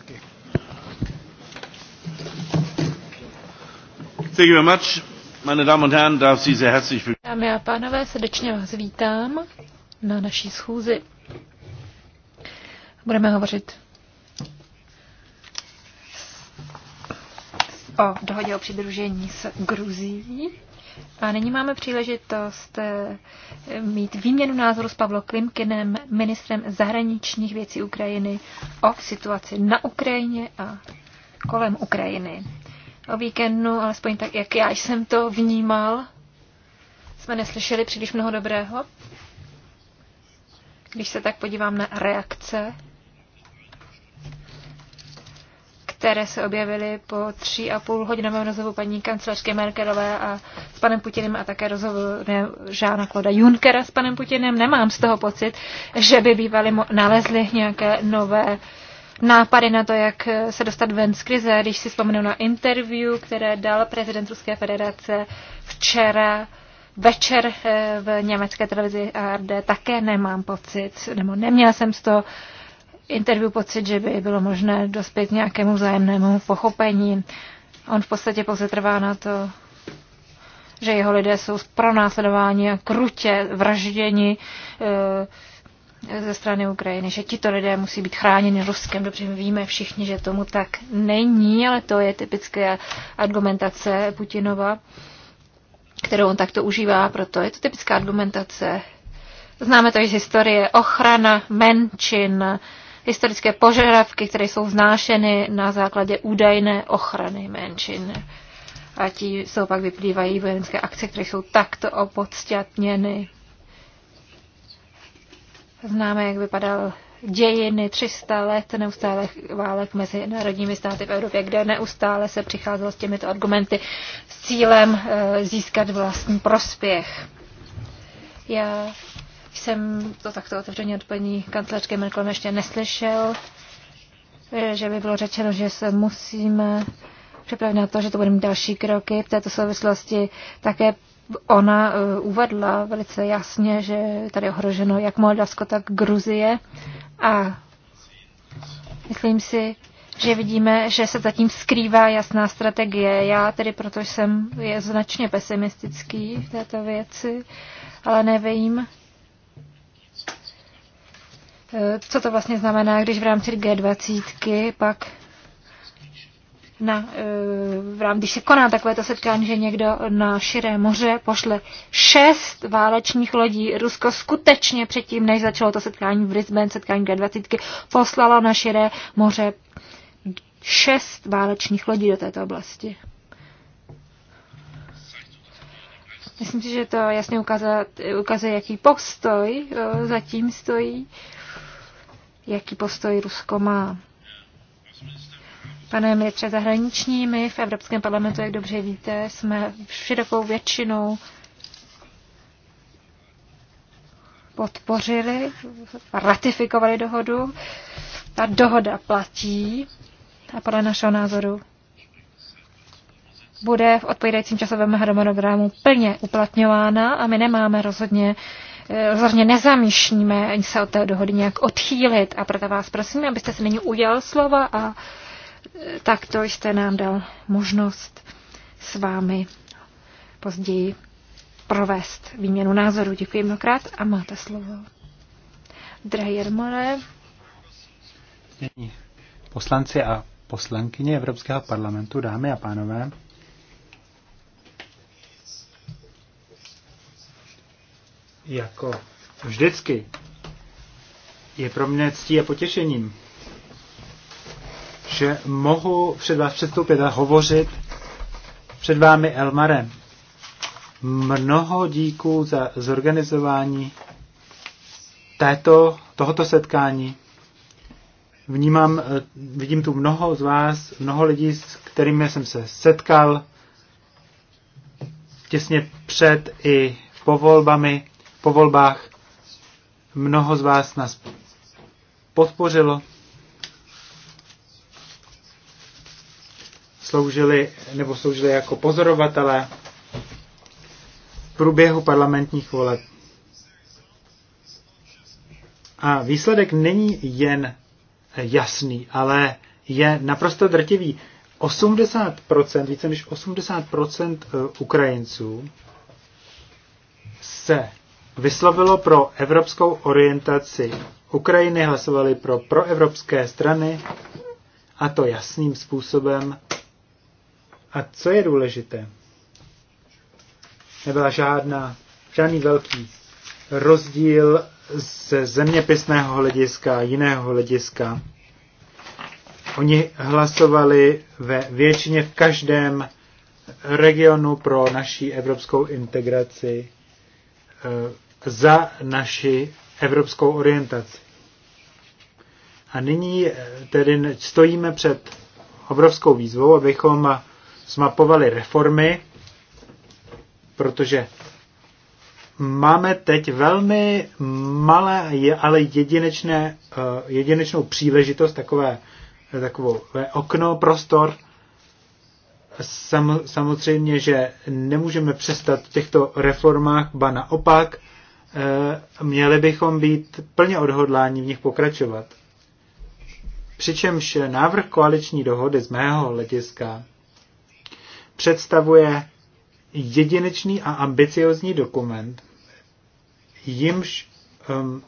Okay. Thank you very much. Meine Damen und Herren, darf Sie sehr herzlich willkommen. Dámy a pánové, srdečně vás vítám na naší schůzi. Budeme hovořit o dohodě o přidružení s Gruzí. A nyní máme příležitost eh, mít výměnu názoru s Pavlo Klimkinem, ministrem zahraničních věcí Ukrajiny, o situaci na Ukrajině a kolem Ukrajiny. O víkendu, alespoň tak, jak já jsem to vnímal, jsme neslyšeli příliš mnoho dobrého. Když se tak podívám na reakce které se objevily po tři a půl hodinovém rozhovoru paní kancelářky Merkelové a s panem Putinem a také rozhovoru Žána Kloda Junkera s panem Putinem. Nemám z toho pocit, že by bývali nalezli nějaké nové nápady na to, jak se dostat ven z krize. Když si vzpomenu na interview, které dal prezident Ruské federace včera večer eh, v německé televizi ARD, také nemám pocit, nebo neměla jsem z toho interview pocit, že by bylo možné dospět nějakému vzájemnému pochopení. On v podstatě pouze trvá na to, že jeho lidé jsou pronásledováni a krutě vražděni eh, ze strany Ukrajiny, že tito lidé musí být chráněni Ruskem. Dobře, my víme všichni, že tomu tak není, ale to je typická argumentace Putinova, kterou on takto užívá, proto je to typická argumentace. Známe to i z historie. Ochrana menšin, historické požadavky, které jsou vznášeny na základě údajné ochrany menšin. A ti jsou pak vyplývají vojenské akce, které jsou takto opodstatněny. Známe, jak vypadal dějiny 300 let neustále válek mezi národními státy v Evropě, kde neustále se přicházelo s těmito argumenty s cílem eh, získat vlastní prospěch. Já jsem to takto otevřeně od paní kancelářky Merkel ještě neslyšel, eh, že by bylo řečeno, že se musíme připravit na to, že to budeme mít další kroky. V této souvislosti také ona eh, uvedla velice jasně, že tady je ohroženo jak Moldavsko, tak Gruzie. A myslím si, že vidíme, že se zatím skrývá jasná strategie. Já tedy, proto jsem je značně pesimistický v této věci, ale nevím, co to vlastně znamená, když v rámci G20 pak na, e, v rámci, když se koná takovéto setkání, že někdo na širé moře pošle šest válečních lodí. Rusko skutečně předtím, než začalo to setkání v Brisbane, setkání G20, poslalo na širé moře šest válečních lodí do této oblasti. Myslím si, že to jasně ukazuje, ukazuje jaký postoj e, zatím stojí jaký postoj Rusko má. Pane ministře zahraniční, my v Evropském parlamentu, jak dobře víte, jsme širokou většinou podpořili, ratifikovali dohodu. Ta dohoda platí a podle našeho názoru bude v odpovídajícím časovém harmonogramu plně uplatňována a my nemáme rozhodně Eh, rozhodně nezamýšlíme ani se od té dohody nějak odchýlit a proto vás prosím, abyste se nyní udělal slova a eh, takto jste nám dal možnost s vámi později provést výměnu názoru. Děkuji mnohokrát a máte slovo. Drahý More. Poslanci a poslankyně Evropského parlamentu, dámy a pánové, jako vždycky, je pro mě ctí a potěšením, že mohu před vás předstoupit a hovořit před vámi Elmarem. Mnoho díků za zorganizování této, tohoto setkání. Vnímám, eh, vidím tu mnoho z vás, mnoho lidí, s kterými jsem se setkal těsně před i po volbami po volbách. Mnoho z vás nás podpořilo, sloužili nebo sloužili jako pozorovatelé v průběhu parlamentních voleb. A výsledek není jen jasný, ale je naprosto drtivý. 80%, více než 80% eh, Ukrajinců se vyslovilo pro evropskou orientaci Ukrajiny, hlasovali pro proevropské strany a to jasným způsobem. A co je důležité? Nebyla žádná, žádný velký rozdíl ze zeměpisného hlediska, jiného hlediska. Oni hlasovali ve většině v každém regionu pro naší evropskou integraci za naši evropskou orientaci. A nyní eh, tedy stojíme před obrovskou výzvou, abychom zmapovali reformy, protože máme teď velmi malé, ale jedinečné, eh, jedinečnou příležitost, takové, eh, takové okno, prostor. samozřejmě, že nemůžeme přestat v těchto reformách, ba naopak, Eh, měli bychom být plně odhodláni v nich pokračovat. Přičemž návrh koaliční dohody z mého hlediska představuje jedinečný a ambiciozní dokument, jimž um,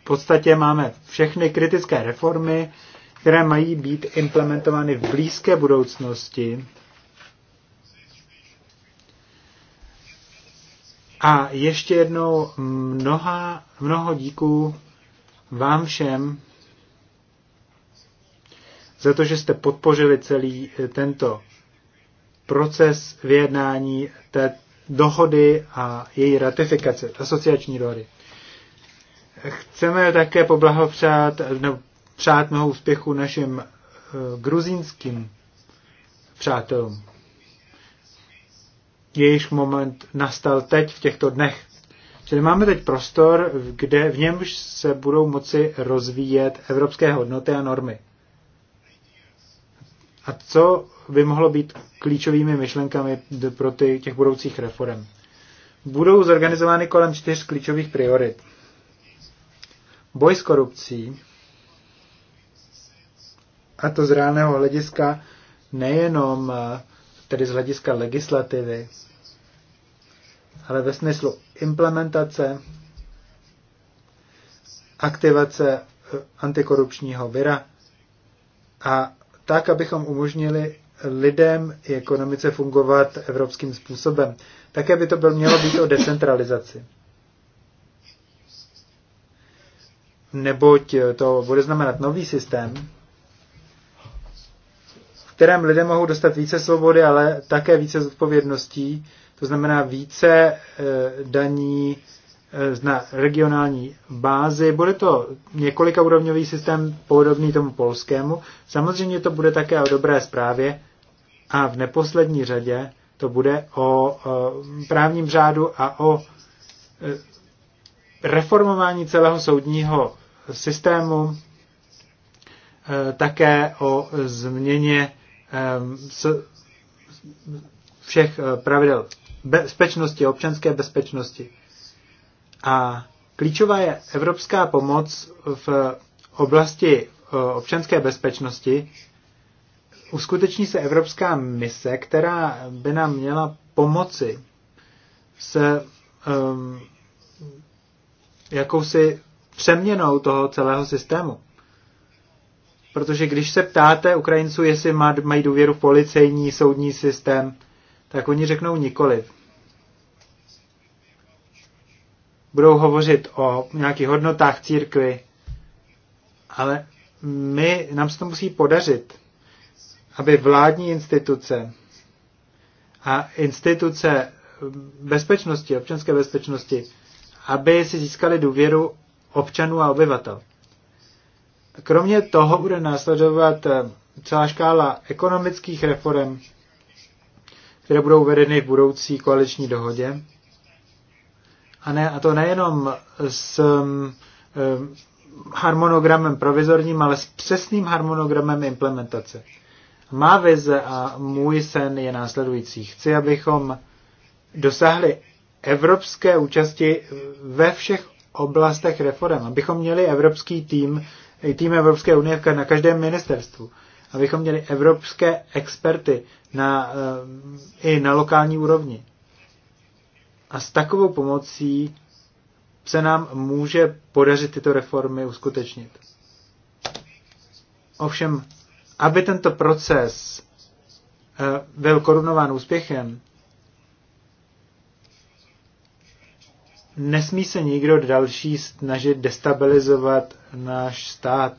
v podstatě máme všechny kritické reformy, které mají být implementovány v blízké budoucnosti A ještě jednou mnoha, mnoho díků vám všem za to, že jste podpořili celý eh, tento proces vyjednání té dohody a její ratifikace, asociační dohody. Chceme také poblahopřát, nebo přát mnoho úspěchu našim eh, gruzínským přátelům jejíž moment nastal teď v těchto dnech. Čili máme teď prostor, kde v němž se budou moci rozvíjet evropské hodnoty a normy. A co by mohlo být klíčovými myšlenkami pro ty těch budoucích reform? Budou zorganizovány kolem čtyř klíčových priorit. Boj s korupcí, a to z reálného hlediska nejenom eh, tedy z hlediska legislativy, ale ve smyslu implementace, aktivace eh, antikorupčního vira a tak, abychom umožnili lidem i ekonomice fungovat evropským způsobem. Také by to byl, mělo být o decentralizaci. Neboť to bude znamenat nový systém, kterém lidé mohou dostat více svobody, ale také více zodpovědností, to znamená více eh, daní eh, na regionální bázi. Bude to několika úrovňový systém podobný tomu polskému. Samozřejmě to bude také o dobré zprávě a v neposlední řadě to bude o právním řádu a o eh, reformování celého soudního systému, také o změně z ehm, všech eh, pravidel bezpečnosti, občanské bezpečnosti. A klíčová je evropská pomoc v oblasti eh, občanské bezpečnosti. Uskuteční se evropská mise, která by nám měla pomoci se um, jakousi přeměnou toho celého systému. Protože když se ptáte Ukrajinců, jestli mají důvěru v policejní, soudní systém, tak oni řeknou nikoliv. Budou hovořit o nějakých hodnotách církvy, ale my, nám se to musí podařit, aby vládní instituce a instituce bezpečnosti, občanské bezpečnosti, aby si získali důvěru občanů a obyvatel. Kromě toho bude následovat eh, celá škála ekonomických reform, které budou vedeny v budoucí koaliční dohodě. A, ne, a to nejenom s um, harmonogramem provizorním, ale s přesným harmonogramem implementace. Má vize a můj sen je následující. Chci, abychom dosáhli evropské účasti ve všech oblastech reform, abychom měli evropský tým i tým Evropské unie na každém ministerstvu. Abychom měli evropské experty na, eh, i na lokální úrovni. A s takovou pomocí se nám může podařit tyto reformy uskutečnit. Ovšem, aby tento proces eh, byl korunován úspěchem, nesmí se nikdo další snažit destabilizovat náš stát.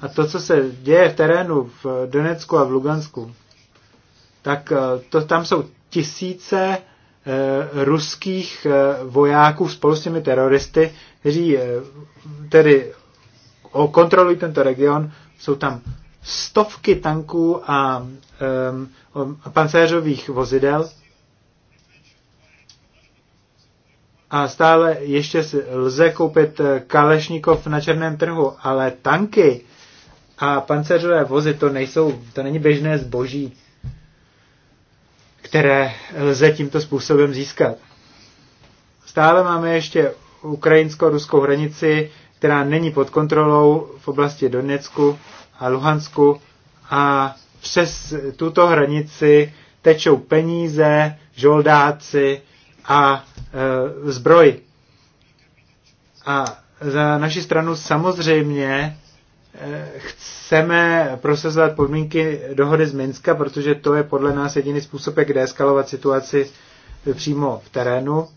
A to, co se děje v terénu v Donecku a v Lugansku, tak eh, to, tam jsou tisíce eh, ruských eh, vojáků spolu s těmi teroristy, kteří e, tedy kontrolují tento region. Jsou tam stovky tanků a, a pancéřových vozidel a stále ještě lze koupit eh, kalešníkov na černém trhu, ale tanky a pancerové vozy to nejsou, to není běžné zboží, které lze tímto způsobem získat. Stále máme ještě ukrajinsko-ruskou hranici, která není pod kontrolou v oblasti Donetsku a Luhansku a přes tuto hranici tečou peníze, žoldáci a Eh, zbroj. A za naši stranu samozřejmě eh, chceme prosazovat podmínky dohody z Minska, protože to je podle nás jediný způsob, jak deeskalovat situaci přímo v terénu.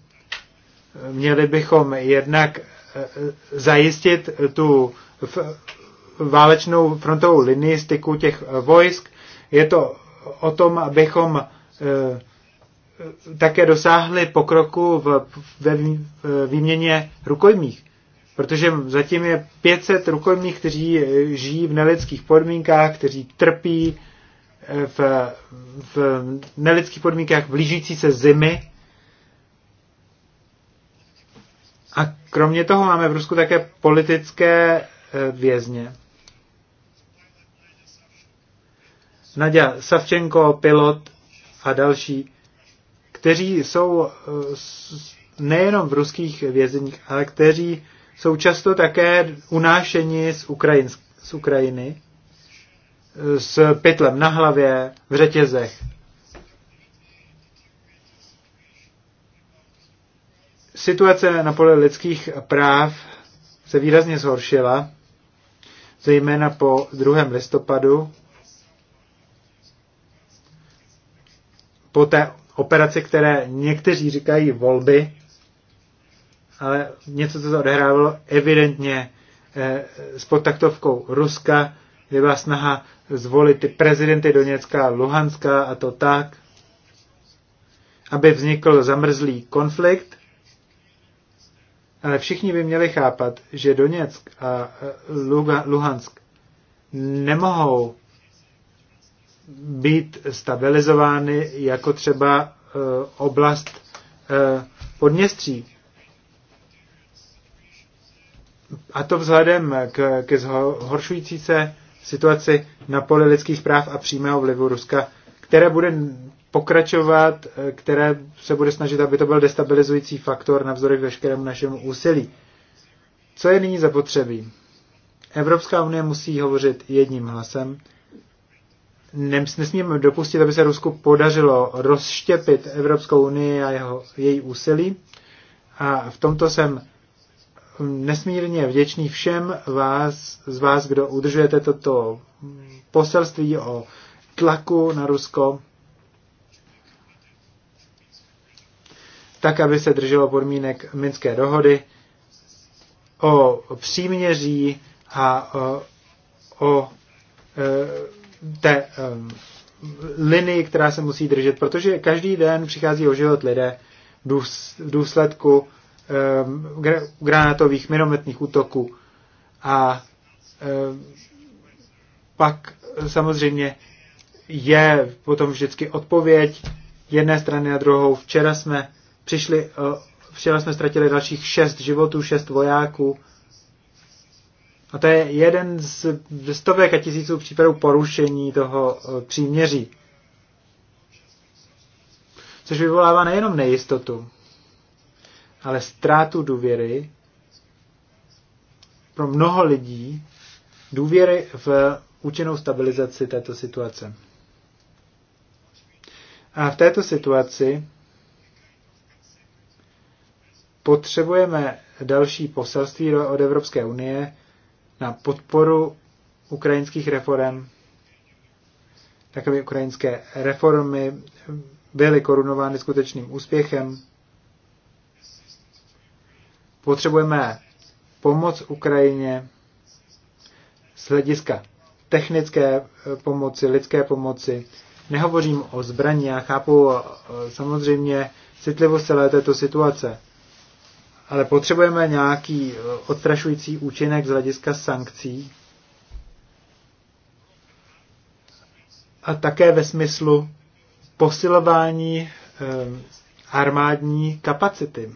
Měli bychom jednak eh, zajistit tu válečnou frontovou linii styku těch vojsk. Je to o tom, abychom také dosáhli pokroku v, ve výměně rukojmích. Protože zatím je 500 rukojmích, kteří žijí v nelidských podmínkách, kteří trpí eh, v, v nelidských podmínkách blížící se zimy. A kromě toho máme v Rusku také politické eh, vězně. Nadia Savčenko, pilot a další kteří jsou eh, nejenom v ruských vězeních, ale kteří jsou často také unášeni z, Ukrajin, z Ukrajiny eh, s pytlem na hlavě, v řetězech. Situace na poli lidských práv se výrazně zhoršila, zejména po 2. listopadu, po té operace, které někteří říkají volby, ale něco, co se odehrávalo evidentně eh, s podtaktovkou Ruska, kde byla snaha zvolit ty prezidenty Doněcka a Luhanska a to tak, aby vznikl zamrzlý konflikt, ale všichni by měli chápat, že Doněck a eh, Luhansk nemohou být stabilizovány jako třeba e, oblast e, Podněstří. A to vzhledem k, k zhoršující se situaci na poli lidských práv a přímého vlivu Ruska, které bude pokračovat, e, které se bude snažit, aby to byl destabilizující faktor navzdory k veškerému našemu úsilí. Co je nyní zapotřebí? Evropská unie musí hovořit jedním hlasem nesmíme dopustit, aby se Rusku podařilo rozštěpit Evropskou unii a jeho, její úsilí. A v tomto jsem nesmírně vděčný všem vás, z vás, kdo udržujete toto poselství o tlaku na Rusko, tak, aby se drželo podmínek Minské dohody o příměří a o, o e, té um, linii, která se musí držet, protože každý den přichází o život lidé v důsledku um, granátových minometných útoků a um, pak samozřejmě je potom vždycky odpověď jedné strany na druhou. Včera jsme přišli, eh, včera jsme ztratili dalších šest životů, šest vojáků a to je jeden z stovek a tisíců případů porušení toho eh, příměří. Což vyvolává nejenom nejistotu, ale ztrátu důvěry pro mnoho lidí, důvěry v účinnou stabilizaci této situace. A v této situaci potřebujeme další poselství od Evropské unie, na podporu ukrajinských reform, tak aby ukrajinské reformy byly korunovány skutečným úspěchem. Potřebujeme pomoc Ukrajině z hlediska technické pomoci, lidské pomoci. Nehovořím o zbraní, já chápu eh, samozřejmě citlivost celé této situace ale potřebujeme nějaký eh, odstrašující účinek z hlediska sankcí a také ve smyslu posilování eh, armádní kapacity.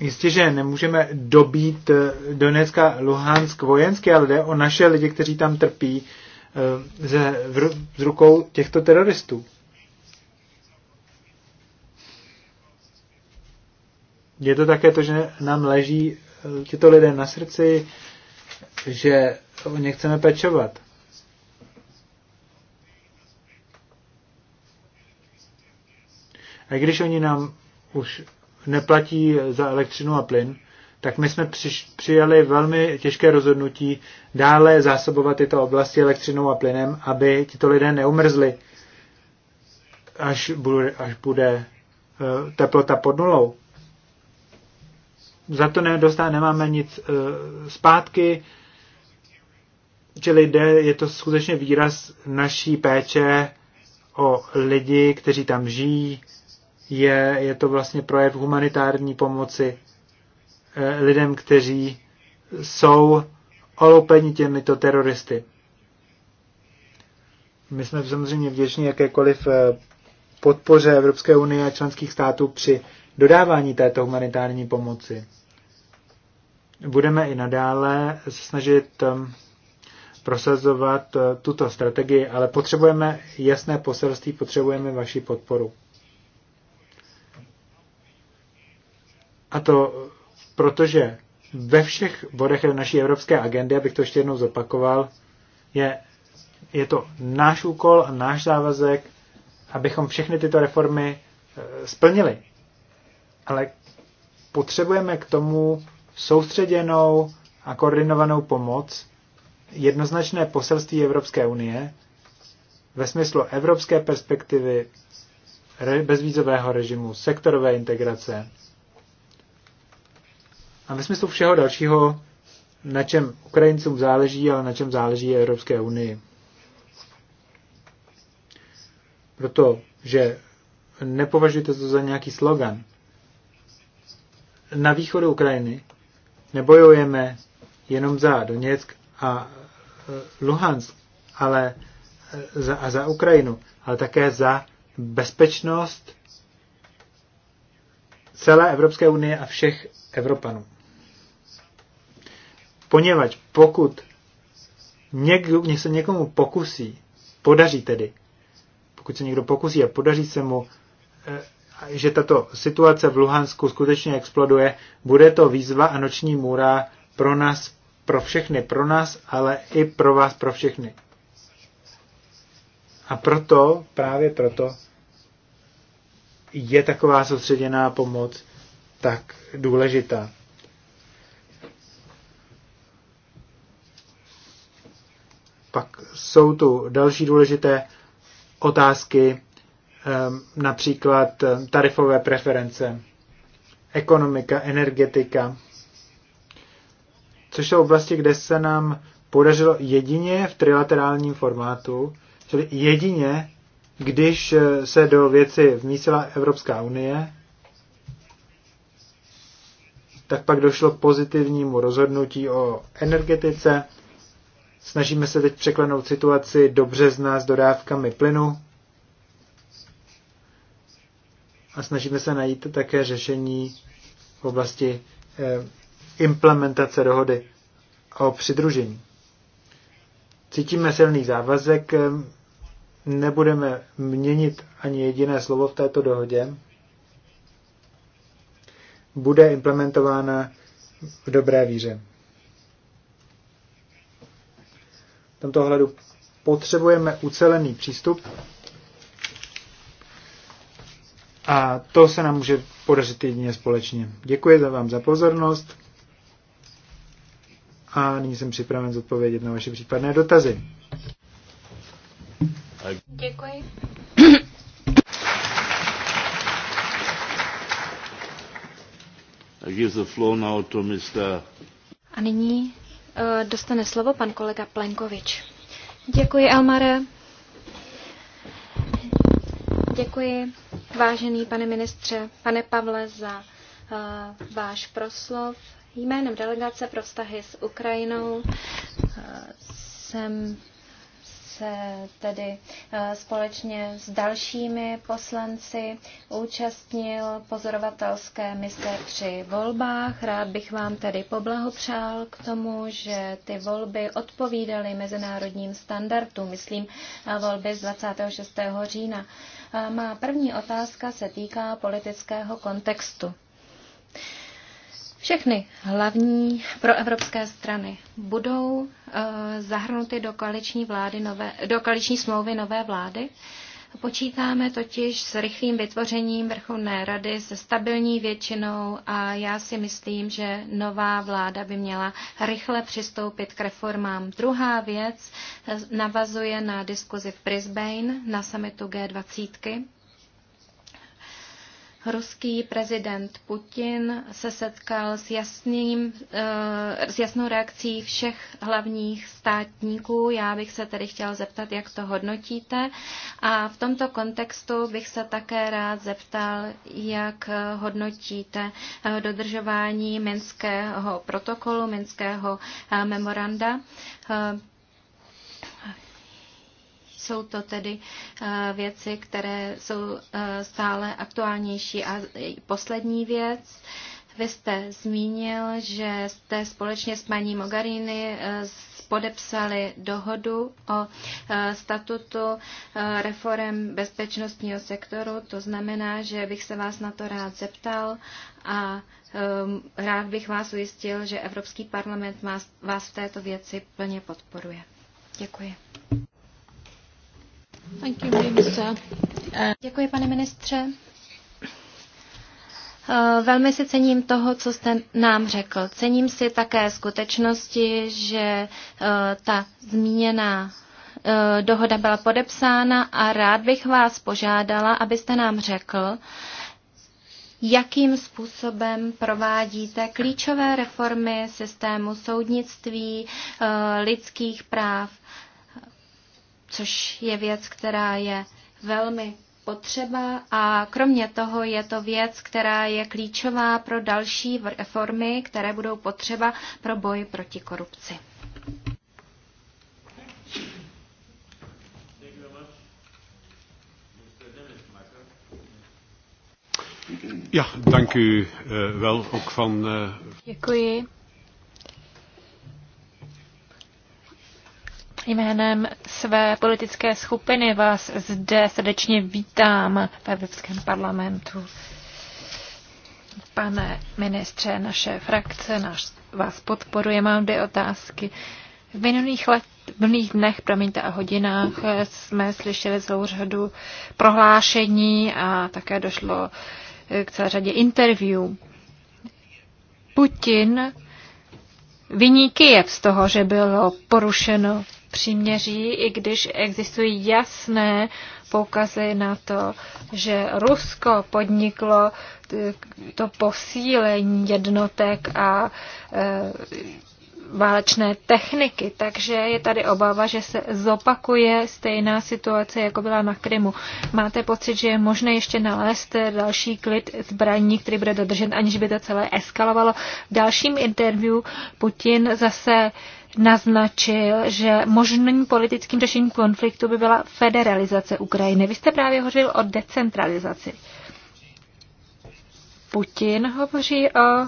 Jistě, že nemůžeme dobít eh, Donetsk a Luhansk vojensky, ale jde o naše lidi, kteří tam trpí, Eh, ze, v, z rukou těchto teroristů. Je to také to, že nám leží eh, tyto lidé na srdci, že o ně chceme pečovat. A když oni nám už neplatí za elektřinu a plyn, tak my jsme při, přijali velmi těžké rozhodnutí dále zásobovat tyto oblasti elektřinou a plynem, aby tito lidé neumrzli, až bude, až bude eh, teplota pod nulou. Za to nedostá, nemáme nic eh, zpátky, čili jde, je to skutečně výraz naší péče o lidi, kteří tam žijí, je, je to vlastně projev humanitární pomoci Eh, lidem, kteří jsou oloupeni těmito teroristy. My jsme samozřejmě vděční jakékoliv eh, podpoře Evropské unie a členských států při dodávání této humanitární pomoci. Budeme i nadále se snažit ehm, prosazovat eh, tuto strategii, ale potřebujeme jasné poselství, potřebujeme vaši podporu. A to protože ve všech bodech naší evropské agendy, abych to ještě jednou zopakoval, je, je to náš úkol a náš závazek, abychom všechny tyto reformy eh, splnili. Ale potřebujeme k tomu soustředěnou a koordinovanou pomoc, jednoznačné poselství Evropské unie ve smyslu evropské perspektivy bezvízového režimu, sektorové integrace, a ve smyslu všeho dalšího, na čem Ukrajincům záleží, ale na čem záleží Evropské unii. Protože nepovažujte to za nějaký slogan. Na východu Ukrajiny nebojujeme jenom za Doněck a e, Luhansk, ale e, za, a za Ukrajinu, ale také za bezpečnost celé Evropské unie a všech Evropanů. Poněvadž pokud někdo, mě se někomu pokusí, podaří tedy, pokud se někdo pokusí a podaří se mu, eh, že tato situace v Luhansku skutečně exploduje, bude to výzva a noční můra pro nás, pro všechny, pro nás, ale i pro vás, pro všechny. A proto, právě proto, je taková soustředěná pomoc tak důležitá. Pak jsou tu další důležité otázky, ehm, například ehm, tarifové preference, ekonomika, energetika, což jsou oblasti, kde se nám podařilo jedině v trilaterálním formátu, čili jedině, když eh, se do věci vmísila Evropská unie, tak pak došlo k pozitivnímu rozhodnutí o energetice Snažíme se teď překlenout situaci do března s dodávkami plynu a snažíme se najít také řešení v oblasti eh, implementace dohody o přidružení. Cítíme silný závazek, eh, nebudeme měnit ani jediné slovo v této dohodě. Bude implementována v dobré víře. tomto ohledu potřebujeme ucelený přístup a to se nám může podařit jedině společně. Děkuji za vám za pozornost a nyní jsem připraven zodpovědět na vaše případné dotazy. Děkuji. I give the floor now to Mr. A nyní Eh, dostane slovo pan kolega Plenkovič. Děkuji, Elmare. Děkuji, vážený pane ministře, pane Pavle, za uh, váš proslov. Jménem delegace pro vztahy s Ukrajinou uh, jsem se tedy eh, společně s dalšími poslanci účastnil pozorovatelské mise při volbách. Rád bych vám tedy poblahopřál k tomu, že ty volby odpovídaly mezinárodním standardům, myslím eh, volby z 26. října. Eh, má první otázka se týká politického kontextu. Všechny hlavní proevropské strany budou uh, zahrnuty do koaliční, vlády nové, do koaliční smlouvy nové vlády. Počítáme totiž s rychlým vytvořením vrchovné rady se stabilní většinou a já si myslím, že nová vláda by měla rychle přistoupit k reformám. Druhá věc eh, navazuje na diskuzi v Brisbane na summitu G20 ruský prezident Putin se setkal s, jasným, eh, s jasnou reakcí všech hlavních státníků. Já bych se tedy chtěl zeptat, jak to hodnotíte. A v tomto kontextu bych se také rád zeptal, jak hodnotíte eh, dodržování Minského protokolu, Minského eh, memoranda. Jsou to tedy eh, věci, které jsou eh, stále aktuálnější. A poslední věc, vy jste zmínil, že jste společně s paní Mogarini eh, podepsali dohodu o statutu reform bezpečnostního sektoru. To znamená, že bych se vás na to rád zeptal a rád bych vás ujistil, že Evropský parlament vás v této věci plně podporuje. Děkuji. Uh, Děkuji, pane ministře. Uh, velmi si cením toho, co jste nám řekl. Cením si také skutečnosti, že uh, ta zmíněná dohoda byla podepsána a rád bych vás požádala, abyste nám řekl, jakým způsobem provádíte klíčové reformy systému soudnictví, lidských práv což je věc, která je velmi potřeba a kromě toho je to věc, která je klíčová pro další reformy, které budou potřeba pro boj proti korupci. Ja, dank u uh, wel ook van. Uh... Děkuji. Jménem své politické skupiny vás zde srdečně vítám v Evropském parlamentu. Pane ministře, naše frakce naš, vás podporuje. Mám dvě otázky. V minulých, let, v minulých dnech, promiňte, a hodinách jsme slyšeli celou řadu prohlášení a také došlo k celé řadě interview. Putin vyní Kyjev z toho, že bylo porušeno příměří, i když existují jasné poukazy na to, že Rusko podniklo eh, to posílení jednotek a eh, válečné techniky, takže je tady obava, že se zopakuje stejná situace, jako byla na Krymu. Máte pocit, že je možné ještě nalézt další klid zbraní, který bude dodržen, aniž by to celé eskalovalo. V dalším interview Putin zase uh, naznačil, že možným politickým řešením konfliktu by byla federalizace Ukrajiny. Vy jste právě hovořil o decentralizaci. Putin hovoří o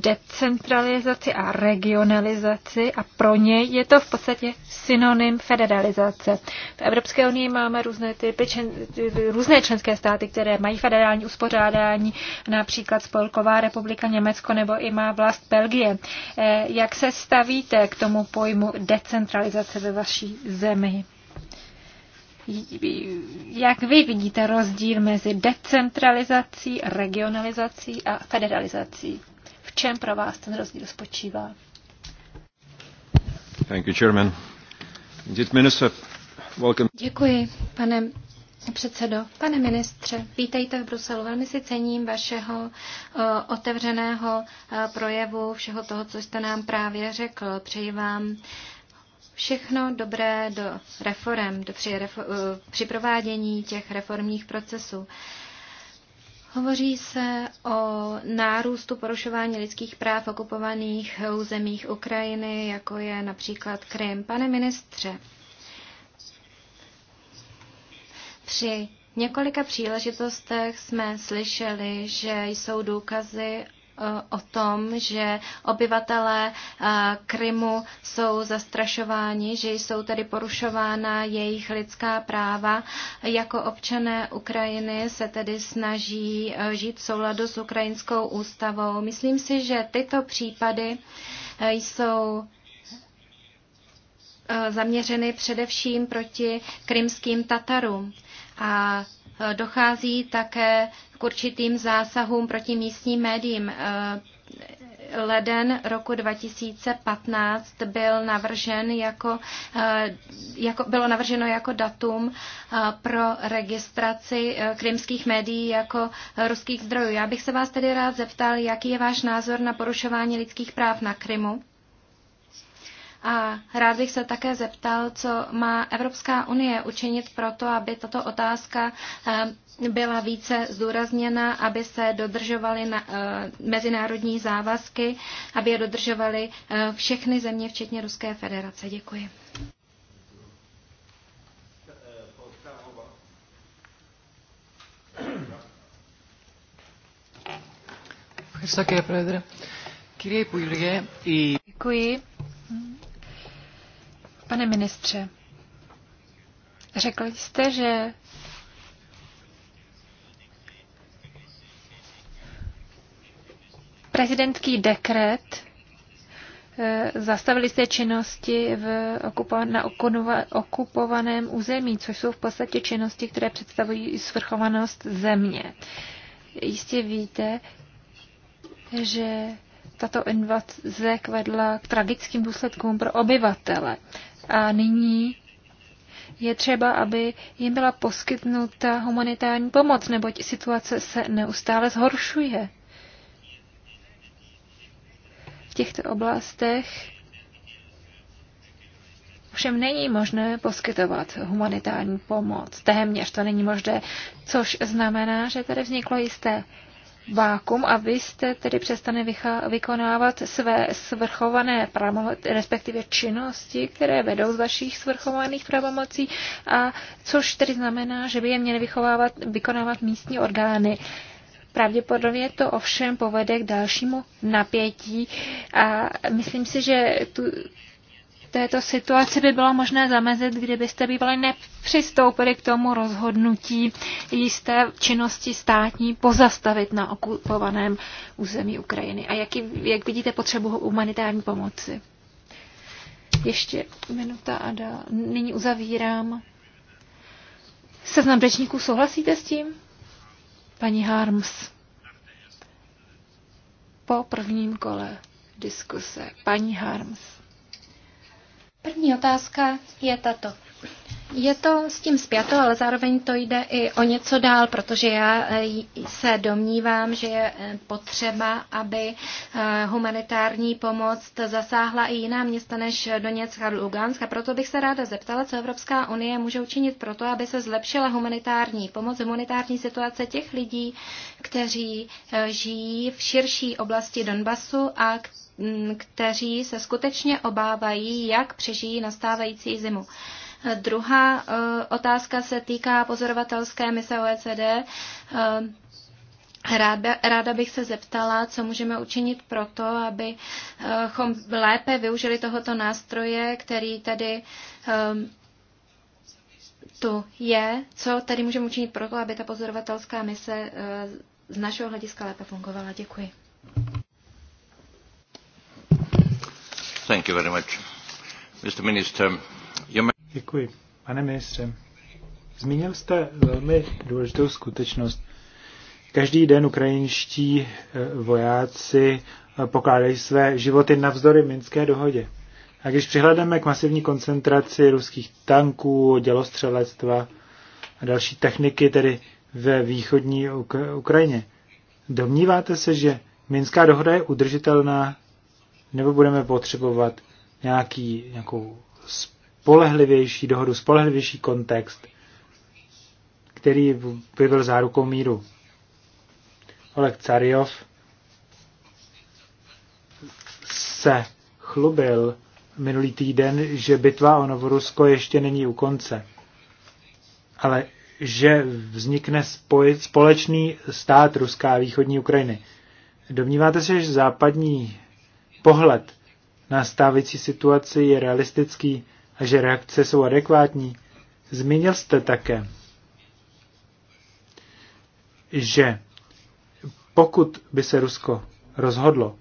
decentralizaci a regionalizaci a pro něj je to v podstatě synonym federalizace. V Evropské unii máme různé, typy, čen, různé členské státy, které mají federální uspořádání, například Spolková republika Německo nebo i má vlast Belgie. Eh, jak se stavíte k tomu pojmu decentralizace ve vaší zemi? Jak vy vidíte rozdíl mezi decentralizací, regionalizací a federalizací? čem pro vás ten rozdíl spočívá? Thank you, Chairman. Minister, welcome. Děkuji, pane předsedo. Pane ministře, vítejte v Bruselu. Velmi si cením vašeho uh, otevřeného uh, projevu, všeho toho, co jste nám právě řekl. Přeji vám všechno dobré do reform, do při, refo- eh, při provádění těch reformních procesů. Uh, Hovoří se o nárůstu porušování lidských práv v okupovaných územích Ukrajiny, jako je například Krym. Pane ministře, při několika příležitostech jsme slyšeli, že jsou důkazy Eh, o tom, že obyvatelé eh, Krymu jsou zastrašováni, že jsou tady porušována jejich lidská práva. Jako občané Ukrajiny se tedy snaží eh, žít v souladu s ukrajinskou ústavou. Myslím si, že tyto případy jsou zaměřeny především proti krymským Tatarům. A Eh, dochází také k určitým zásahům proti místním médiím. Eh, leden roku 2015 byl navržen jako, eh, jako, bylo navrženo jako datum pro registraci krymských médií jako ruských zdrojů. Já bych se vás tedy rád zeptal, jaký je váš názor na porušování lidských práv na Krymu a rád bych se také zeptal, co má Evropská unie učinit pro to, aby tato otázka eh, byla více zdůrazněna, aby se dodržovaly eh, mezinárodní závazky, aby je dodržovaly eh, všechny země, včetně Ruské federace. Děkuji. Děkuji. Pane ministře, řekl jste, že prezidentský dekret eh, zastavili jste činnosti v okupa, na okupovaném území, což jsou v podstatě činnosti, které představují svrchovanost země. Jistě víte, že tato invaze vedla k tragickým důsledkům pro obyvatele. A nyní je třeba, aby jim byla poskytnuta humanitární pomoc, neboť situace se neustále zhoršuje. V těchto oblastech Všem není možné poskytovat humanitární pomoc. Téměř to není možné, což znamená, že tady vzniklo jisté vákum a vy jste tedy přestane vykonávat své svrchované pravomoci, respektive činnosti, které vedou z vašich svrchovaných pravomocí, a což tedy znamená, že by je měly vychovávat, vykonávat místní orgány. Pravděpodobně to ovšem povede k dalšímu napětí a myslím si, že tu, této situaci by bylo možné zamezit, kdybyste bývali nepřistoupili k tomu rozhodnutí jisté činnosti státní pozastavit na okupovaném území Ukrajiny. A jak, jak vidíte potřebu humanitární pomoci? Ještě minuta a dál. Nyní uzavírám. Seznam řečníků, souhlasíte s tím? Paní Harms. Po prvním kole diskuse. Paní Harms. První otázka je tato. Je to s tím zpěto, ale zároveň to jde i o něco dál, protože já eh, se domnívám, že je eh, potřeba, aby eh, humanitární pomoc zasáhla i jiná města než Doněck a Lugansk. A proto bych se ráda zeptala, co Evropská unie může učinit pro to, aby se zlepšila humanitární pomoc, humanitární situace těch lidí, kteří žijí v širší oblasti Donbasu a Mm, kteří se skutečně obávají, jak přežijí nastávající zimu. Druhá eh, otázka se týká pozorovatelské mise OECD. Eh, ráda, ráda bych se zeptala, co můžeme učinit pro to, abychom lépe využili tohoto nástroje, který tady um, tu je. Co tady můžeme učinit pro to, aby ta pozorovatelská mise uh, z našeho hlediska lépe fungovala? Děkuji. Děkuji. Pane ministře, zmínil jste velmi důležitou skutečnost. Každý den ukrajinští eh, vojáci eh, pokládají své životy navzdory Minské dohodě. A když přihledeme k masivní koncentraci ruských tanků, dělostřelectva a další techniky, tedy ve východní Ukrajině, domníváte se, že Minská dohoda je udržitelná nebo budeme potřebovat nějaký, nějakou spolehlivější dohodu, spolehlivější kontext, který by byl zárukou míru. Oleg Cariov se chlubil minulý týden, že bitva o Novorusko ještě není u konce, ale že vznikne společný stát Ruská a východní Ukrajiny. Domníváte se, že západní pohled na stávající situaci je realistický a že reakce jsou adekvátní. Zmínil jste také, že pokud by se Rusko rozhodlo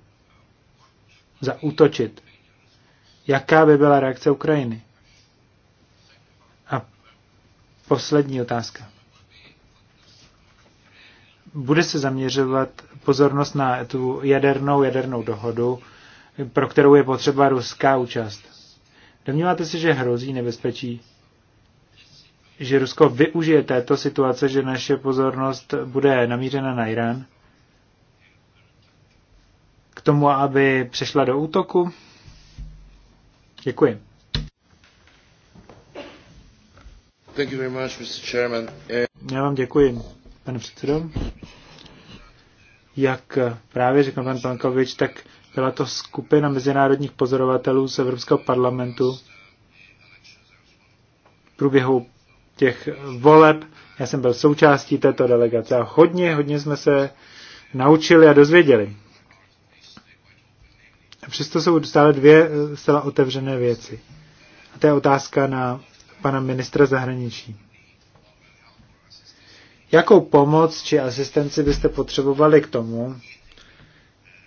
zaútočit, jaká by byla reakce Ukrajiny? A poslední otázka. Bude se zaměřovat pozornost na tu jadernou jadernou dohodu, pro kterou je potřeba ruská účast. Domníváte si, že hrozí nebezpečí, že Rusko využije této situace, že naše pozornost bude namířena na Irán? K tomu, aby přešla do útoku? Děkuji. Thank you very much, Mr. Chairman. Já vám děkuji, pane předsedo. Jak právě řekl pan Pankovič, tak byla to skupina mezinárodních pozorovatelů z Evropského parlamentu v průběhu těch voleb. Já jsem byl součástí této delegace a hodně, hodně jsme se naučili a dozvěděli. A přesto jsou stále dvě eh, zcela otevřené věci. A to je otázka na pana ministra zahraničí. Jakou pomoc či asistenci byste potřebovali k tomu,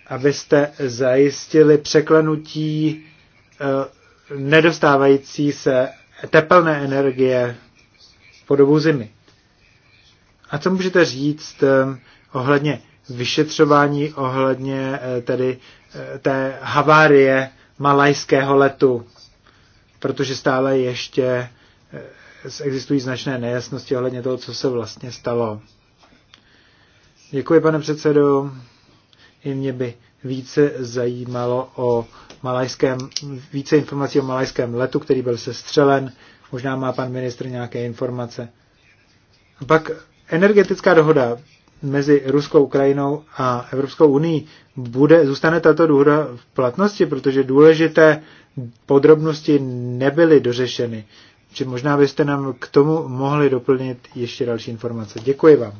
abyste zajistili překlenutí eh, nedostávající se tepelné energie po dobu zimy. A co můžete říct eh, ohledně vyšetřování, ohledně eh, tedy té havárie malajského letu, protože stále ještě existují značné nejasnosti ohledně toho, co se vlastně stalo. Děkuji, pane předsedo. I mě by více zajímalo o malajském, více informací o malajském letu, který byl sestřelen. Možná má pan ministr nějaké informace. A pak energetická dohoda mezi Ruskou Ukrajinou a Evropskou unii bude, zůstane tato dohoda v platnosti, protože důležité podrobnosti nebyly dořešeny. Či možná byste nám k tomu mohli doplnit ještě další informace. Děkuji vám.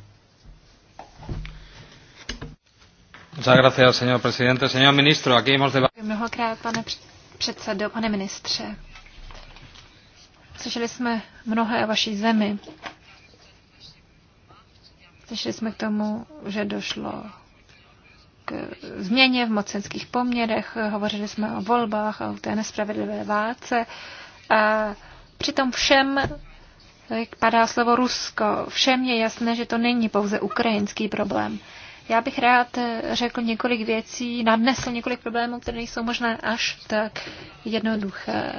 Mnohokrát, pane předsedo, pane ministře. Slyšeli jsme mnohé o vaší zemi. Slyšeli jsme k tomu, že došlo k změně v mocenských poměrech, hovořili jsme o volbách a o té nespravedlivé válce. A přitom všem padá slovo Rusko. Všem je jasné, že to není pouze ukrajinský problém. Já bych rád eh, řekl několik věcí, nadnesl několik problémů, které nejsou možná až tak jednoduché.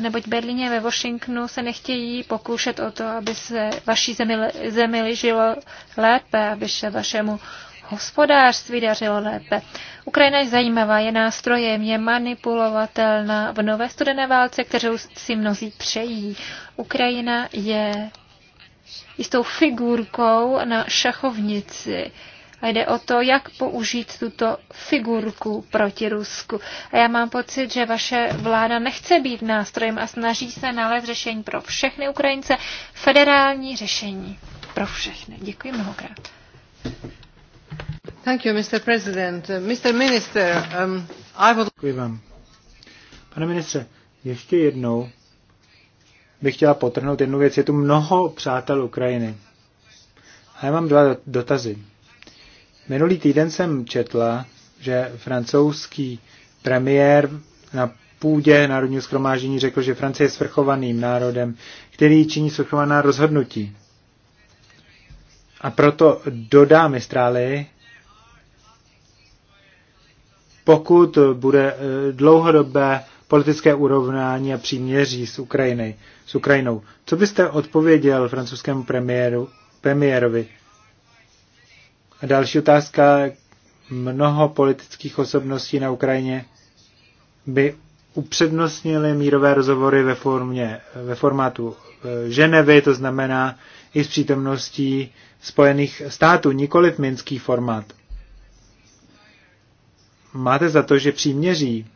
Neboť Berlíně ve Washingtonu se nechtějí pokoušet o to, aby se vaší zemi, zemi ližilo lépe, aby se vašemu hospodářství dařilo lépe. Ukrajina je zajímavá, je nástrojem, je manipulovatelná v nové studené válce, kterou si mnozí přejí. Ukrajina je jistou figurkou na šachovnici. A jde o to, jak použít tuto figurku proti Rusku. A já mám pocit, že vaše vláda nechce být nástrojem a snaží se nalézt řešení pro všechny Ukrajince, federální řešení pro všechny. Děkuji mnohokrát. Thank you, Mr. President. Mr. Minister, um, I would... Děkuji vám. Pane ministře, ještě jednou bych chtěla potrhnout jednu věc. Je tu mnoho přátel Ukrajiny. A já mám dva dotazy. Minulý týden jsem četla, že francouzský premiér na půdě Národního schromáždění řekl, že Francie je svrchovaným národem, který činí svrchovaná rozhodnutí. A proto dodá Mistrálii, pokud bude eh, dlouhodobé politické urovnání a příměří s, Ukrajiny, s Ukrajinou. Co byste odpověděl francouzskému premiéru, premiérovi, a další otázka. Mnoho politických osobností na Ukrajině by upřednostnili mírové rozhovory ve, formě, ve formátu e, Ženevy, to znamená i s přítomností Spojených států, nikoli v minský formát. Máte za to, že příměří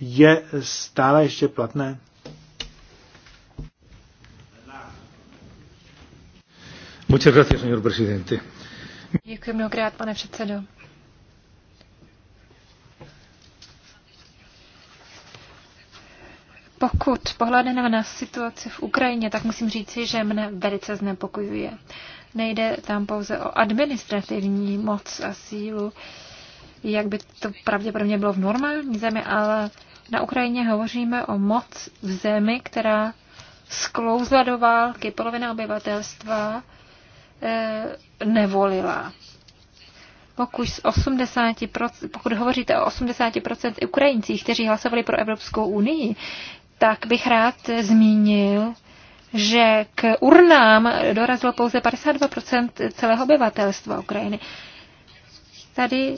je stále ještě platné? Muchas gracias, señor presidente. Děkuji mnohokrát, pane předsedo. Pokud pohledneme na situaci v Ukrajině, tak musím říci, že mne velice znepokojuje. Nejde tam pouze o administrativní moc a sílu, jak by to pravděpodobně bylo v normální zemi, ale na Ukrajině hovoříme o moc v zemi, která sklouzla do války. Polovina obyvatelstva E, nevolila. Pokud, z 80%, pokud hovoříte o 80% Ukrajincích, kteří hlasovali pro Evropskou unii, tak bych rád zmínil, že k urnám dorazilo pouze 52% celého obyvatelstva Ukrajiny. Tady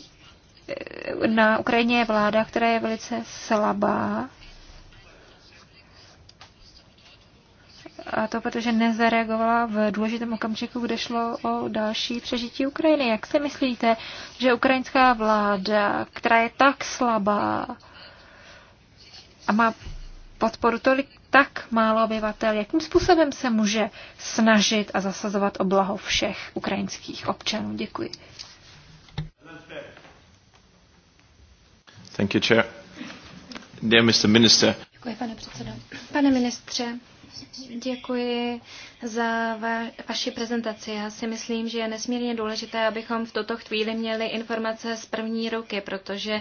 e, na Ukrajině je vláda, která je velice slabá A to protože nezareagovala v důležitém okamžiku, kde šlo o další přežití Ukrajiny. Jak si myslíte, že ukrajinská vláda, která je tak slabá a má podporu tolik tak málo obyvatel, jakým způsobem se může snažit a zasazovat o blaho všech ukrajinských občanů? Děkuji. Thank you, Chair. Dear Mr. Minister. Děkuji, pane předsedo. Pane ministře, děkuji za va- vaši prezentaci. Já si myslím, že je nesmírně důležité, abychom v tuto chvíli měli informace z první ruky, protože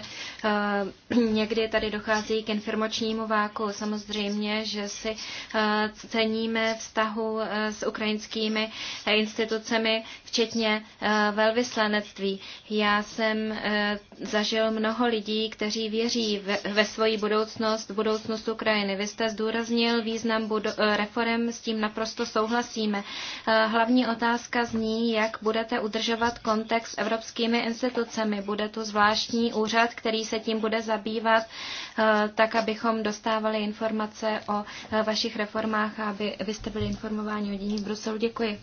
uh, někdy tady dochází k informačnímu váku. Samozřejmě, že si uh, ceníme vztahu uh, s ukrajinskými institucemi, včetně uh, velvyslanectví. Já jsem uh, zažil mnoho lidí, kteří věří ve, ve svoji budoucnost, budoucnost Ukrajiny. Vy jste zdůraznil význam budu- reform, s tím naprosto souhlasíme. Eh, hlavní otázka zní, jak budete udržovat kontext s evropskými institucemi. Bude tu zvláštní úřad, který se tím bude zabývat, eh, tak abychom dostávali informace o eh, vašich reformách a aby vy jste byli informováni o dění v Bruselu. Děkuji.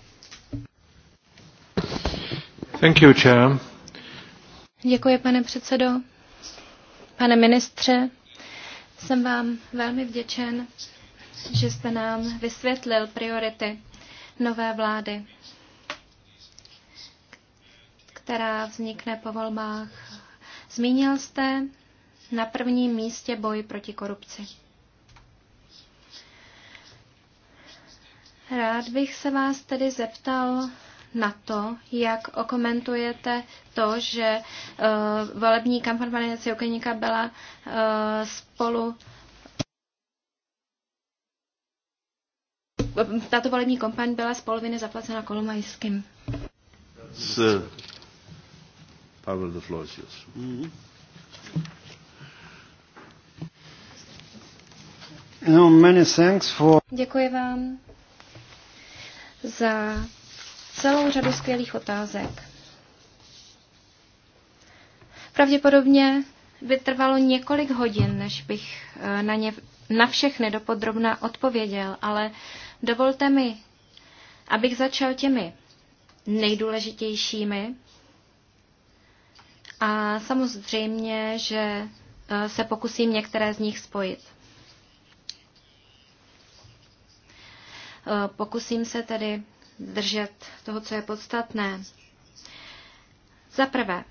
Thank you, chair. Děkuji, pane předsedo. Pane ministře, jsem vám velmi vděčen že jste nám vysvětlil priority nové vlády, která vznikne po volbách. Zmínil jste na prvním místě boj proti korupci. Rád bych se vás tedy zeptal na to, jak okomentujete to, že uh, volební kampaň pana byla uh, spolu tato volební kampaň byla z poloviny zaplacena Kolumajským. Pavel, de floor Mm-hmm. No, many thanks for... Děkuji vám za celou řadu skvělých otázek. Pravděpodobně by trvalo několik hodin, než bych eh, na ně na všechny dopodrobna odpověděl, ale Dovolte mi, abych začal těmi nejdůležitějšími. A samozřejmě, že eh, se pokusím některé z nich spojit. Eh, pokusím se tedy držet toho, co je podstatné. Za prvé,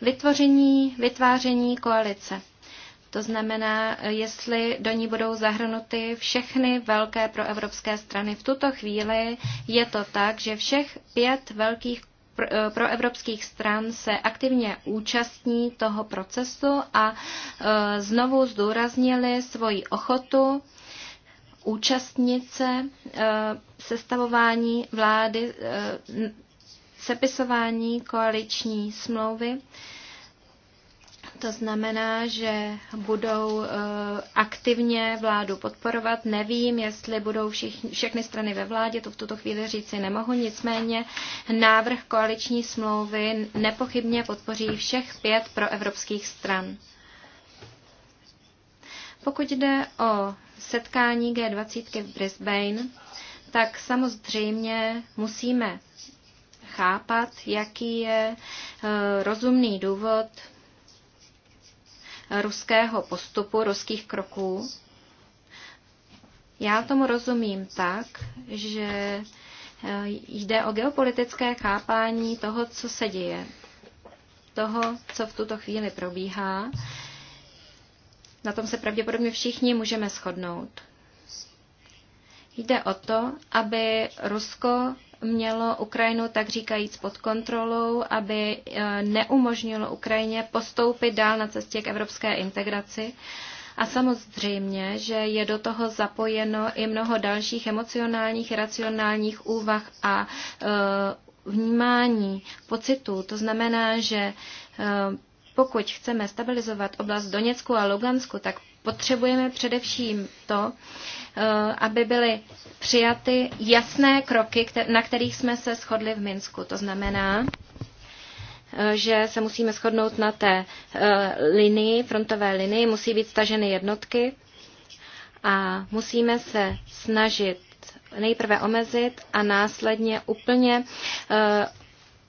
vytvoření, vytváření koalice. To znamená, jestli do ní budou zahrnuty všechny velké proevropské strany. V tuto chvíli je to tak, že všech pět velkých eh, proevropských stran se aktivně účastní toho procesu a eh, znovu zdůraznili svoji ochotu účastnice se eh, sestavování vlády, sepisování koaliční smlouvy. To znamená, že budou eh, aktivně vládu podporovat. Nevím, jestli budou všichni, všechny strany ve vládě, to v tuto chvíli říci nemohu. Nicméně návrh koaliční smlouvy nepochybně podpoří všech pět proevropských stran. Pokud jde o setkání G20 v Brisbane, tak samozřejmě musíme chápat, jaký je eh, rozumný důvod ruského postupu, ruských kroků. Já tomu rozumím tak, že eh, jde o geopolitické chápání toho, co se děje, toho, co v tuto chvíli probíhá. Na tom se pravděpodobně všichni můžeme shodnout. Jde o to, aby Rusko mělo Ukrajinu tak říkajíc pod kontrolou, aby e, neumožnilo Ukrajině postoupit dál na cestě k evropské integraci. A samozřejmě, že je do toho zapojeno i mnoho dalších emocionálních, racionálních úvah a e, vnímání, pocitů. To znamená, že e, pokud chceme stabilizovat oblast Doněcku a Lugansku, tak Potřebujeme především to, eh, aby byly přijaty jasné kroky, na kterých jsme se shodli v Minsku. To znamená, eh, že se musíme shodnout na té eh, linii, frontové linii, musí být staženy jednotky a musíme se snažit nejprve omezit a následně úplně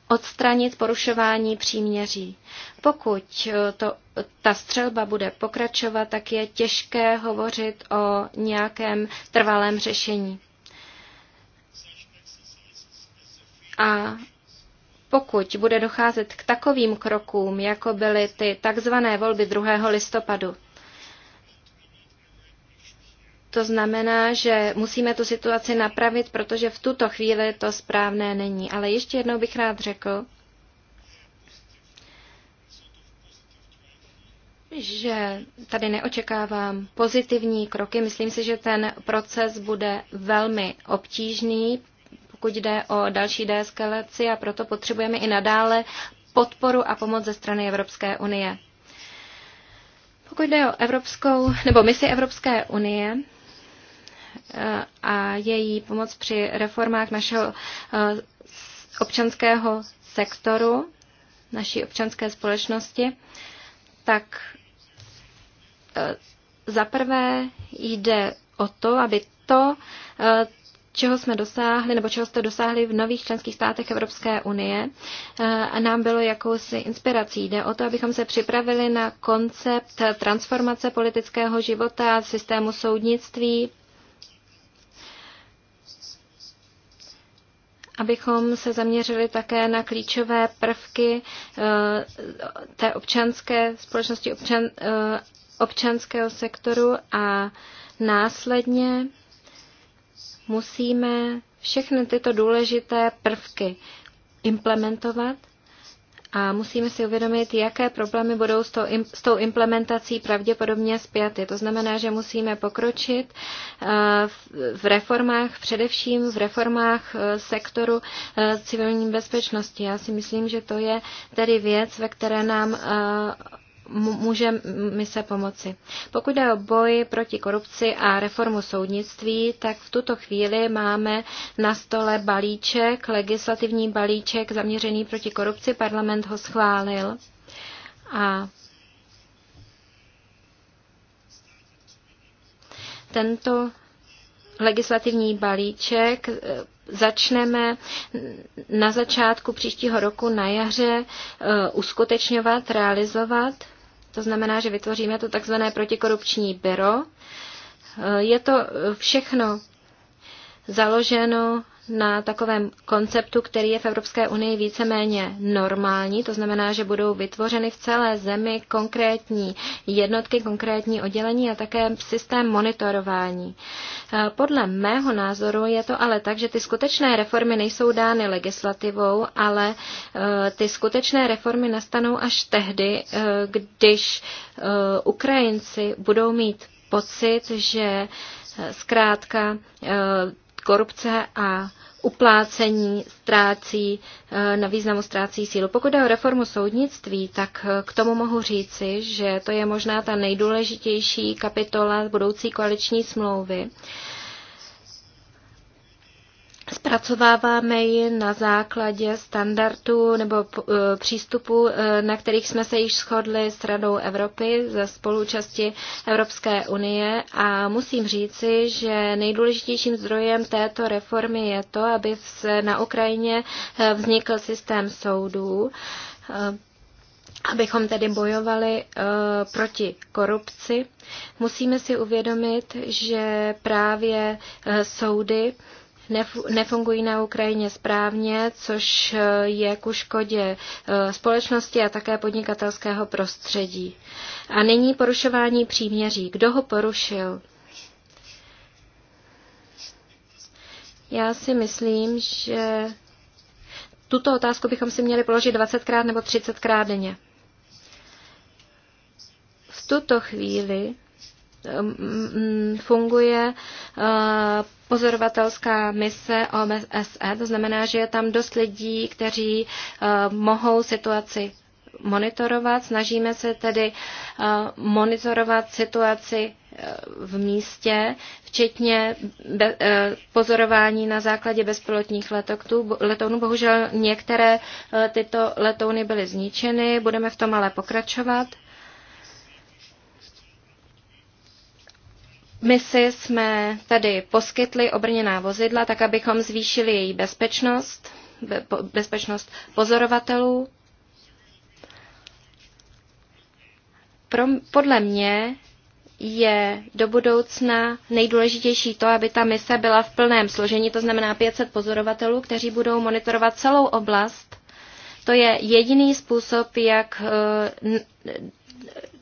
odstranit porušování příměří. Pokud eh, to, ta střelba bude pokračovat, tak je těžké hovořit o nějakém trvalém řešení. A pokud bude docházet k takovým krokům, jako byly ty takzvané volby 2. listopadu, to znamená, že musíme tu situaci napravit, protože v tuto chvíli to správné není. Ale ještě jednou bych rád řekl, že tady neočekávám pozitivní kroky. Myslím si, že ten proces bude velmi obtížný, pokud jde o další deeskalaci a proto potřebujeme i nadále podporu a pomoc ze strany Evropské unie. Pokud jde o Evropskou, nebo misi Evropské unie, a její pomoc při reformách našeho eh, občanského sektoru, naší občanské společnosti, tak eh, zaprvé jde o to, aby to, eh, čeho jsme dosáhli, nebo čeho jste dosáhli v nových členských státech Evropské unie, a nám bylo jakousi inspirací. Jde o to, abychom se připravili na koncept transformace politického života, systému soudnictví, abychom se zaměřili také na klíčové prvky eh, té občanské společnosti občan, eh, občanského sektoru a následně musíme všechny tyto důležité prvky implementovat a musíme si uvědomit, jaké problémy budou s tou, s tou implementací pravděpodobně zpěty. To znamená, že musíme pokročit eh, v reformách, především v reformách eh, sektoru eh, civilní bezpečnosti. Já si myslím, že to je tedy věc, ve které nám může mi se pomoci. Pokud jde o boj proti korupci a reformu soudnictví, tak v tuto chvíli máme na stole balíček, legislativní balíček zaměřený proti korupci. Parlament ho schválil. A tento legislativní balíček eh, začneme na začátku příštího roku na jaře eh, uskutečňovat, realizovat. To znamená, že vytvoříme to takzvané protikorupční byro. E, je to všechno založeno na takovém konceptu, který je v Evropské unii víceméně normální, to znamená, že budou vytvořeny v celé zemi konkrétní jednotky, konkrétní oddělení a také systém monitorování. Eh, podle mého názoru je to ale tak, že ty skutečné reformy nejsou dány legislativou, ale eh, ty skutečné reformy nastanou až tehdy, eh, když Ukrajinci budou mít pocit, že zkrátka korupce a uplácení ztrácí, eh, na významu ztrácí sílu. Pokud jde o reformu soudnictví, tak eh, k tomu mohu říci, že to je možná ta nejdůležitější kapitola budoucí koaliční smlouvy. Zpracováváme ji na základě standardů nebo eh, přístupů, eh, na kterých jsme se již shodli s Radou Evropy ze spolúčasti Evropské unie a musím říci, že nejdůležitějším zdrojem této reformy je to, aby se na Ukrajině eh, vznikl systém soudů, abychom tedy bojovali proti korupci. Musíme si uvědomit, že právě soudy nefungují na Ukrajině správně, což eh, je ku škodě eh, společnosti a také podnikatelského prostředí. A nyní porušování příměří. Kdo ho porušil? Já si myslím, že tuto otázku bychom si měli položit 20krát nebo 30krát denně. V tuto chvíli funguje e, pozorovatelská mise OMSE, to znamená, že je tam dost lidí, kteří e, mohou situaci monitorovat. Snažíme se tedy e, monitorovat situaci v místě, včetně pozorování na základě bezpilotních letounů. Bohužel některé tyto letouny byly zničeny, budeme v tom ale pokračovat. si jsme tady poskytli obrněná vozidla, tak abychom zvýšili její bezpečnost, bezpečnost pozorovatelů. Pro, podle mě je do budoucna nejdůležitější to, aby ta mise byla v plném složení, to znamená 500 pozorovatelů, kteří budou monitorovat celou oblast. To je jediný způsob, jak eh,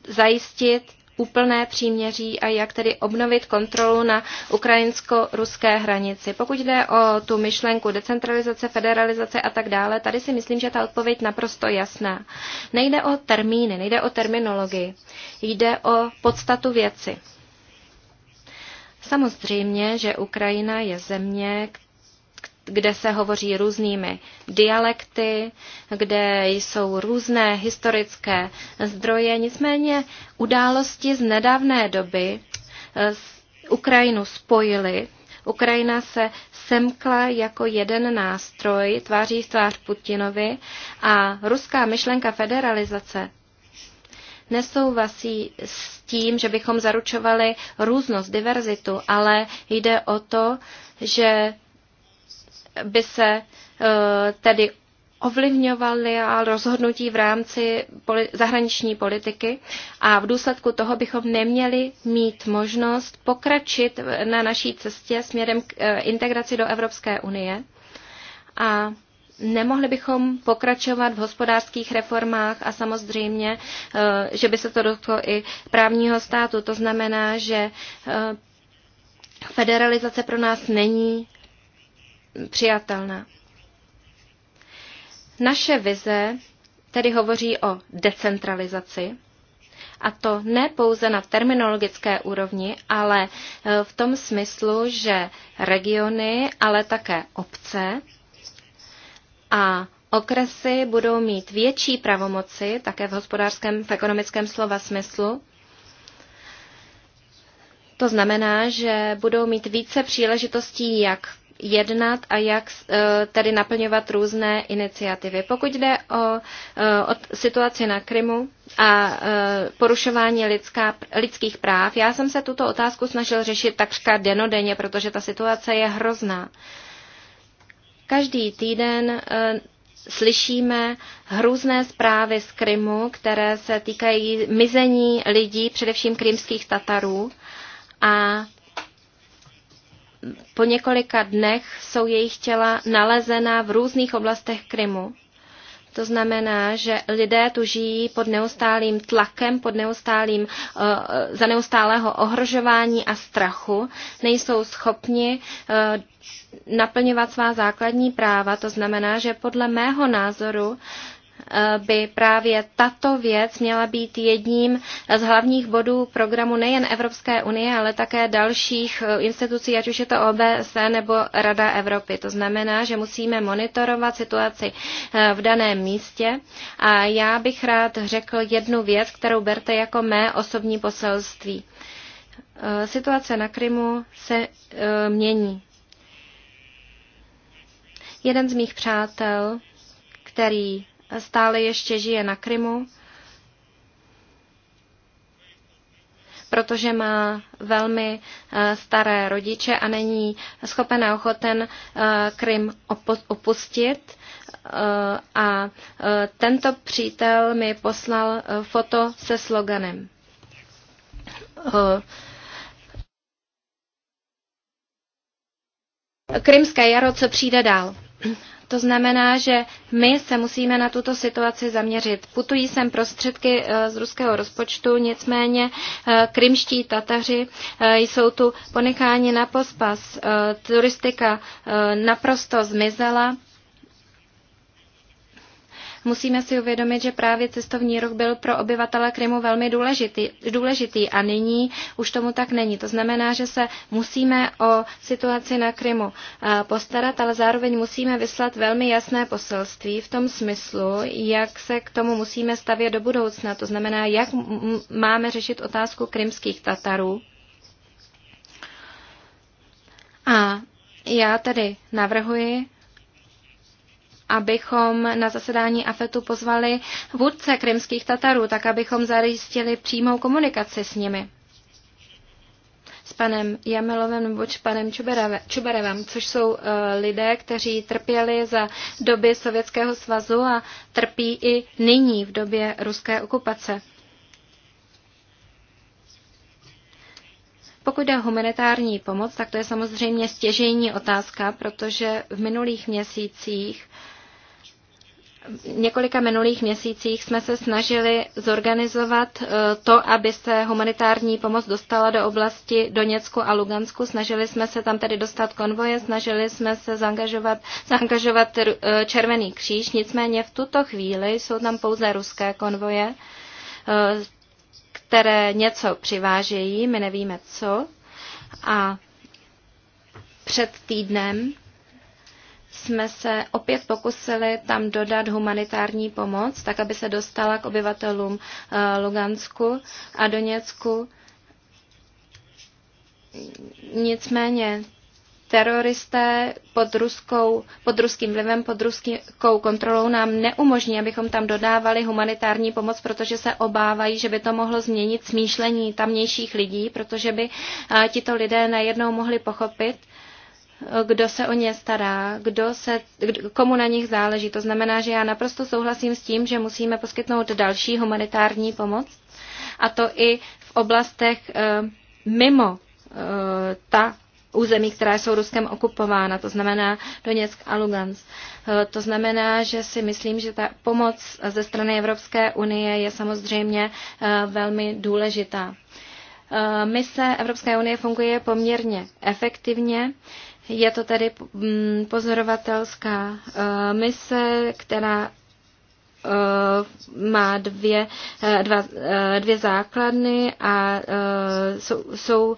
zajistit úplné příměří a jak tedy obnovit kontrolu na ukrajinsko-ruské hranici. Pokud jde o tu myšlenku decentralizace, federalizace a tak dále, tady si myslím, že ta odpověď naprosto jasná. Nejde o termíny, nejde o terminologii, jde o podstatu věci. Samozřejmě, že Ukrajina je země, kde se hovoří různými dialekty, kde jsou různé historické zdroje. Nicméně události z nedávné doby eh, Ukrajinu spojily. Ukrajina se semkla jako jeden nástroj tváří v tvář Putinovi a ruská myšlenka federalizace nesouvasí s tím, že bychom zaručovali různost, diverzitu, ale jde o to, že by se eh, tedy ovlivňovaly a rozhodnutí v rámci zahraniční politiky a v důsledku toho bychom neměli mít možnost pokračit na naší cestě směrem k eh, integraci do Evropské unie a nemohli bychom pokračovat v hospodářských reformách a samozřejmě, eh, že by se to dotklo i právního státu. To znamená, že federalizace pro nás není přijatelná. Naše vize tedy hovoří o decentralizaci, a to ne pouze na terminologické úrovni, ale e, v tom smyslu, že regiony, ale také obce a okresy budou mít větší pravomoci, také v hospodářském, v ekonomickém slova smyslu. To znamená, že budou mít více příležitostí, jak jednat a jak eh, tedy naplňovat různé iniciativy. Pokud jde o, eh, o situaci na Krymu a eh, porušování lidská, lidských práv, já jsem se tuto otázku snažil řešit takřka denodenně, protože ta situace je hrozná. Každý týden slyšíme hrůzné zprávy z Krymu, které se týkají mizení lidí, především krymských Tatarů. A po několika dnech jsou jejich těla nalezená v různých oblastech Krymu. To znamená, že lidé tu žijí pod neustálým tlakem, pod neustálým, eh, za neustálého ohrožování a strachu, nejsou schopni eh, naplňovat svá základní práva. To znamená, že podle mého názoru Eh, by právě tato věc měla být jedním z hlavních bodů programu nejen Evropské unie, ale také dalších eh, institucí, ať už je to OBSE nebo Rada Evropy. To znamená, že musíme monitorovat situaci eh, v daném místě a já bych rád řekl jednu věc, kterou berte jako mé osobní poselství. Situace na Krymu se mění. Jeden z mých přátel, který stále ještě žije na Krymu, protože má velmi eh, staré rodiče a není schopen a ochoten eh, Krym opustit. Eh, a tento přítel mi poslal foto se sloganem. Krymské jaro, co přijde dál. To znamená, že my se musíme na tuto situaci zaměřit. Putují sem prostředky eh, z ruského rozpočtu, nicméně eh, krymští Tataři eh, jsou tu ponecháni na pospas. Turistika naprosto zmizela Musíme si uvědomit, že právě cestovní ruch byl pro obyvatele Krymu velmi důležitý, důležitý a nyní už tomu tak není. To znamená, že se musíme o situaci na Krymu eh, postarat, ale zároveň musíme vyslat velmi jasné poselství v tom smyslu, jak se k tomu musíme stavět do budoucna. To znamená, jak máme řešit otázku krymských Tatarů. A já tedy navrhuji, abychom na zasedání AFETu pozvali vůdce krymských Tatarů, tak abychom zajistili přímou komunikaci s nimi. S panem Jamelovem nebo s panem Čuberevem, což jsou uh, lidé, kteří trpěli za doby Sovětského svazu a trpí i nyní v době ruské okupace. Pokud jde o humanitární pomoc, tak to je samozřejmě stěžejní otázka, protože v minulých měsících uh, několika minulých měsících jsme se snažili zorganizovat eh, to, aby se humanitární pomoc dostala do oblasti Doněcku a Lugansku. Snažili jsme se tam tedy dostat konvoje, snažili jsme se zaangažovat, zaangažovat eh, Červený kříž, nicméně v tuto chvíli jsou tam pouze ruské konvoje, eh, které něco přivážejí, my nevíme co. A před týdnem jsme se opět pokusili tam dodat humanitární pomoc, tak aby se dostala k obyvatelům eh, Lugansku a Doněcku. Nicméně teroristé pod, ruskou, pod ruským vlivem, pod ruskou kontrolou nám neumožní, abychom tam dodávali humanitární pomoc, protože se obávají, že by to mohlo změnit smýšlení tamnějších lidí, protože by eh, tito lidé najednou mohli pochopit, kdo se o ně stará, kdo se, komu na nich záleží. To znamená, že já naprosto souhlasím s tím, že musíme poskytnout další humanitární pomoc, a to i v oblastech eh, mimo eh, ta území, která jsou Ruskem okupována, to znamená Doněck a Lugansk. Eh, to znamená, že si myslím, že ta pomoc ze strany Evropské unie je samozřejmě velmi důležitá. Mise Evropské unie funguje poměrně efektivně. Je to tedy mm, pozorovatelská e, mise, která e, má dvě, e, dva, dvě základny a jsou, jsou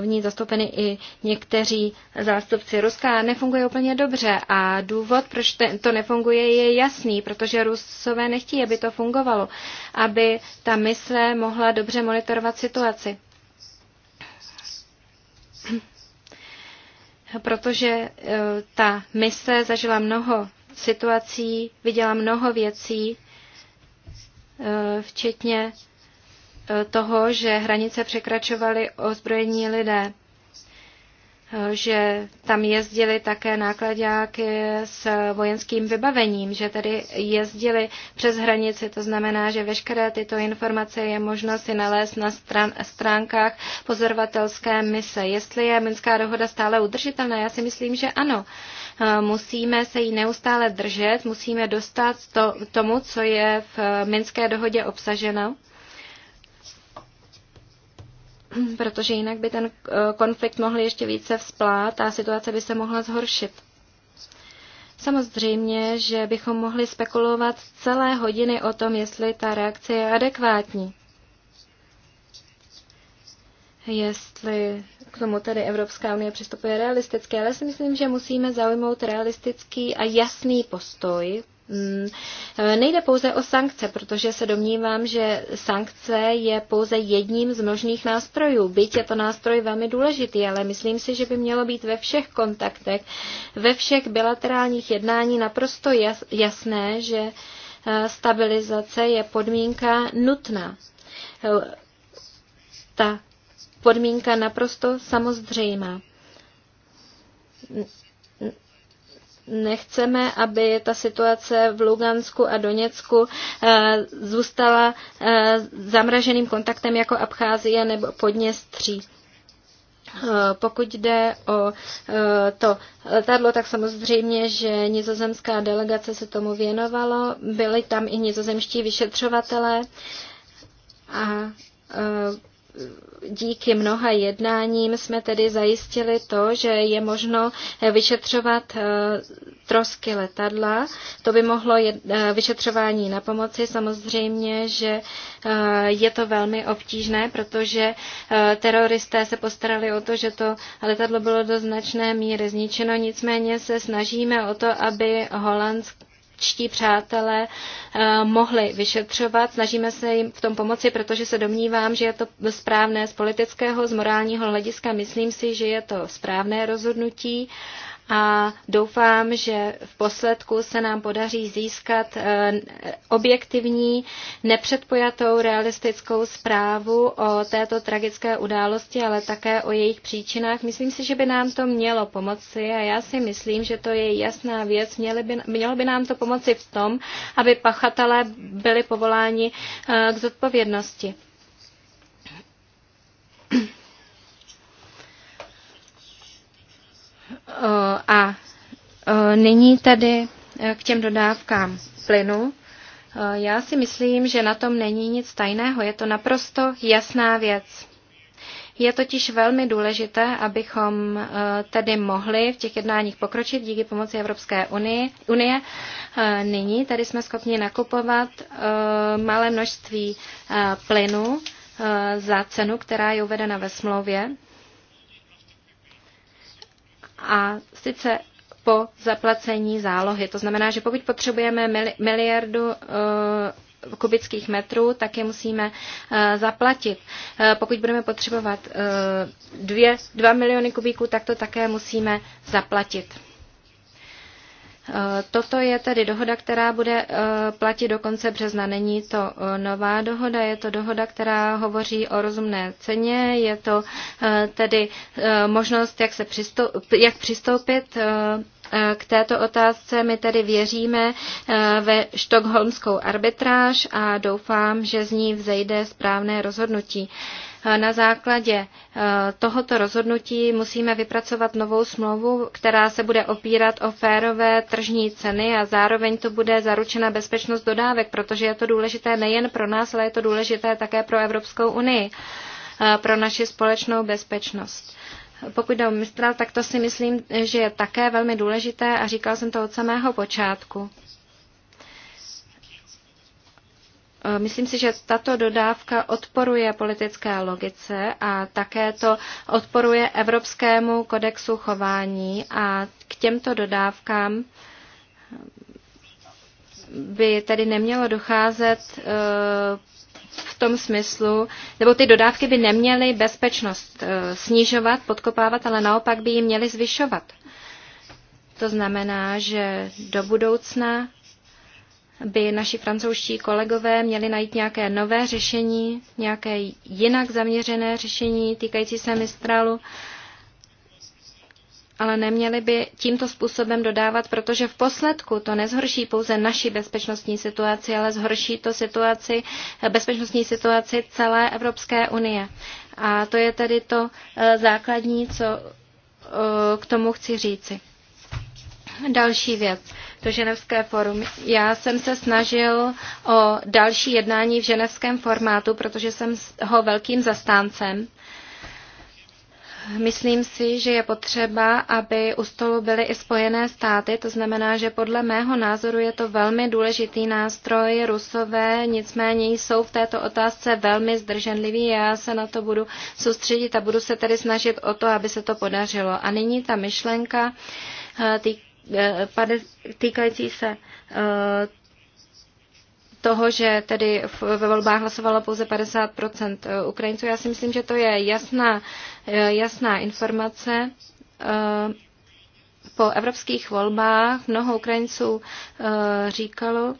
v ní zastoupeny i někteří zástupci Ruska. Nefunguje úplně dobře a důvod, proč to nefunguje, je jasný, protože Rusové nechtí, aby to fungovalo, aby ta mise mohla dobře monitorovat situaci. protože eh, ta mise zažila mnoho situací, viděla mnoho věcí, eh, včetně eh, toho, že hranice překračovali ozbrojení lidé že tam jezdili také nákladňáky s vojenským vybavením, že tedy jezdili přes hranici. To znamená, že veškeré tyto informace je možno si nalézt na stran- stránkách pozorovatelské mise. Jestli je Minská dohoda stále udržitelná, já si myslím, že ano. Eh, musíme se jí neustále držet, musíme dostat to, tomu, co je v Minské dohodě obsaženo protože jinak by ten eh, konflikt mohl ještě více vzplát a situace by se mohla zhoršit. Samozřejmě, že bychom mohli spekulovat celé hodiny o tom, jestli ta reakce je adekvátní. Jestli k tomu tedy Evropská unie přistupuje realisticky, ale si myslím, že musíme zaujmout realistický a jasný postoj Mm, nejde pouze o sankce, protože se domnívám, že sankce je pouze jedním z možných nástrojů. Byť je to nástroj velmi důležitý, ale myslím si, že by mělo být ve všech kontaktech, ve všech bilaterálních jednání naprosto jasné, že eh, stabilizace je podmínka nutná. Ta podmínka naprosto samozřejmá Nechceme, aby ta situace v Lugansku a Doněcku eh, zůstala eh, zamraženým kontaktem jako Abcházie nebo Podněstří. Eh, pokud jde o to letadlo, tak samozřejmě, že nizozemská delegace se tomu věnovalo. Byli tam i nizozemští vyšetřovatelé a díky mnoha jednáním jsme tedy zajistili to, že je možno eh, vyšetřovat eh, trosky letadla. To by mohlo eh, vyšetřování na pomoci. Samozřejmě, že je to velmi obtížné, protože teroristé se postarali o to, že to letadlo bylo do značné míry zničeno. Nicméně se snažíme o to, aby holandské čtí přátelé eh, mohli vyšetřovat. Snažíme se jim v tom pomoci, protože se domnívám, že je to správné z politického, z morálního hlediska. Myslím si, že je to správné rozhodnutí a doufám, že v posledku se nám podaří získat eh, objektivní, nepředpojatou, realistickou zprávu o této tragické události, ale také o jejich příčinách. Myslím si, že by nám to mělo pomoci a já si myslím, že to je jasná věc. Měli by, mělo by nám to pomoci v tom, aby pachatelé byli povoláni eh, k zodpovědnosti. Eh, a eh, nyní tady eh, k těm dodávkám plynu. Já si myslím, že na tom není nic tajného, je to naprosto jasná věc. Je totiž velmi důležité, abychom tedy mohli v těch jednáních pokročit díky pomoci Evropské unie. unie. Nyní tady jsme schopni nakupovat malé množství plynu za cenu, která je uvedena ve smlouvě a sice po zaplacení zálohy. To znamená, že pokud potřebujeme miliardu eh, kubických metrů, tak je musíme eh, zaplatit. Eh, pokud budeme potřebovat 2 miliony kubíků, tak to také musíme zaplatit. Eh, toto je tedy dohoda, která bude eh, platit do konce března. Není to eh, nová dohoda, je to dohoda, která hovoří o rozumné ceně, je to tedy možnost, jak, se přistoupit, jak přistoupit k této otázce. My tedy věříme ve štokholmskou arbitráž a doufám, že z ní vzejde správné rozhodnutí. Eh, na základě eh, tohoto rozhodnutí musíme vypracovat novou smlouvu, která se bude opírat o férové tržní ceny a zároveň to bude zaručena bezpečnost dodávek, protože je to důležité nejen pro nás, ale je to důležité také pro Evropskou unii, eh, pro naši společnou bezpečnost. Pokud jde o Mistral, tak to si myslím, že je také velmi důležité a říkal jsem to od samého počátku. Eh, myslím si, že tato dodávka odporuje politické logice a také to odporuje Evropskému kodexu chování a k těmto dodávkám eh, by tedy nemělo docházet eh, v tom smyslu, nebo ty dodávky by neměly bezpečnost snižovat, podkopávat, ale naopak by ji měly zvyšovat. To znamená, že do budoucna by naši francouzští kolegové měli najít nějaké nové řešení, nějaké jinak zaměřené řešení týkající se Mistralu, ale neměli by tímto způsobem dodávat, protože v posledku to nezhorší pouze naši bezpečnostní situaci, ale zhorší to situaci, bezpečnostní situaci celé Evropské unie. A to je tedy to eh, základní, co eh, k tomu chci říci. Další věc to ženevské forum. Já jsem se snažil o další jednání v ženevském formátu, protože jsem ho velkým zastáncem. Myslím si, že je potřeba, aby u stolu byly i spojené státy, to znamená, že podle mého názoru je to velmi důležitý nástroj. Rusové nicméně jsou v této otázce velmi zdrženliví, já se na to budu soustředit a budu se tedy snažit o to, aby se to podařilo. A nyní ta myšlenka, eh, ty Eh, týkající se eh, toho, že tedy ve volbách hlasovalo pouze 50 eh, Ukrajinců. Já si myslím, že to je jasná, jasná informace. Po evropských volbách mnoho Ukrajinců říkalo,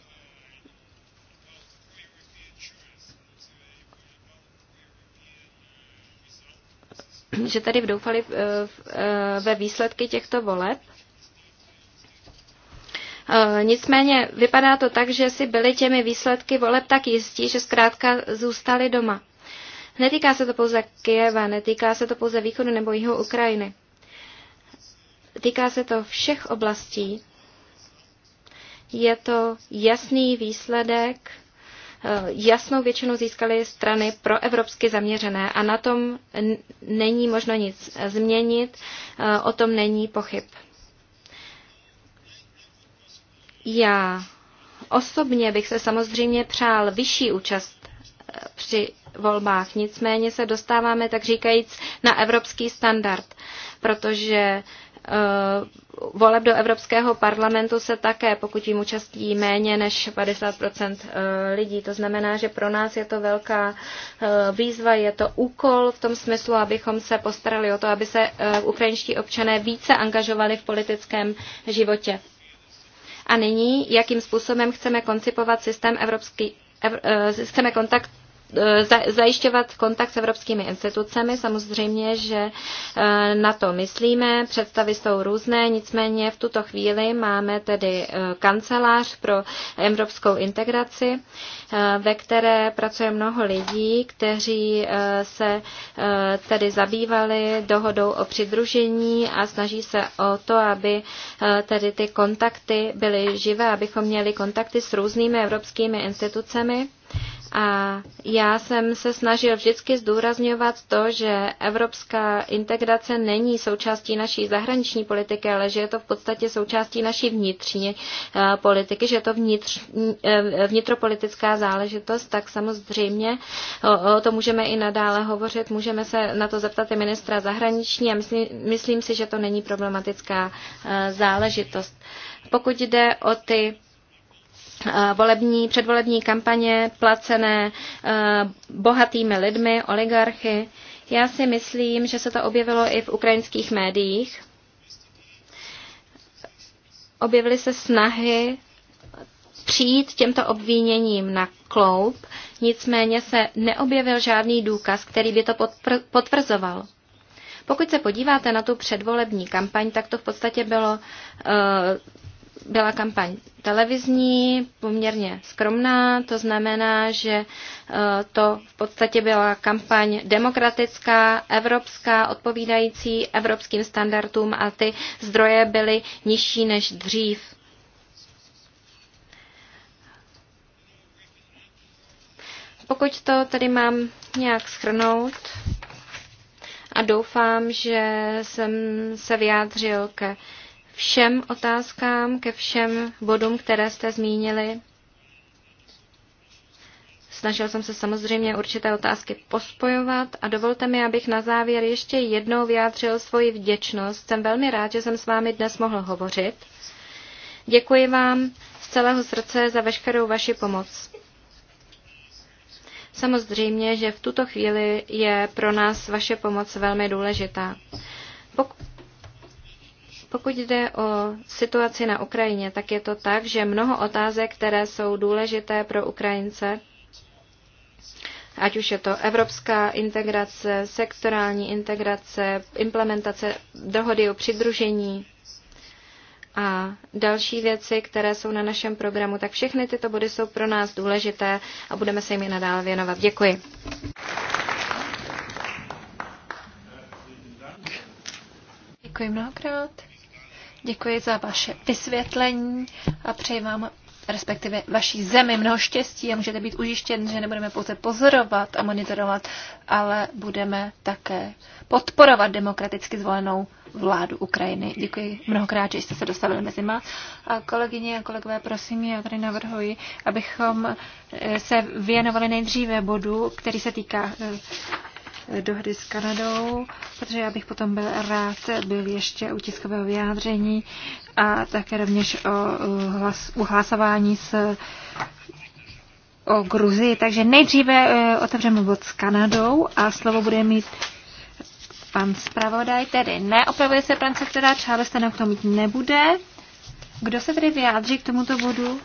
že tady doufali ve výsledky těchto voleb. Eh, nicméně vypadá to tak, že si byli těmi výsledky voleb tak jistí, že zkrátka zůstali doma. Netýká se to pouze Kyjeva, netýká se to pouze východu nebo jihu Ukrajiny. Týká se to všech oblastí. Je to jasný výsledek. Eh, jasnou většinu získaly strany pro evropsky zaměřené a na tom není možno nic změnit, eh, o tom není pochyb. Já osobně bych se samozřejmě přál vyšší účast eh, při volbách, nicméně se dostáváme, tak říkajíc, na evropský standard, protože eh, voleb do Evropského parlamentu se také, pokud jim účastí méně než 50 eh, lidí. To znamená, že pro nás je to velká výzva, je to úkol v tom smyslu, abychom se postarali o to, aby se ukrajinští občané více angažovali v politickém životě. A nyní, jakým způsobem chceme koncipovat systém evropský, ev, eh, chceme kontakt, Eh, zajišťovat kontakt s evropskými institucemi. Samozřejmě, že eh, na to myslíme, představy jsou různé, nicméně v tuto chvíli máme tedy eh, kancelář pro evropskou integraci, ve které pracuje mnoho lidí, kteří se tedy zabývali dohodou o přidružení a snaží se o to, aby tedy ty kontakty byly živé, abychom měli kontakty s různými evropskými institucemi. A já jsem se snažil vždycky zdůrazňovat to, že evropská integrace není součástí naší zahraniční politiky, ale že je to v podstatě součástí naší vnitřní eh, politiky, že je to vnitř, eh, vnitropolitická záležitost, tak samozřejmě o to můžeme i nadále hovořit, můžeme se na to zeptat i ministra zahraniční a myslím, myslím si, že to není problematická eh, záležitost. Pokud jde o ty Eh, volební, předvolební kampaně placené eh, bohatými lidmi, oligarchy. Já si myslím, že se to objevilo i v ukrajinských médiích. Objevily se snahy přijít těmto obviněním na kloup, nicméně se neobjevil žádný důkaz, který by to potvrzoval. Pokud se podíváte na tu předvolební kampaň, tak to v podstatě bylo uh, byla kampaň televizní, poměrně skromná, to znamená, že e, to v podstatě byla kampaň demokratická, evropská, odpovídající evropským standardům a ty zdroje byly nižší než dřív. Pokud to tady mám nějak schrnout, a doufám, že jsem se vyjádřil ke všem otázkám, ke všem bodům, které jste zmínili. Snažil jsem se samozřejmě určité otázky pospojovat a dovolte mi, abych na závěr ještě jednou vyjádřil svoji vděčnost. Jsem velmi rád, že jsem s vámi dnes mohl hovořit. Děkuji vám z celého srdce za veškerou vaši pomoc. Samozřejmě, že v tuto chvíli je pro nás vaše pomoc velmi důležitá. Pokud jde o situaci na Ukrajině, tak je to tak, že mnoho otázek, které jsou důležité pro Ukrajince, ať už je to evropská integrace, sektorální integrace, implementace dohody o přidružení a další věci, které jsou na našem programu, tak všechny tyto body jsou pro nás důležité a budeme se jim i nadále věnovat. Děkuji. Děkuji mnohokrát. Děkuji za vaše vysvětlení a přeji vám respektive vaší zemi mnoho štěstí a můžete být ujištěn, že nebudeme pouze pozorovat a monitorovat, ale budeme také podporovat demokraticky zvolenou vládu Ukrajiny. Děkuji mnohokrát, že jste se dostavili mezi má. A kolegyně a kolegové, prosím, já tady navrhuji, abychom eh, se věnovali nejdříve bodu, který se týká eh, dohody s Kanadou, protože já bych potom byl rád byl ještě u tiskového vyjádření a také rovněž o eh, hlas, s o Gruzii. Takže nejdříve eh, otevřeme bod s Kanadou a slovo bude mít pan zpravodaj, tedy neopravuje se pan předseda, Charles ten k tomu mít nebude. Kdo se tedy vyjádří k tomuto bodu?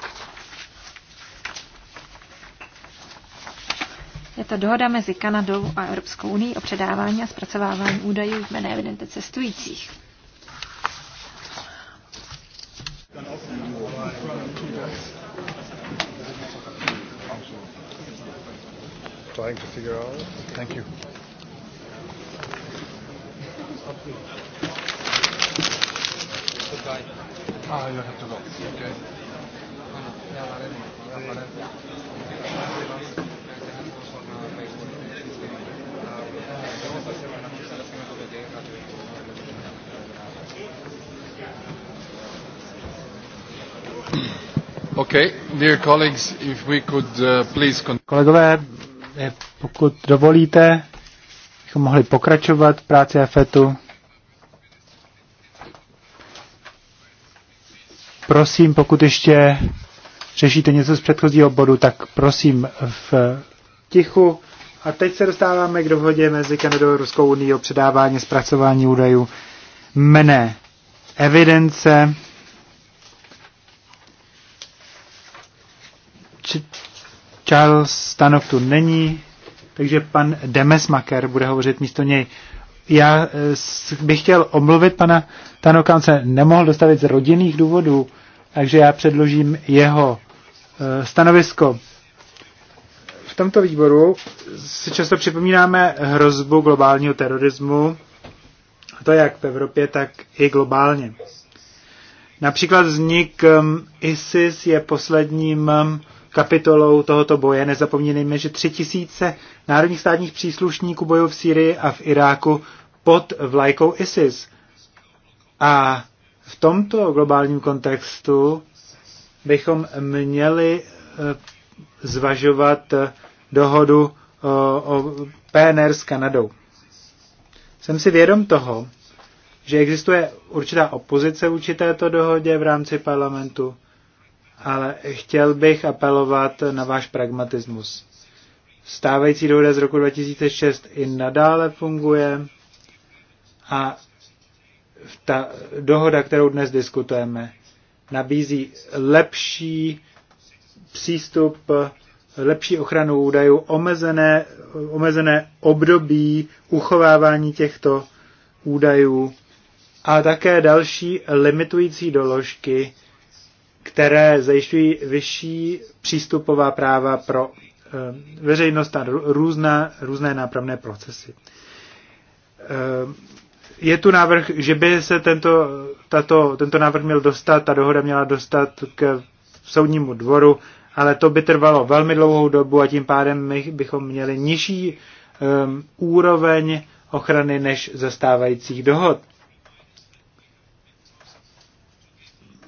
Je to dohoda mezi Kanadou a Evropskou unii o předávání a zpracovávání údajů v jmené evidence cestujících. Trying to figure out. Thank you. Ah, you have to go. Okay. Okay, dear colleagues, if we could, uh, please... Kolegové, eh, pokud dovolíte, bychom mohli pokračovat v práci AFETu. Prosím, pokud ještě řešíte něco z předchozího bodu, tak prosím v tichu. A teď se dostáváme k dohodě mezi Kanadou a Ruskou unii o předávání zpracování údajů mene evidence Č- Charles Stanov tu není, takže pan Demesmaker bude hovořit místo něj. Já eh, bych chtěl omluvit pana Tanoka, on se nemohl dostavit z rodinných důvodů, takže já předložím jeho eh, stanovisko. V tomto výboru si často připomínáme hrozbu globálního terorismu, to jak v Evropě, tak i globálně. Například vznik um, ISIS je posledním um, kapitolou tohoto boje. Nezapomínejme, že tři tisíce národních státních příslušníků bojují v Sýrii a v Iráku pod vlajkou ISIS. A v tomto globálním kontextu bychom měli eh, zvažovat eh, dohodu eh, o PNR s Kanadou. Jsem si vědom toho, že existuje určitá opozice vůči této dohodě v rámci parlamentu, ale chtěl bych apelovat na váš pragmatismus. Stávající dohoda z roku 2006 i nadále funguje a ta dohoda, kterou dnes diskutujeme, nabízí lepší přístup, lepší ochranu údajů, omezené, omezené období uchovávání těchto údajů a také další limitující doložky, které zajišťují vyšší přístupová práva pro eh, veřejnost a různá, různé nápravné procesy. Eh, je tu návrh, že by se tento, tato, tento návrh měl dostat, ta dohoda měla dostat k soudnímu dvoru ale to by trvalo velmi dlouhou dobu a tím pádem my bychom měli nižší um, úroveň ochrany než zastávajících dohod.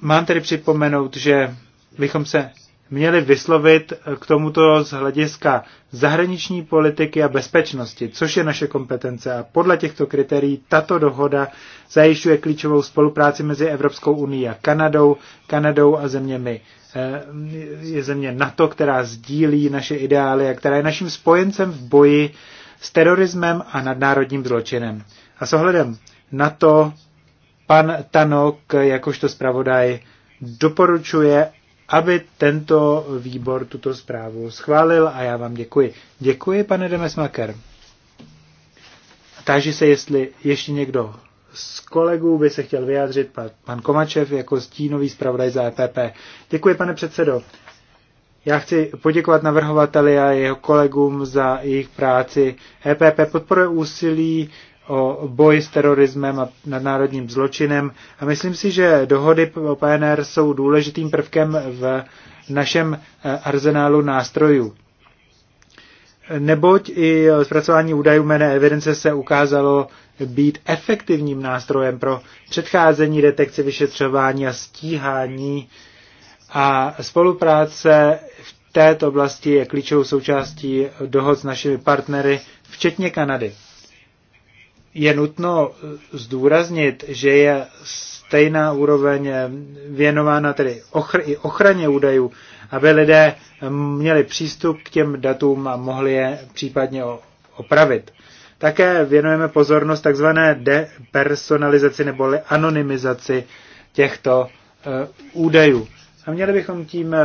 Mám tedy připomenout, že bychom se měli vyslovit k tomuto z hlediska zahraniční politiky a bezpečnosti, což je naše kompetence. A podle těchto kritérií tato dohoda zajišťuje klíčovou spolupráci mezi Evropskou unii a Kanadou, Kanadou a zeměmi eh, je země NATO, která sdílí naše ideály a která je naším spojencem v boji s terorismem a nadnárodním zločinem. A s ohledem na to pan Tanok, jakožto zpravodaj, doporučuje aby tento výbor tuto zprávu schválil a já vám děkuji. Děkuji, pane Demesmaker. Táži se, jestli ještě někdo z kolegů by se chtěl vyjádřit, pan, pan Komačev jako stínový zpravodaj za EPP. Děkuji, pane předsedo. Já chci poděkovat navrhovateli a jeho kolegům za jejich práci. EPP podporuje úsilí o boji s terorismem a nadnárodním zločinem. A myslím si, že dohody o PNR jsou důležitým prvkem v našem eh, arzenálu nástrojů. Neboť i zpracování údajů jména evidence se ukázalo být efektivním nástrojem pro předcházení detekci, vyšetřování a stíhání. A spolupráce v této oblasti je klíčovou součástí dohod s našimi partnery, včetně Kanady je nutno zdůraznit, že je stejná úroveň věnována tedy ochr- i ochraně údajů, aby lidé měli přístup k těm datům a mohli je případně opravit. Také věnujeme pozornost takzvané depersonalizaci nebo anonymizaci těchto eh, údajů. A měli bychom tím eh,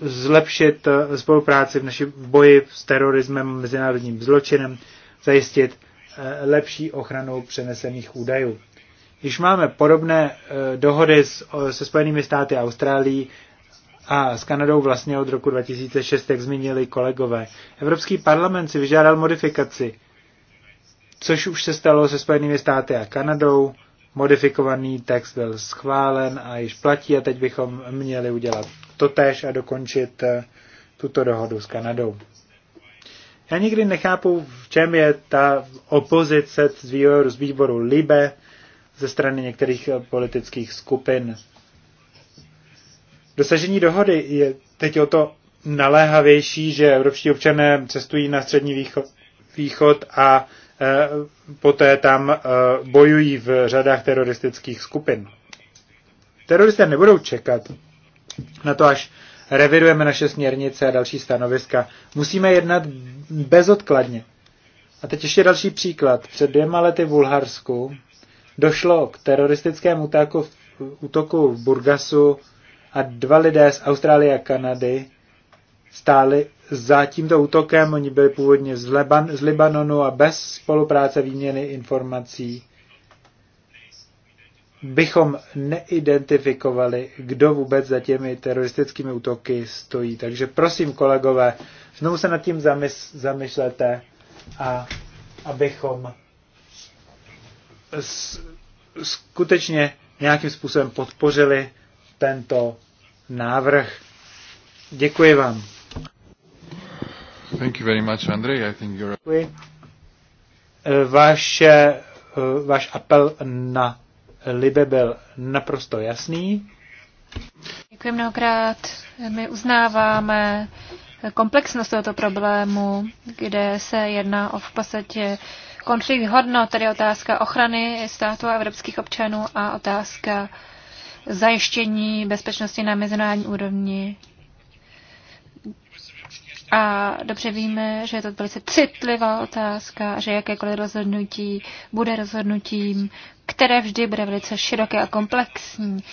zlepšit eh, spolupráci v naší boji s terorismem, mezinárodním zločinem, zajistit Eh, lepší ochranou přenesených údajů. Když máme podobné eh, dohody se Spojenými státy a Austrálií a s Kanadou vlastně od roku 2006, jak zmínili kolegové, Evropský parlament si vyžádal modifikaci, což už se stalo se Spojenými státy a Kanadou. Modifikovaný text byl schválen a již platí a teď bychom měli udělat totéž a dokončit eh, tuto dohodu s Kanadou. Já nikdy nechápu, v čem je ta opozice z výboru, z výboru Libe ze strany některých eh, politických skupin. Dosažení dohody je teď o to naléhavější, že evropští občané cestují na střední východ, východ a e, poté tam e, bojují v řadách teroristických skupin. Teroristé nebudou čekat na to, až revidujeme naše směrnice a další stanoviska. Musíme jednat bezodkladně. A teď ještě další příklad. Před dvěma lety v Bulharsku došlo k teroristickému útoku, útoku v Burgasu a dva lidé z Austrálie a Kanady stáli za tímto útokem. Oni byli původně z, Leban, z Libanonu a bez spolupráce výměny informací bychom neidentifikovali, kdo vůbec za těmi teroristickými útoky stojí. Takže prosím, kolegové, znovu se nad tím zamyslete a abychom skutečně nějakým způsobem podpořili tento návrh. Děkuji vám. Thank you very much, Andrej. I think you're... Děkuji. E, váš, e, váš apel na Libe byl naprosto jasný. Děkuji mnohokrát. My uznáváme komplexnost tohoto problému, kde se jedná o v podstatě konflikt hodno, tedy otázka ochrany státu a evropských občanů a otázka zajištění bezpečnosti na mezinárodní úrovni. A dobře víme, že je to velice citlivá otázka, že jakékoliv rozhodnutí bude rozhodnutím, které vždy bude velice široké a komplexní.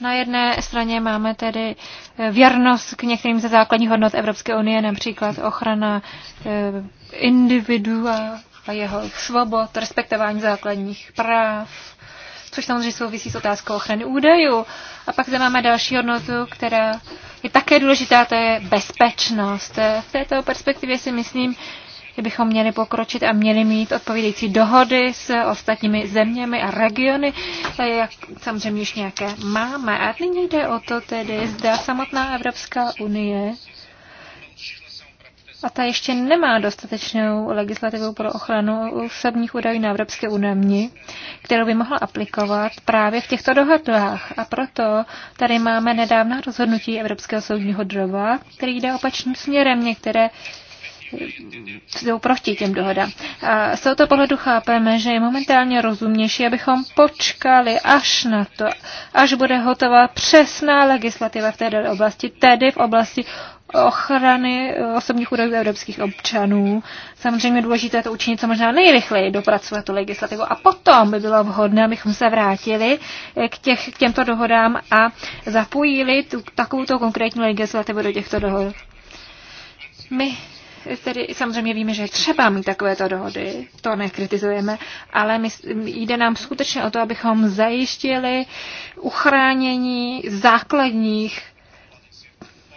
Na jedné straně máme tedy eh, věrnost k některým ze základních hodnot Evropské unie, například ochrana eh, individua a jeho svobod, respektování základních práv, což samozřejmě souvisí s otázkou ochrany údajů. A pak zde máme další hodnotu, která je také důležitá, to je bezpečnost. Eh, v této perspektivě si myslím, bychom měli pokročit a měli mít odpovídající dohody s ostatními zeměmi a regiony, jak samozřejmě už nějaké máme. A nyní jde o to tedy, zda samotná Evropská unie a ta ještě nemá dostatečnou legislativu pro ochranu osobních údajů na Evropské unii, kterou by mohla aplikovat právě v těchto dohodách. A proto tady máme nedávná rozhodnutí Evropského soudního drova, který jde opačným směrem. Některé jdou proti těm dohodám. A z tohoto pohledu chápeme, že je momentálně rozumnější, abychom počkali až na to, až bude hotová přesná legislativa v této oblasti, tedy v oblasti ochrany eh, osobních údajů evropských občanů. Samozřejmě důležité to učinit co možná nejrychleji, dopracovat tu legislativu. A potom by bylo vhodné, abychom se vrátili eh, k, těch, k těmto dohodám a zapojili tu, takovouto konkrétní legislativu do těchto dohod. My tedy samozřejmě víme, že třeba mít takovéto dohody, to nekritizujeme, ale my, jde nám skutečně o to, abychom zajištili uchránění základních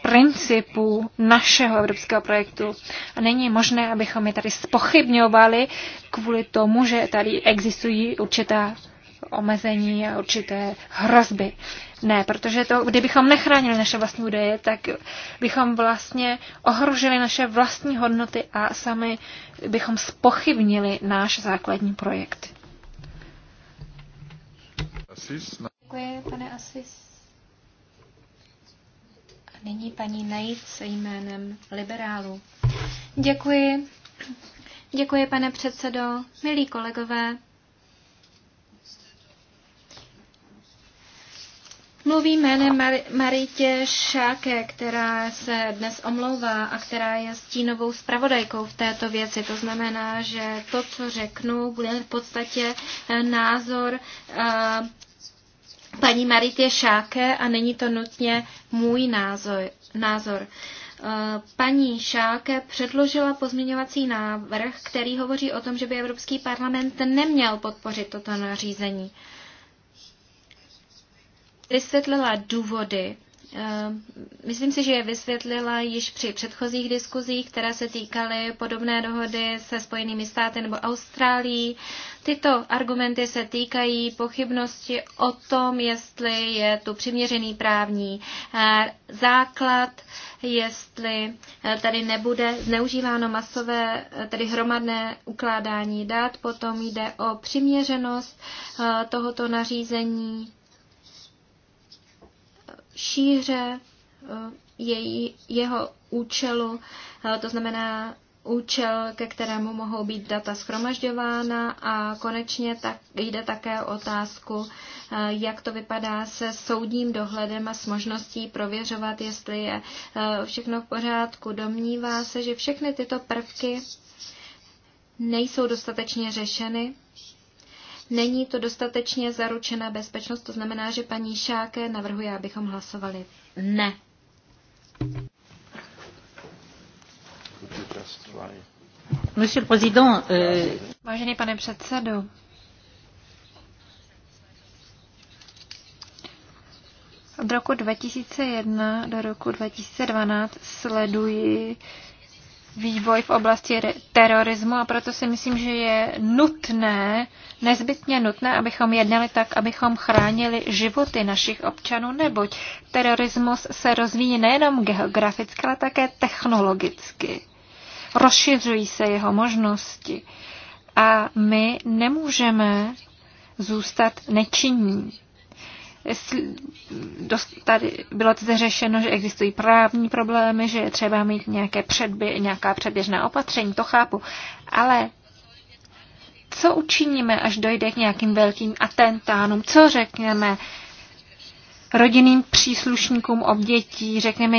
principů našeho evropského projektu. A není možné, abychom je tady spochybňovali kvůli tomu, že tady existují určitá omezení a určité hrozby. Ne, protože to, kdybychom nechránili naše vlastní údaje, tak bychom vlastně ohrožili naše vlastní hodnoty a sami bychom spochybnili náš základní projekt. Děkuji, pane Asis. A nyní paní Nejc se jménem liberálu. Děkuji. Děkuji, pane předsedo, milí kolegové. mluví jménem Mar- Maritě Šáke, která se dnes omlouvá a která je stínovou zpravodajkou v této věci. To znamená, že to, co řeknu, bude v podstatě eh, názor uh, paní Maritě Šáke a není to nutně můj názor. názor. Eh, paní Šáke předložila pozměňovací návrh, který hovoří o tom, že by Evropský parlament neměl podpořit toto nařízení. Uh, vysvětlila důvody. Eh, myslím si, že je vysvětlila již při předchozích diskuzích, které se týkaly podobné dohody se Spojenými státy nebo Austrálií. Tyto argumenty se týkají pochybnosti o tom, jestli je tu přiměřený právní eh, základ, jestli eh, tady nebude zneužíváno masové, tedy hromadné ukládání dat, potom jde o přiměřenost tohoto nařízení šíře eh, její, jeho účelu, eh, to znamená účel, ke kterému mohou být data schromažďována a konečně tak jde také o otázku, eh, jak to vypadá se soudním dohledem a s možností prověřovat, jestli je všechno v pořádku. Domnívá se, že všechny tyto prvky nejsou dostatečně řešeny Není to dostatečně zaručená bezpečnost, to znamená, že paní Šáke navrhuje, abychom hlasovali ne. Monsieur le Président, euh, Vážený pane předsedo, od roku 2001 do roku 2012 sleduji vývoj v oblasti terorismu a proto si myslím, že je nutné, nezbytně nutné, abychom jednali tak, abychom chránili životy našich občanů, neboť terorismus se rozvíjí nejenom geograficky, ale také technologicky. Rozšiřují se jeho možnosti a my nemůžeme zůstat nečinní tady bylo tady řešeno, že existují právní problémy, že je třeba mít nějaké předbě, nějaká předběžná opatření, to chápu. Ale co učiníme, až dojde k nějakým velkým atentánům? Co řekneme rodinným příslušníkům obětí. Řekněme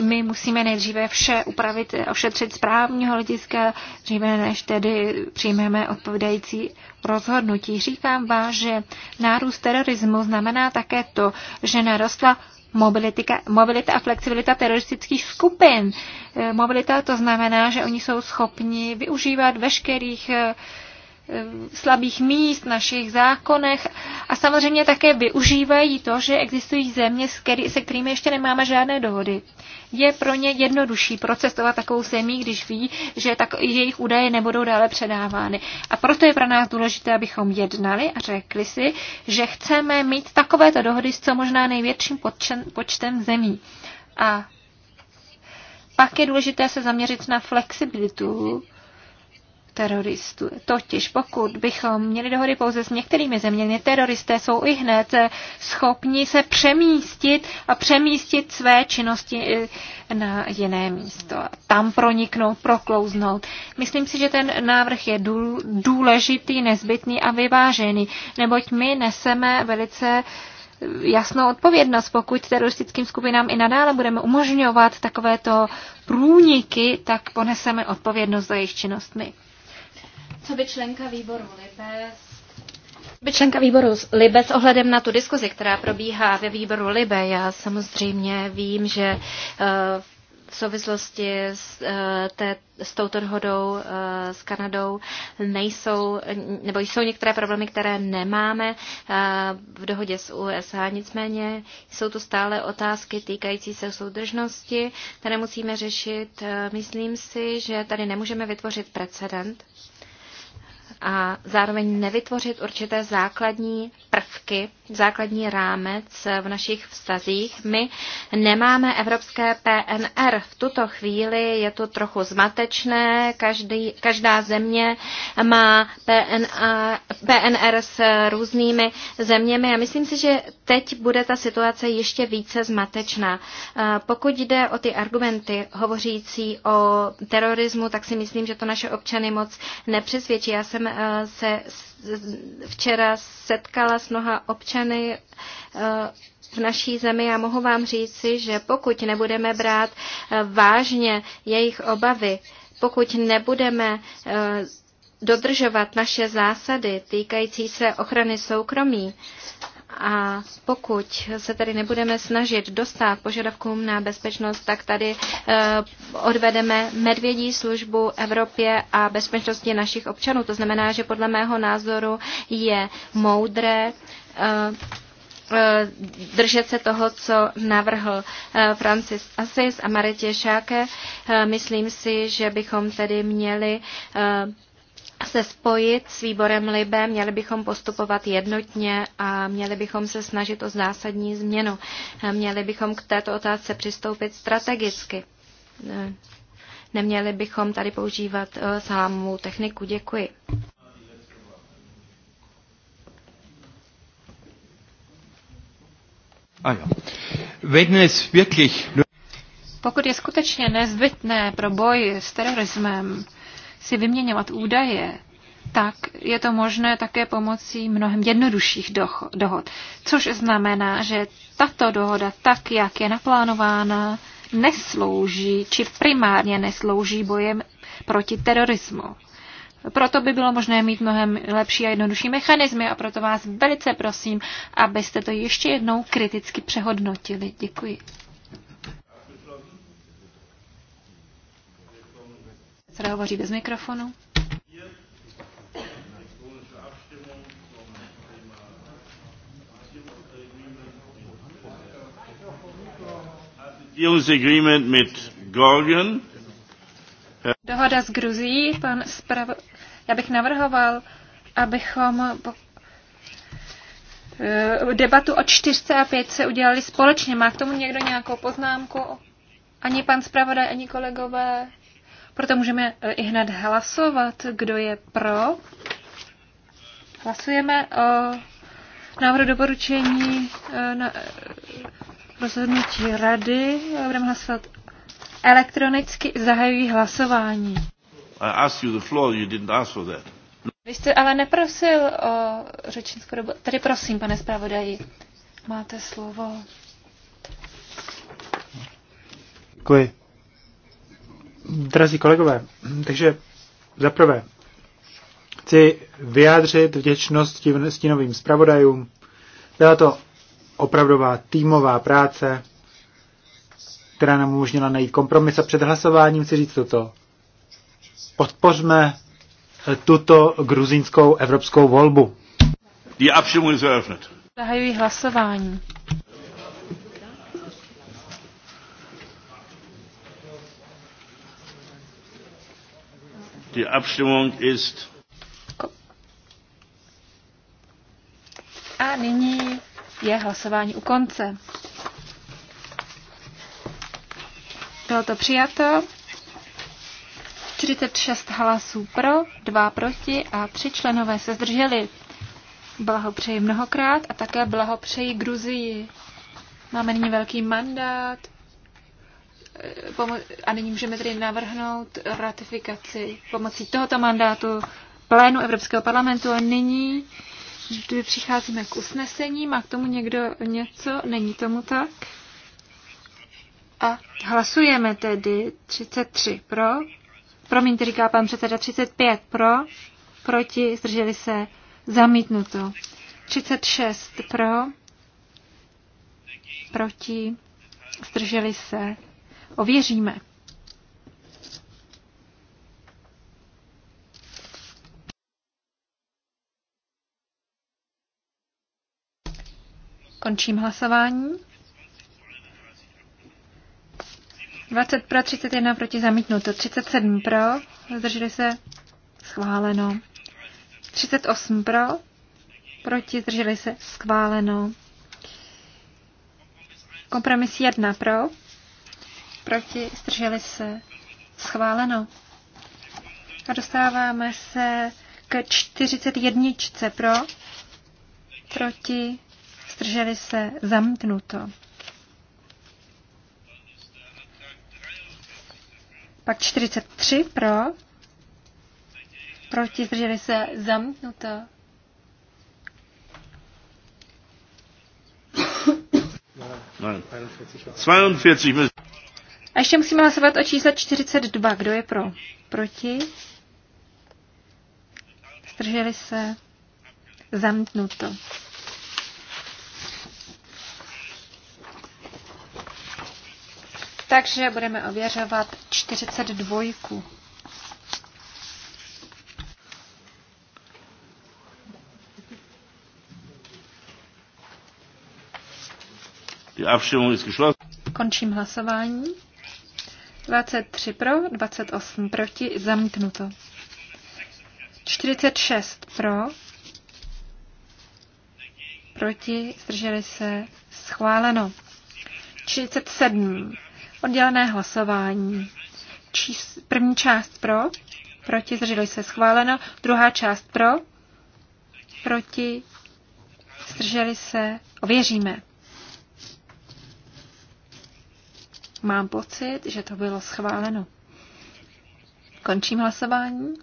my musíme nejdříve vše upravit, ošetřit z právního hlediska, dříve než tedy přijmeme odpovídající rozhodnutí. Říkám vám, že nárůst terorismu znamená také to, že narostla mobilita, mobilita a flexibilita teroristických skupin. E, mobilita to znamená, že oni jsou schopni využívat veškerých e, Eh, slabých míst našich zákonech a samozřejmě také využívají to, že existují země, se kterými ještě nemáme žádné dohody. Je pro ně jednodušší procestovat takovou zemí, když ví, že tak, jejich údaje nebudou dále předávány. A proto je pro nás důležité, abychom jednali a řekli si, že chceme mít takovéto dohody s co možná největším počtem zemí. A pak je důležité se zaměřit na flexibilitu teroristů. Totiž pokud bychom měli dohody pouze s některými zeměmi, teroristé jsou i hned eh, schopni se přemístit a přemístit své činnosti eh, na jiné místo. Tam proniknout, proklouznout. Myslím si, že ten návrh je důležitý, nezbytný a vyvážený, neboť my neseme velice eh, jasnou odpovědnost, pokud teroristickým skupinám i nadále budeme umožňovat takovéto průniky, tak poneseme odpovědnost za jejich činnostmi co by členka výboru Libes by členka výboru Libe s ohledem na tu diskuzi, která probíhá ve výboru Libe, já samozřejmě vím, že eh, v souvislosti s, eh, té, s touto dohodou eh, s Kanadou nejsou, nebo jsou některé problémy, které nemáme v dohodě s USA, nicméně jsou to stále otázky týkající se soudržnosti, které musíme řešit. Myslím si, že tady nemůžeme vytvořit precedent a zároveň nevytvořit určité základní prvky, základní rámec v našich vztazích. My nemáme evropské PNR. V tuto chvíli je to trochu zmatečné. Každý, každá země má PNR, s různými zeměmi a myslím si, že teď bude ta situace ještě více zmatečná. Pokud jde o ty argumenty hovořící o terorismu, tak si myslím, že to naše občany moc nepřesvědčí. Já jsem Eh, se včera setkala s mnoha občany eh, v naší zemi já mohu vám říci, že pokud nebudeme brát eh, vážně jejich obavy, pokud nebudeme dodržovat naše zásady týkající se ochrany soukromí, a pokud se tedy nebudeme snažit dostat požadavkům na bezpečnost, tak tady eh, odvedeme medvědí službu Evropě a bezpečnosti našich občanů. To znamená, že podle mého názoru je moudré eh, eh, držet se toho, co navrhl Francis Assis a Maritě Šáke. Myslím si, že bychom tedy měli se spojit s výborem Libe, měli bychom postupovat jednotně a měli bychom se snažit o zásadní změnu. Měli bychom k této otázce přistoupit strategicky. Neměli bychom tady používat eh, sámou techniku. Děkuji. Ah Pokud je skutečně nezbytné pro boj s terorismem, si vyměňovat údaje, tak je to možné také pomocí mnohem jednodušších dohod. Což znamená, že tato dohoda, tak jak je naplánována, neslouží, či primárně neslouží bojem proti terorismu. Proto by bylo možné mít mnohem lepší a jednodušší mechanismy a proto vás velice prosím, abyste to ještě jednou kriticky přehodnotili. Děkuji. která hovoří bez mikrofonu. Dohoda s Gruzií, pan spravo... Já bych navrhoval, abychom eh, debatu o čtyřce a pětce udělali společně. Má k tomu někdo nějakou poznámku? Ani pan zpravodaj, ani kolegové? Proto můžeme eh, i hned hlasovat, kdo je pro. Hlasujeme o návrhu doporučení eh, na eh, rozhodnutí rady. Budeme hlasovat elektronicky. Zahajují hlasování. I asked you the floor, you didn't ask for that. Vy jste ale neprosil o řečnickou dobu. Tady prosím, pane zpravodaji, máte slovo. Děkuji. Drazí kolegové, takže za prvé chci vyjádřit vděčnost stínovým zpravodajům. Byla to opravdová týmová práce, která nám umožnila najít kompromis a před hlasováním si říct toto. Podpořme eh, tuto gruzínskou evropskou volbu. Die Abstimmung ist eröffnet. Zahajuji hlasování. Die Abstimmung ist. A nyní je hlasování u konce. Bylo to přijato. 46 hlasů pro, 2 proti a 3 členové se zdrželi. Blahopřeji mnohokrát a také blahopřeji Gruzii. Máme nyní velký mandát a nyní můžeme tedy navrhnout ratifikaci pomocí tohoto mandátu plénu Evropského parlamentu a nyní kdy přicházíme k usnesení, má k tomu někdo něco, není tomu tak? A hlasujeme tedy 33 pro, promiňte, říká pan předseda, 35 pro, proti, zdrželi se, zamítnuto. 36 pro, proti, zdrželi se, ověříme. Končím hlasování. 20 pro, 31 proti zamítnuto, 37 pro, zdrželi se schváleno. 38 pro, proti zdrželi se schváleno. Kompromis 1 pro, proti, zdrželi se, schváleno. A dostáváme se k 41. pro, proti, zdrželi se, zamknuto. Pak 43 pro, proti, zdrželi se, zamknuto. Nein. 42 a ještě musíme hlasovat o čísle 42. Kdo je pro? Proti? Zdrželi se? Zamknuto. Takže budeme ověřovat 42. Končím hlasování. 23 pro, 28 proti, zamítnuto. 46 pro, proti, zdrželi se, schváleno. 37. Oddělené hlasování. Čís, první část pro, proti, zdrželi se, schváleno. Druhá část pro, proti, zdrželi se, ověříme. Mám pocit, že to bylo schváleno. Končím hlasování.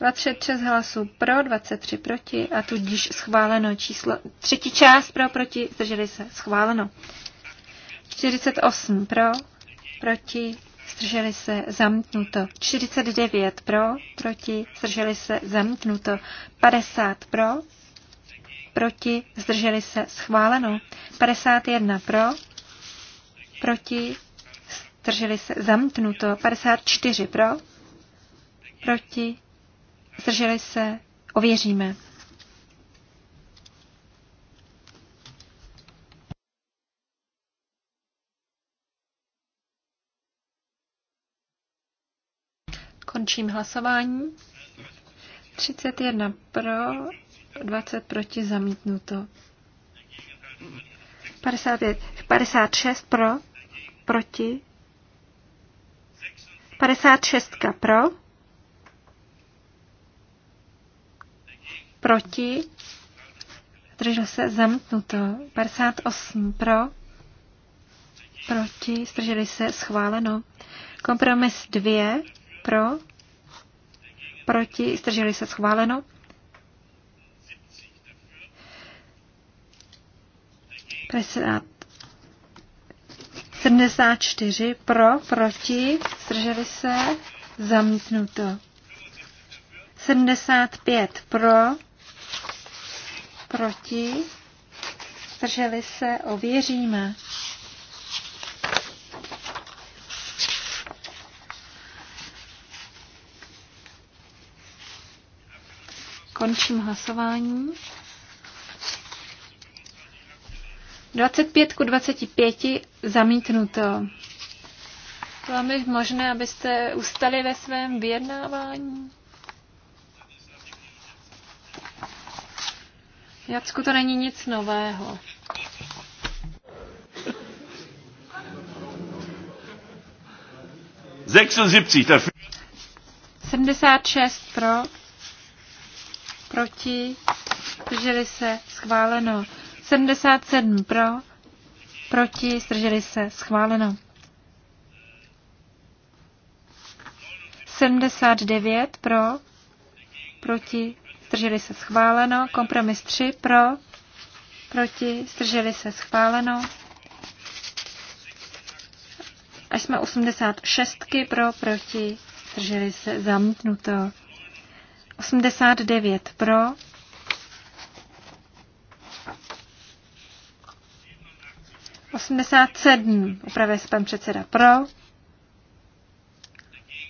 26 hlasů pro, 23 proti a tudíž schváleno číslo, třetí část pro, proti, zdrželi se, schváleno. 48 pro, proti, zdrželi se, zamknuto 49 pro, proti, zdrželi se, zamknuto 50 pro, proti, zdrželi se, schváleno. 51 pro, proti, zdrželi se, zamknuto, 54 pro, proti, zdrželi se, ověříme. Končím hlasování. 31 pro, 20 proti zamítnuto. 55, 56 pro, proti, 56 pro, proti, zdržel se zamknuto, 58 pro, proti, zdrželi se schváleno, kompromis 2 pro, proti, zdrželi se schváleno, 50 74 pro, proti, zdrželi se, zamítnuto. 75 pro, proti, zdrželi se, ověříme. Končím hlasování. 25 ku 25 zamítnuto. To je možné, abyste ustali ve svém vyjednávání? Jacku to není nic nového. dafür. 76 pro, proti, drželi se, schváleno. 77 pro, proti, zdrželi se, schváleno. 79 pro, proti, zdrželi se, schváleno. Kompromis 3 pro, proti, zdrželi se, schváleno. Až jsme 86 pro, proti, zdrželi se, zamítnuto. 89 pro, 87. Upravuje se pan předseda pro.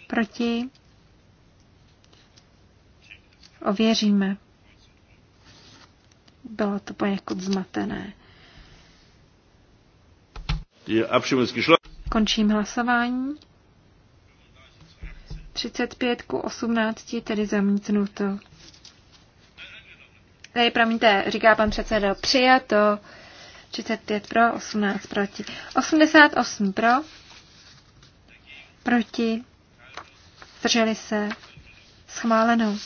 Proti. Ověříme. Bylo to poněkud zmatené. Končím hlasování. 35 ku 18, tedy zamítnuto. to. promiňte, říká pan předseda, přijato. 35 pro, 18 proti. 88 pro, proti, zdrželi se, schváleno.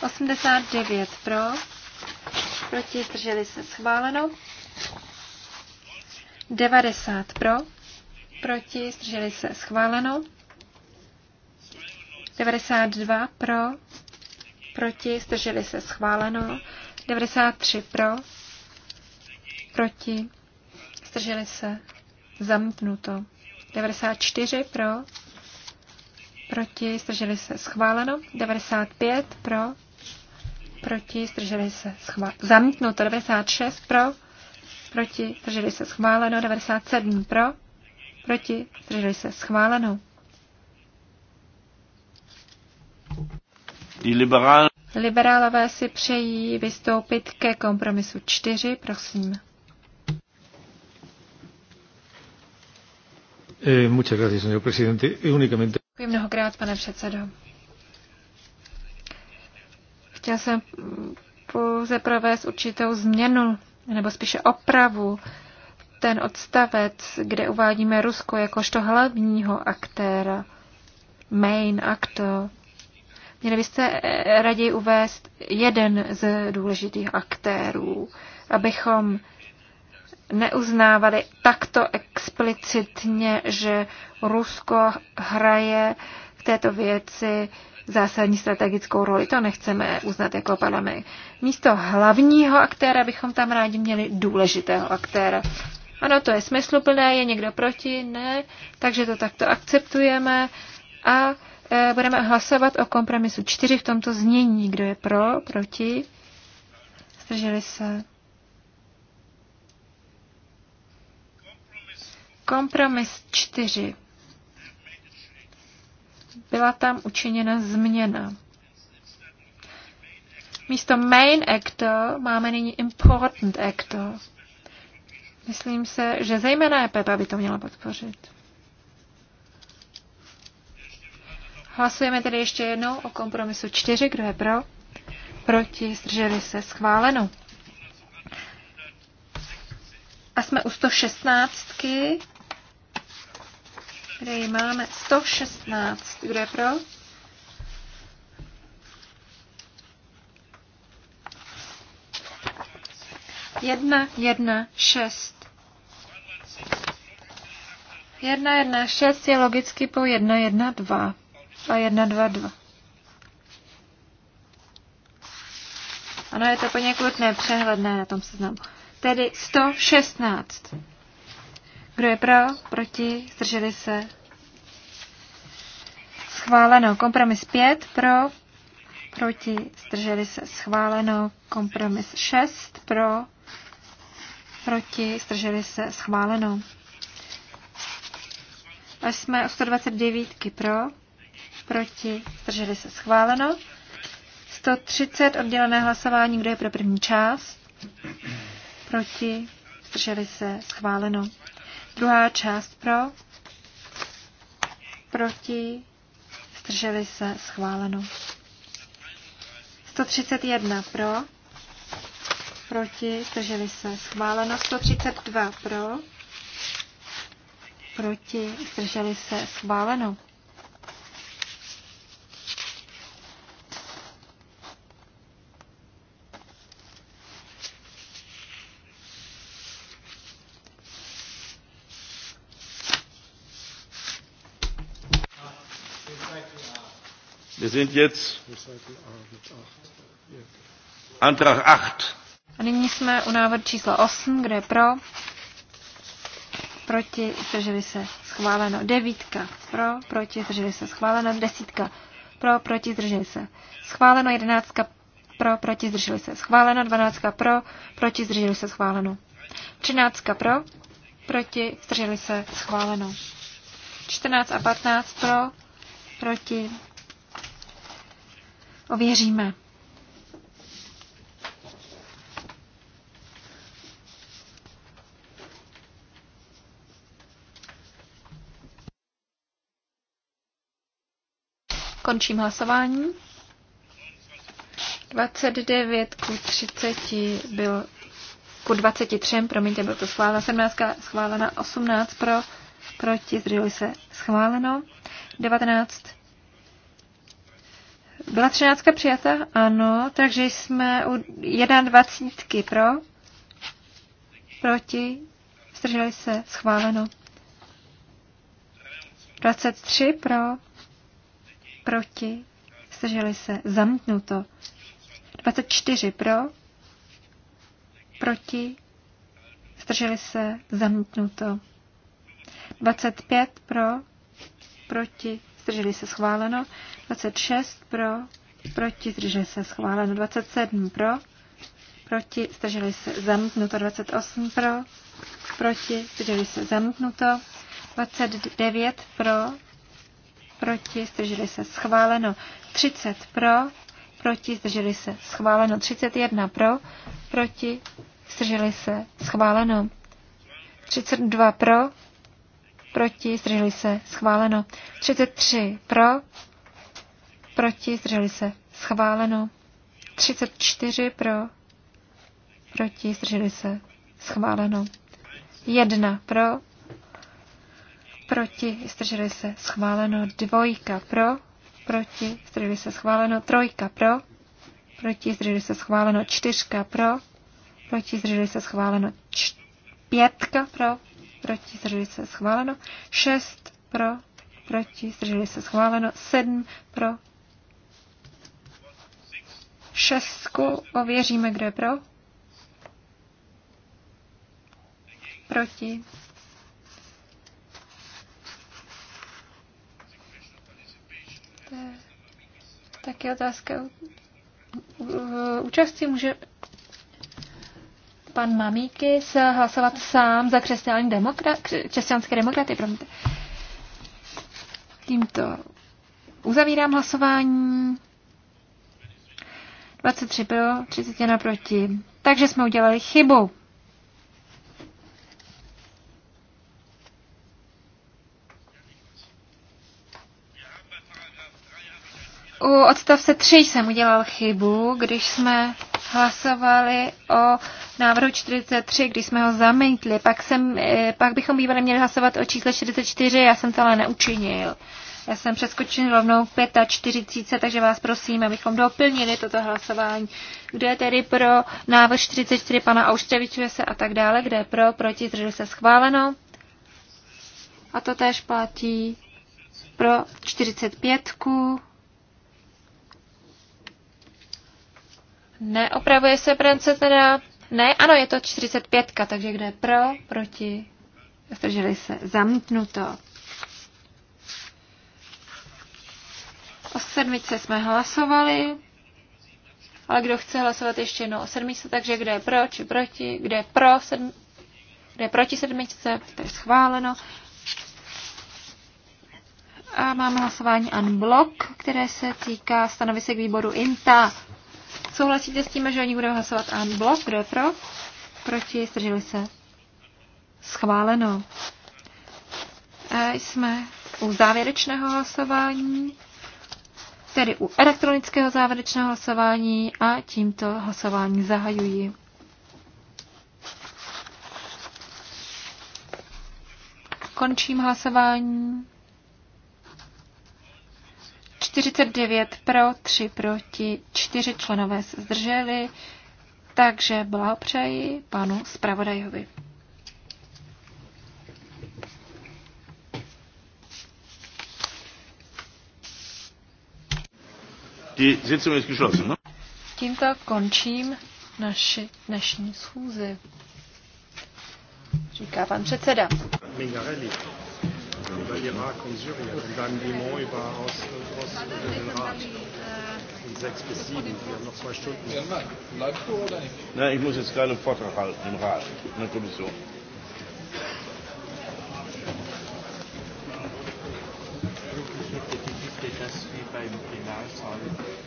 89 pro, proti, zdrželi se, schváleno. 90 pro, proti, zdrželi se, schváleno. 92 pro, proti, zdrželi se, schváleno. 93 pro, proti, zdrželi se, zamítnuto. 94 pro, proti, zdrželi se, schváleno. 95 pro, proti, zdrželi se, schváleno. Zamítnuto. 96 pro, proti, zdrželi se, schváleno. 97 pro, proti, zdrželi se, schváleno. Liberálové si přejí vystoupit ke kompromisu 4, prosím. Eh, Děkuji mnohokrát, pane předsedo. Chtěl jsem pouze provést určitou změnu, nebo spíše opravu, ten odstavec, kde uvádíme Rusko jakožto hlavního aktéra, main actor. Měli byste eh, raději uvést jeden z důležitých aktérů, abychom neuznávali takto explicitně, že Rusko hraje v této věci zásadní strategickou roli. To nechceme uznat jako parlament. Místo hlavního aktéra bychom tam rádi měli důležitého aktéra. Ano, to je smysluplné, je někdo proti? Ne. Takže to takto akceptujeme a e, budeme hlasovat o kompromisu 4 v tomto znění. Kdo je pro, proti? Zdrželi se. Kompromis 4. Byla tam učiněna změna. Místo main actor máme nyní important actor. Myslím se, že zejména Pepa by to měla podpořit. Hlasujeme tedy ještě jednou o kompromisu 4. Kdo je pro? Proti? Zdrželi se? Schváleno. A jsme u 116 kde ji máme 116. Kdo je pro? Jedna, jedna, šest. Jedna, jedna, šest je logicky po jedna, jedna, dva. A jedna, dva, dva. Ano, je to poněkud nepřehledné na tom seznamu. Tedy 116. Kdo je pro? Proti? Zdrželi se? Schváleno. Kompromis 5 pro, proti, zdrželi se. Schváleno. Kompromis 6 pro, proti, zdrželi se. Schváleno. A jsme o 129 pro, proti, zdrželi se. Schváleno. 130 oddělené hlasování, kdo je pro první část, proti, zdrželi se. Schváleno. Druhá část pro, proti, zdrželi se, schváleno. 131 pro, proti, zdrželi se, schváleno. 132 pro, proti, zdrželi se, schváleno. sind jetzt Antrag 8. A nyní jsme u návrhu číslo 8, kde je pro, proti, zdrželi se, schváleno. Devítka, pro, proti, zdrželi se, schváleno. Desítka, pro, proti, zdrželi se, schváleno. Jedenáctka, pro, proti, zdrželi se, schváleno. Dvanáctka, pro, proti, zdrželi se, schváleno. Třináctka, pro, proti, zdrželi se, schváleno. čtrnáct a patnáct, pro, proti, Ověříme. Končím hlasování. 29 ku 30 byl ku 23, promiňte, byl to schválena, 17 schválena, 18 pro, proti, zdrželi se schváleno, 19 byla třináctka přijata? Ano, takže jsme u 21 pro, proti, zdrželi se, schváleno. 23 pro, proti, zdrželi se, zamítnuto. 24 pro, proti, zdrželi se, zamítnuto. 25 pro, proti, zdrželi se, schváleno. 26 pro, proti, zdrželi se schváleno. 27 pro, proti, zdrželi se zamknuto. 28 pro, proti, zdrželi se zamknuto. 29 pro, proti, zdrželi se schváleno. 30 pro, proti, zdrželi se schváleno. 31 pro, proti, zdrželi se schváleno. 32 pro, proti, zdrželi se, schváleno. 33 pro, proti, zdrželi se, schváleno. 34 pro, proti, zdrželi se, schváleno. 1 pro, proti, zdrželi se, schváleno. 2 pro, proti, zdrželi se, schváleno. 3 pro, proti, zdrželi se, schváleno. 4 pro, proti, zdrželi se, schváleno. 5 pro, proti, zdrželi se, schváleno. 6 pro, proti, zdrželi se, schváleno. 7 pro, šestku ověříme, kdo je pro. Proti. To je taky otázka účastí. Může pan Mamíky se hlasovat sám za křesťanské demokra- demokraty promiňte. Tímto uzavírám hlasování. 23 pro, 31 proti. Takže jsme udělali chybu. U odstavce 3 jsem udělal chybu, když jsme hlasovali o návrhu 43, když jsme ho zamítli. Pak, jsem, eh, pak bychom bývali měli hlasovat o čísle 44, já jsem to ale neučinil. Já jsem přeskočil rovnou 45, takže vás prosím, abychom doplnili toto hlasování. Kdo je tedy pro návrh 44 pana Auštrevičuje se a tak dále, kde je pro, proti, zdržel se schváleno. A to též platí pro 45. -ku. Ne, opravuje se Brance teda. Ne, ano, je to 45, takže kde je pro, proti, zdrželi se, zamítnuto. O sedmice jsme hlasovali, ale kdo chce hlasovat ještě jednou o sedmice, takže kdo je pro či proti, kdo je pro sedm, kdo je proti sedmice, to je schváleno. A máme hlasování unblock, které se týká stanovisek výboru INTA. Souhlasíte s tím, že oni budou hlasovat unblock? Kdo je pro? Proti? Zdrželi se? Schváleno. A jsme u závěrečného hlasování tedy u elektronického závěrečného hlasování a tímto hlasování zahajuji. Končím hlasování. 49 pro, 3 proti, 4 členové se zdrželi, takže blahopřeji panu zpravodajovi. Die Sitzung ist geschlossen. Ne? Tímto končím naši dnešní schůzi. Říká pan předseda. Ne, Na, ich muss jetzt gerade einen Vortrag halten im Rat, in der Kommission. Das wie beim Zahl,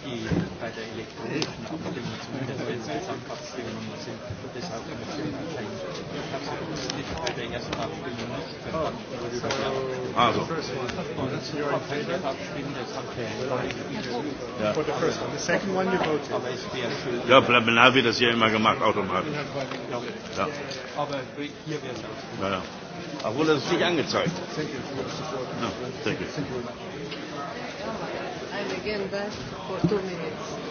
die bei der elektronischen Abstimmung zumindest wenn es Gesamtabstimmungen sind, auch Ich habe bei der ersten Abstimmung nicht verstanden, also. Und Abstimmung das hat ja. Aber es wäre schön. Ja, Plenar wird das ja immer gemacht, automatisch. Ja. Aber hier wäre es auch. Ja, ja. Obwohl das ist nicht angezeigt. Thank No, thank you. Thank you agenda for two minutes.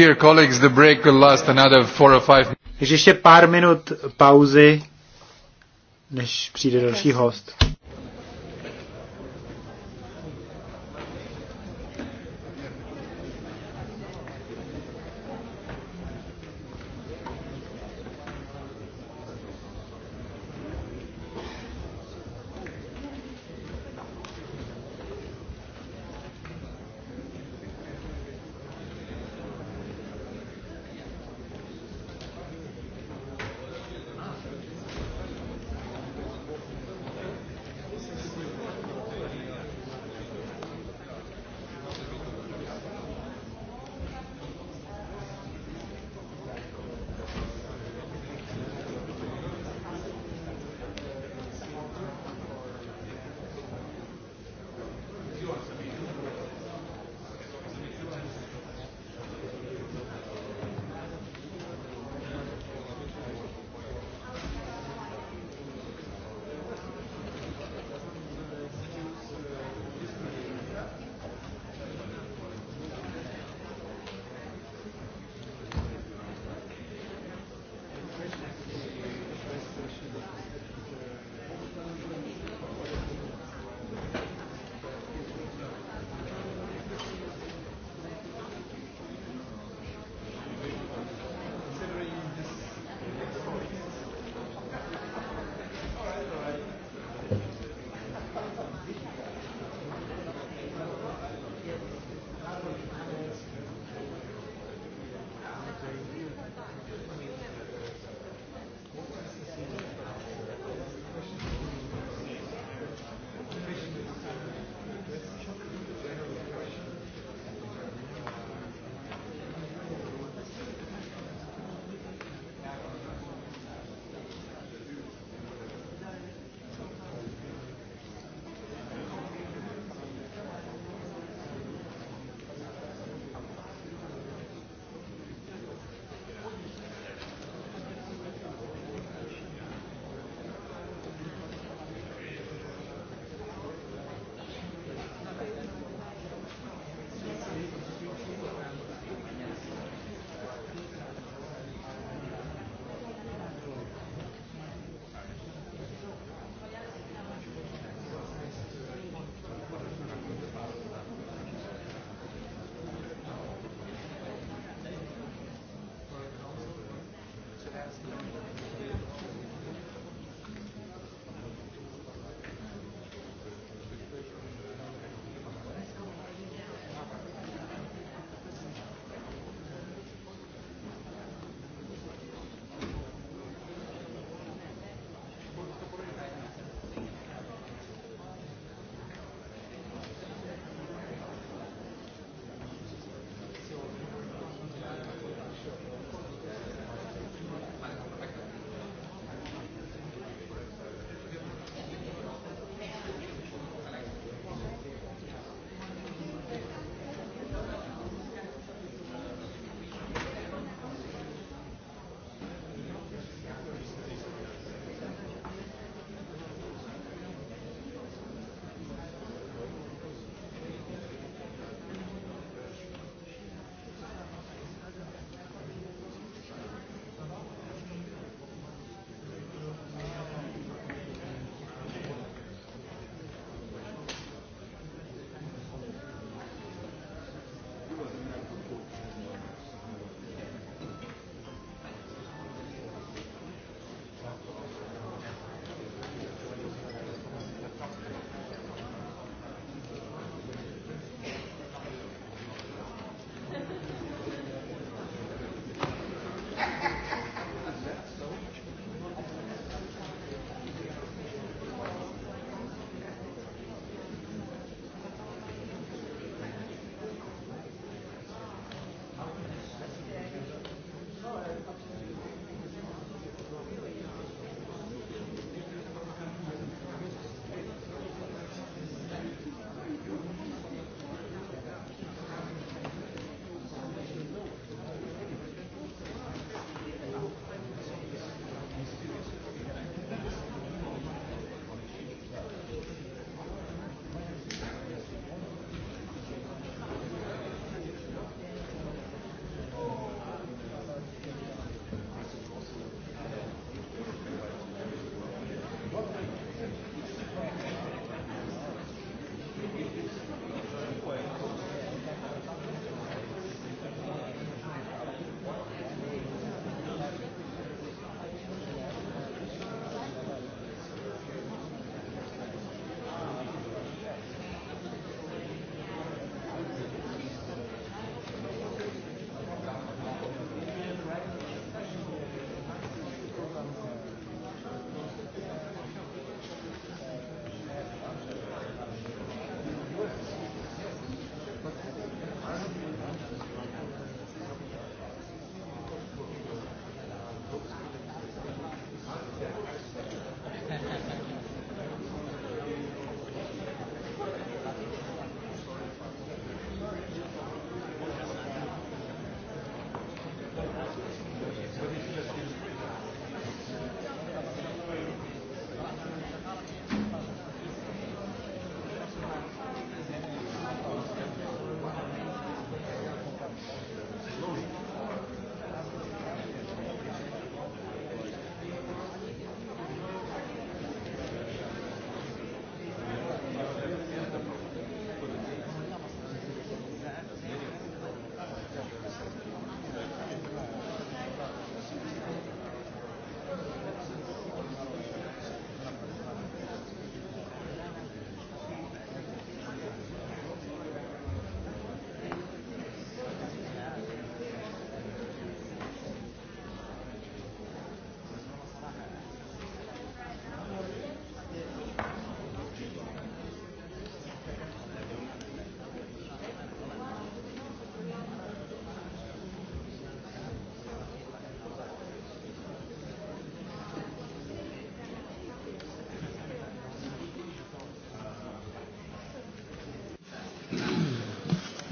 Dear colleagues, the break will last another four or five. ještě pár minut pauzy, než přijde další host.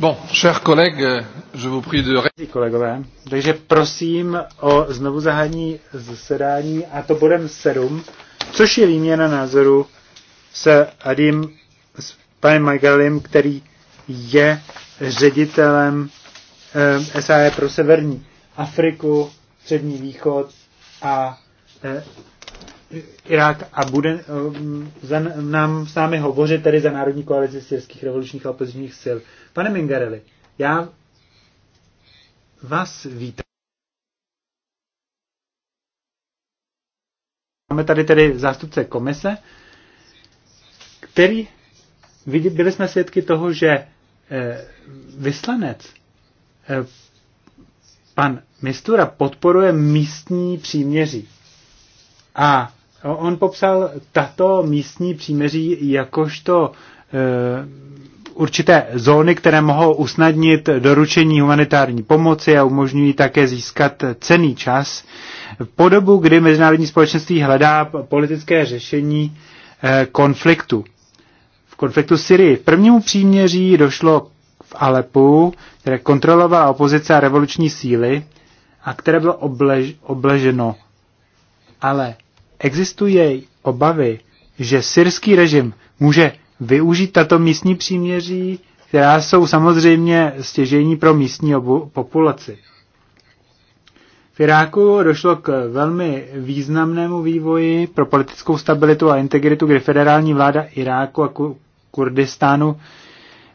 Bon, chers collègues, je vous prie de... Kolegové, takže prosím o znovu zahání zasedání a to bodem 7, což je výměna názoru s Adim, s panem Magalim, který je ředitelem eh, SAE pro severní Afriku, Střední východ a eh, Irák a bude eh, za, nám s námi hovořit tedy za Národní koalici syrských revolučních a opozičních sil. Pane Mingarelli, já vás vítám. Máme tady tedy zástupce komise, který byli jsme svědky toho, že eh, vyslanec eh, pan Mistura podporuje místní příměří. A On popsal tato místní příměří jakožto e, určité zóny, které mohou usnadnit doručení humanitární pomoci a umožňují také získat cený čas. Po dobu, kdy mezinárodní společenství hledá politické řešení e, konfliktu. V konfliktu Syrii. V prvnímu příměří došlo v Alepu, které kontrolovala opozice a revoluční síly a které bylo oblež, obleženo. Ale existuje obavy, že syrský režim může využít tato místní příměří, která jsou samozřejmě stěžení pro místní obu- populaci. V Iráku došlo k velmi významnému vývoji pro politickou stabilitu a integritu, kdy federální vláda Iráku a Kurdistánu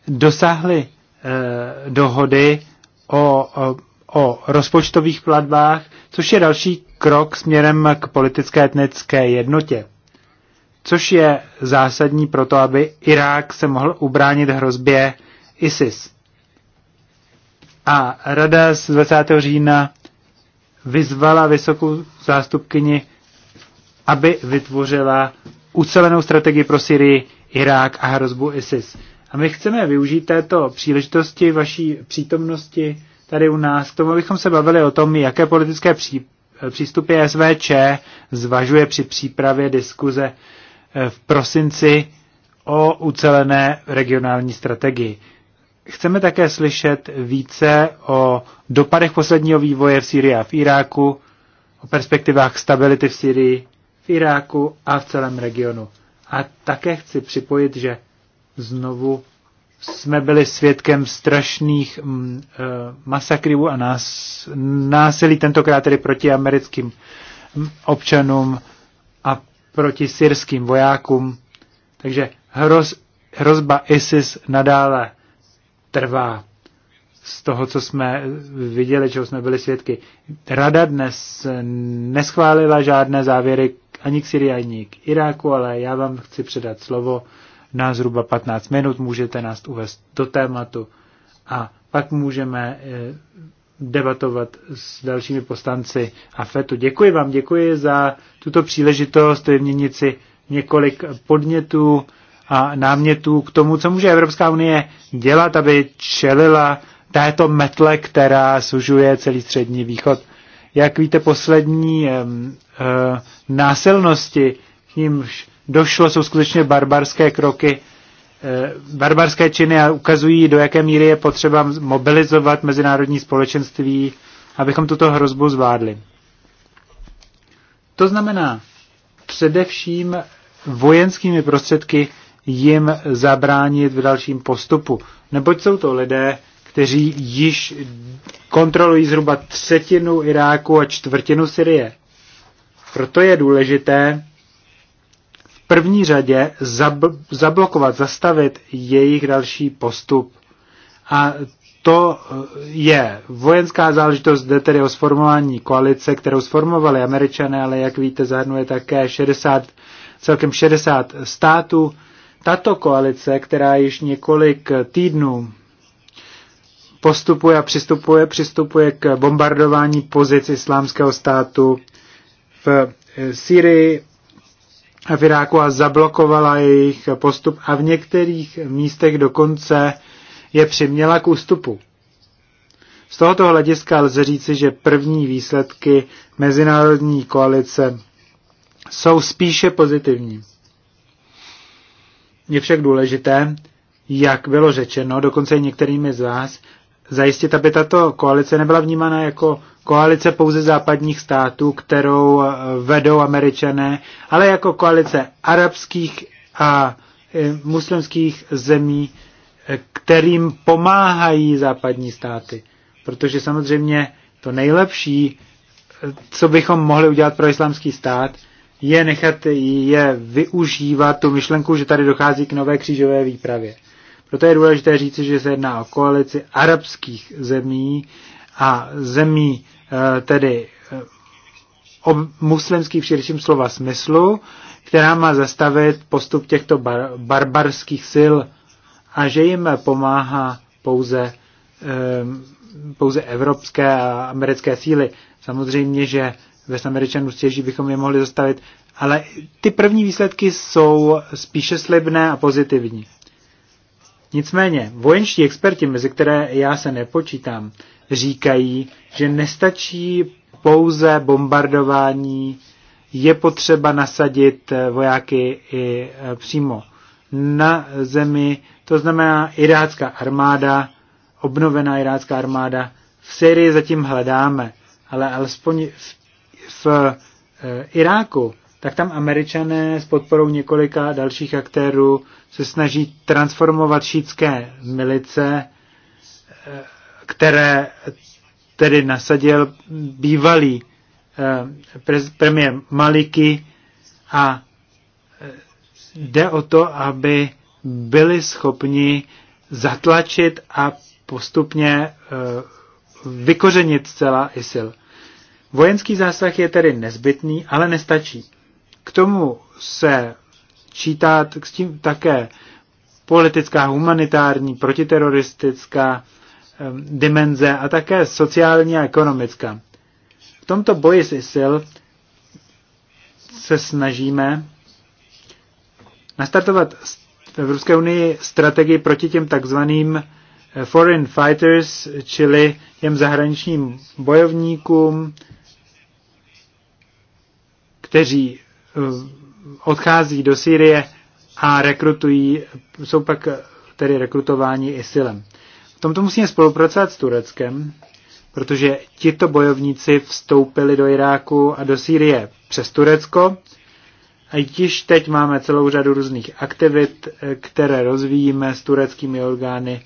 dosáhly eh, dohody o, o, o rozpočtových platbách, což je další krok směrem k politické etnické jednotě, což je zásadní pro to, aby Irák se mohl ubránit hrozbě ISIS. A rada z 20. října vyzvala vysokou zástupkyni, aby vytvořila ucelenou strategii pro Syrii, Irák a hrozbu ISIS. A my chceme využít této příležitosti vaší přítomnosti tady u nás k tomu, abychom se bavili o tom, jaké politické přístupy SVČ zvažuje při přípravě diskuze eh, v prosinci o ucelené regionální strategii. Chceme také slyšet více o dopadech posledního vývoje v Syrii a v Iráku, o perspektivách stability v Syrii, v Iráku a v celém regionu. A také chci připojit, že znovu jsme byli svědkem strašných mm, eh, masakrů a nás, násilí, tentokrát tedy proti americkým mm, občanům a proti syrským vojákům. Takže hroz, hrozba ISIS nadále trvá z toho, co jsme viděli, čeho jsme byli svědky. Rada dnes neschválila žádné závěry ani k Syrii, ani k Iráku, ale já vám chci předat slovo na zhruba 15 minut, můžete nás uvést do tématu a pak můžeme eh, debatovat s dalšími postanci. A fetu. Děkuji vám, děkuji za tuto příležitost vyměnit si několik podnětů a námětů k tomu, co může Evropská unie dělat, aby čelila této metle, která sužuje celý střední východ. Jak víte, poslední um, uh, násilnosti, k nímž došlo, jsou skutečně barbarské kroky, eh, barbarské činy a ukazují, do jaké míry je potřeba mobilizovat mezinárodní společenství, abychom tuto hrozbu zvládli. To znamená, především vojenskými prostředky jim zabránit v dalším postupu. Neboť jsou to lidé, kteří již kontrolují zhruba třetinu Iráku a čtvrtinu Syrie. Proto je důležité první řadě zab- zablokovat, zastavit jejich další postup. A to eh, je vojenská záležitost, jde tedy o sformování koalice, kterou sformovali američané, ale jak víte, zahrnuje také 60, celkem 60 států. Tato koalice, která již několik týdnů postupuje a přistupuje, přistupuje k bombardování pozic islámského státu v eh, Syrii, v Iráku a zablokovala jejich postup a v některých místech dokonce je přiměla k ústupu. Z tohoto hlediska lze říci, že první výsledky mezinárodní koalice jsou spíše pozitivní. Je však důležité, jak bylo řečeno, dokonce některými z vás, zajistit, aby tato koalice nebyla vnímána jako koalice pouze západních států, kterou eh, vedou američané, ale jako koalice arabských a eh, muslimských zemí, eh, kterým pomáhají západní státy. Protože samozřejmě to nejlepší, co bychom mohli udělat pro islámský stát, je nechat je využívat tu myšlenku, že tady dochází k nové křížové výpravě. Proto je důležité říci, že se jedná o koalici arabských zemí a zemí eh, tedy eh, o muslimských v širším slova smyslu, která má zastavit postup těchto bar- barbarských sil a že jim pomáhá pouze, ehm, pouze evropské a americké síly. Samozřejmě, že ve Američanů stěží bychom je mohli zastavit, ale ty první výsledky jsou spíše slibné a pozitivní. Nicméně vojenští experti, mezi které já se nepočítám, říkají, že nestačí pouze bombardování, je potřeba nasadit eh, vojáky i eh, přímo na zemi, to znamená irácká armáda, obnovená irácká armáda. V Syrii zatím hledáme, ale alespoň v, v eh, Iráku tak tam američané s podporou několika dalších aktérů se snaží transformovat šítské milice, eh, které tedy nasadil bývalý eh, premiér Maliki a eh, jde o to, aby byli schopni zatlačit a postupně vykořenit zcela ISIL. Vojenský zásah je tedy nezbytný, ale nestačí. K tomu se čítá s tím také politická, humanitární, protiteroristická dimenze a také sociální a ekonomická. V tomto boji s ISIL se snažíme nastartovat v Evropské unii strategii proti těm takzvaným eh, foreign fighters, čili těm zahraničním bojovníkům, kteří odchází do Sýrie a rekrutují, jsou pak tedy rekrutováni ISILem. V tomto musíme spolupracovat s Tureckem, protože tito bojovníci vstoupili do Iráku a do Sýrie přes Turecko. A již teď máme celou řadu různých aktivit, které rozvíjíme s tureckými orgány,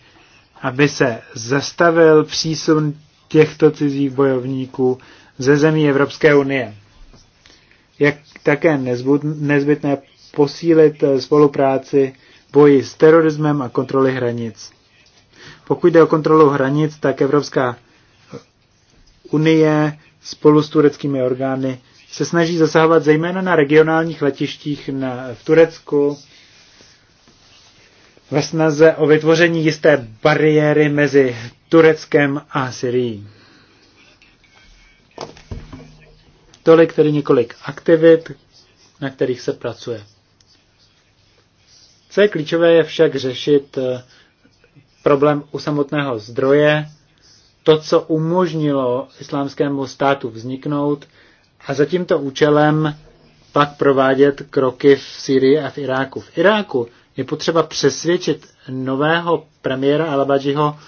aby se zastavil přísun těchto cizích bojovníků ze zemí Evropské unie. Jak také nezbytné posílit eh, spolupráci boji s terorismem a kontroly hranic. Pokud jde o kontrolu hranic, tak Evropská unie spolu s tureckými orgány se snaží zasahovat zejména na regionálních letištích na, v Turecku ve snaze o vytvoření jisté bariéry mezi Tureckem a Syrií. Tolik tedy několik aktivit, na kterých se pracuje. Co je klíčové, je však řešit eh, problém u samotného zdroje, to, co umožnilo islámskému státu vzniknout a za tímto účelem pak provádět kroky v Syrii a v Iráku. V Iráku je potřeba přesvědčit nového premiéra Alabadžiho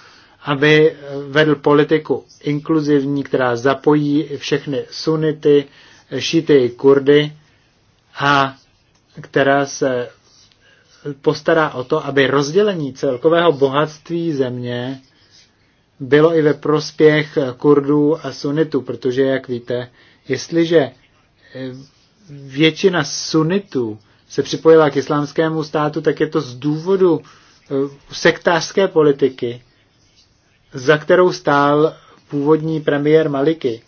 aby vedl politiku inkluzivní, která zapojí všechny sunity, šity i kurdy a která se postará o to, aby rozdělení celkového bohatství země bylo i ve prospěch Kurdů a sunitů, protože, jak víte, jestliže eh, většina sunitů se připojila k islámskému státu, tak je to z důvodu eh, sektářské politiky, za kterou stál původní premiér Maliky,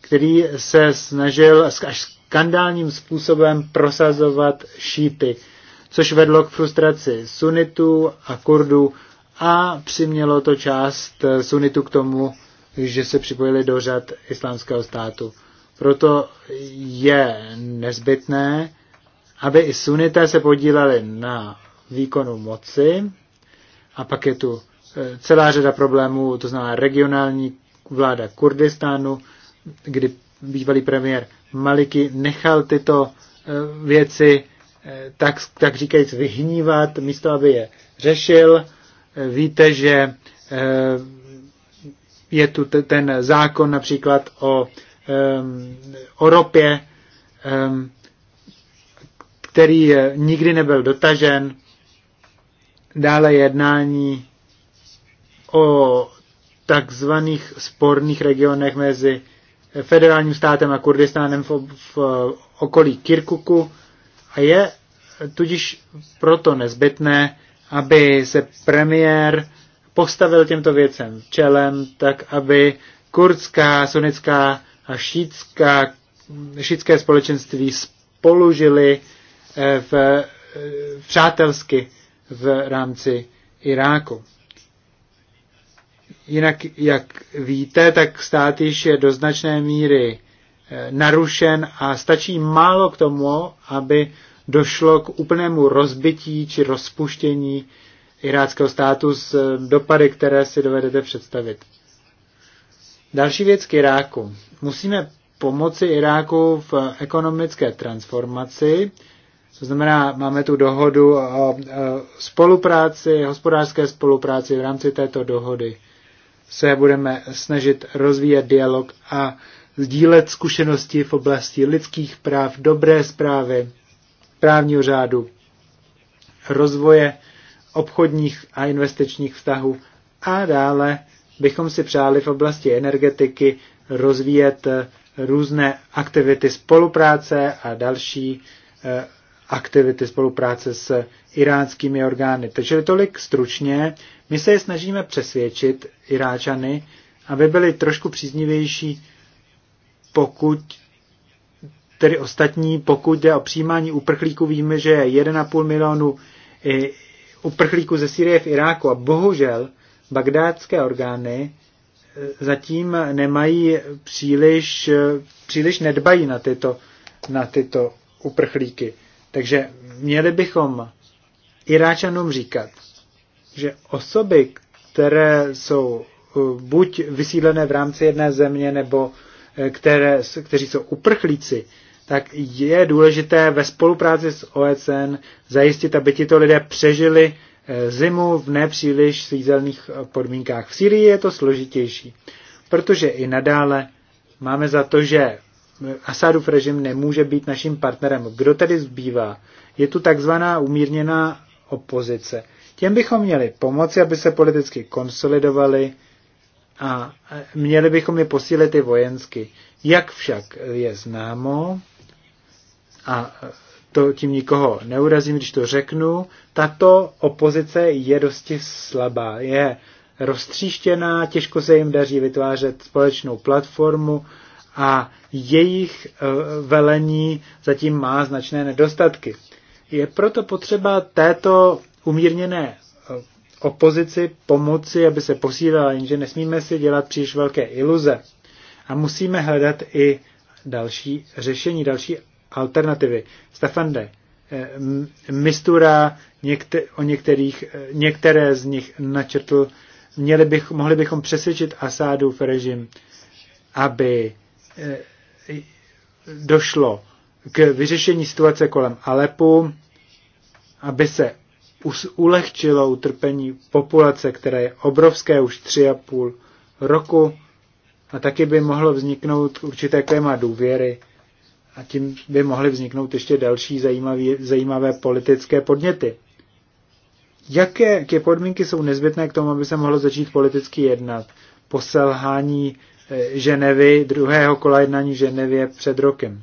který se snažil až skandálním způsobem prosazovat šíty, což vedlo k frustraci sunitů a kurdů a přimělo to část eh, sunitu k tomu, že se připojili do řad islámského státu. Proto je nezbytné, aby i sunité se podíleli na výkonu moci. A pak je tu celá řada problémů, to znamená regionální vláda Kurdistánu, kdy bývalý premiér Maliki nechal tyto eh, věci eh, tak, tak říkajíc vyhnívat, místo aby je řešil. Eh, víte, že je tu ten zákon například o, o ropě, který nikdy nebyl dotažen. Dále jednání o takzvaných sporných regionech mezi federálním státem a Kurdistánem v, v okolí Kirkuku a je tudíž proto nezbytné, aby se premiér postavil těmto věcem čelem, tak aby kurdská, sunická a šítská, šítské společenství spolužili eh, v, v eh, přátelsky v rámci Iráku. Jinak, jak víte, tak stát již je do značné míry eh, narušen a stačí málo k tomu, aby došlo k úplnému rozbití či rozpuštění iráckého státu s eh, dopady, které si dovedete představit. Další věc k Iráku. Musíme pomoci Iráku v ekonomické transformaci, to znamená, máme tu dohodu o eh, spolupráci, hospodářské spolupráci v rámci této dohody se budeme snažit rozvíjet dialog a sdílet zkušenosti v oblasti lidských práv, dobré zprávy, právního řádu, rozvoje obchodních a investičních vztahů a dále bychom si přáli v oblasti energetiky rozvíjet eh, různé aktivity spolupráce a další eh, aktivity spolupráce s iránskými orgány. Takže tolik stručně. My se je snažíme přesvědčit Iráčany, aby byli trošku příznivější, pokud tedy ostatní, pokud jde o přijímání uprchlíků, víme, že je 1,5 milionu eh, uprchlíků ze Syrie v Iráku a bohužel bagdátské orgány eh, zatím nemají příliš, eh, příliš nedbají na tyto, na tyto uprchlíky. Takže měli bychom Iráčanům říkat, že osoby, které jsou eh, buď vysídlené v rámci jedné země, nebo eh, které, kteří jsou uprchlíci, tak je důležité ve spolupráci s OSN zajistit, aby tito lidé přežili eh, zimu v nepříliš svízelných podmínkách. V Syrii je to složitější, protože i nadále máme za to, že Asadův režim nemůže být naším partnerem. Kdo tedy zbývá? Je tu takzvaná umírněná opozice. Těm bychom měli pomoci, aby se politicky konsolidovali a měli bychom je posílit i vojensky. Jak však je známo, a to tím nikoho neurazím, když to řeknu, tato opozice je dosti slabá, je roztříštěná, těžko se jim daří vytvářet společnou platformu a jejich eh, velení zatím má značné nedostatky. Je proto potřeba této umírněné eh, opozici pomoci, aby se posílila, jenže nesmíme si dělat příliš velké iluze. A musíme hledat i další řešení, další alternativy. Stefande, eh, Mistura někte, o některých, eh, některé z nich načrtl, měli bych, mohli bychom přesvědčit v režim, aby došlo k vyřešení situace kolem Alepu, aby se ulehčilo utrpení populace, které je obrovské už tři a půl roku a taky by mohlo vzniknout určité klima důvěry a tím by mohly vzniknout ještě další zajímavé, zajímavé politické podněty. Jaké, jaké podmínky jsou nezbytné k tomu, aby se mohlo začít politicky jednat? Poselhání eh, Ženevy, druhého kola jednání Ženevy Ženevě před rokem.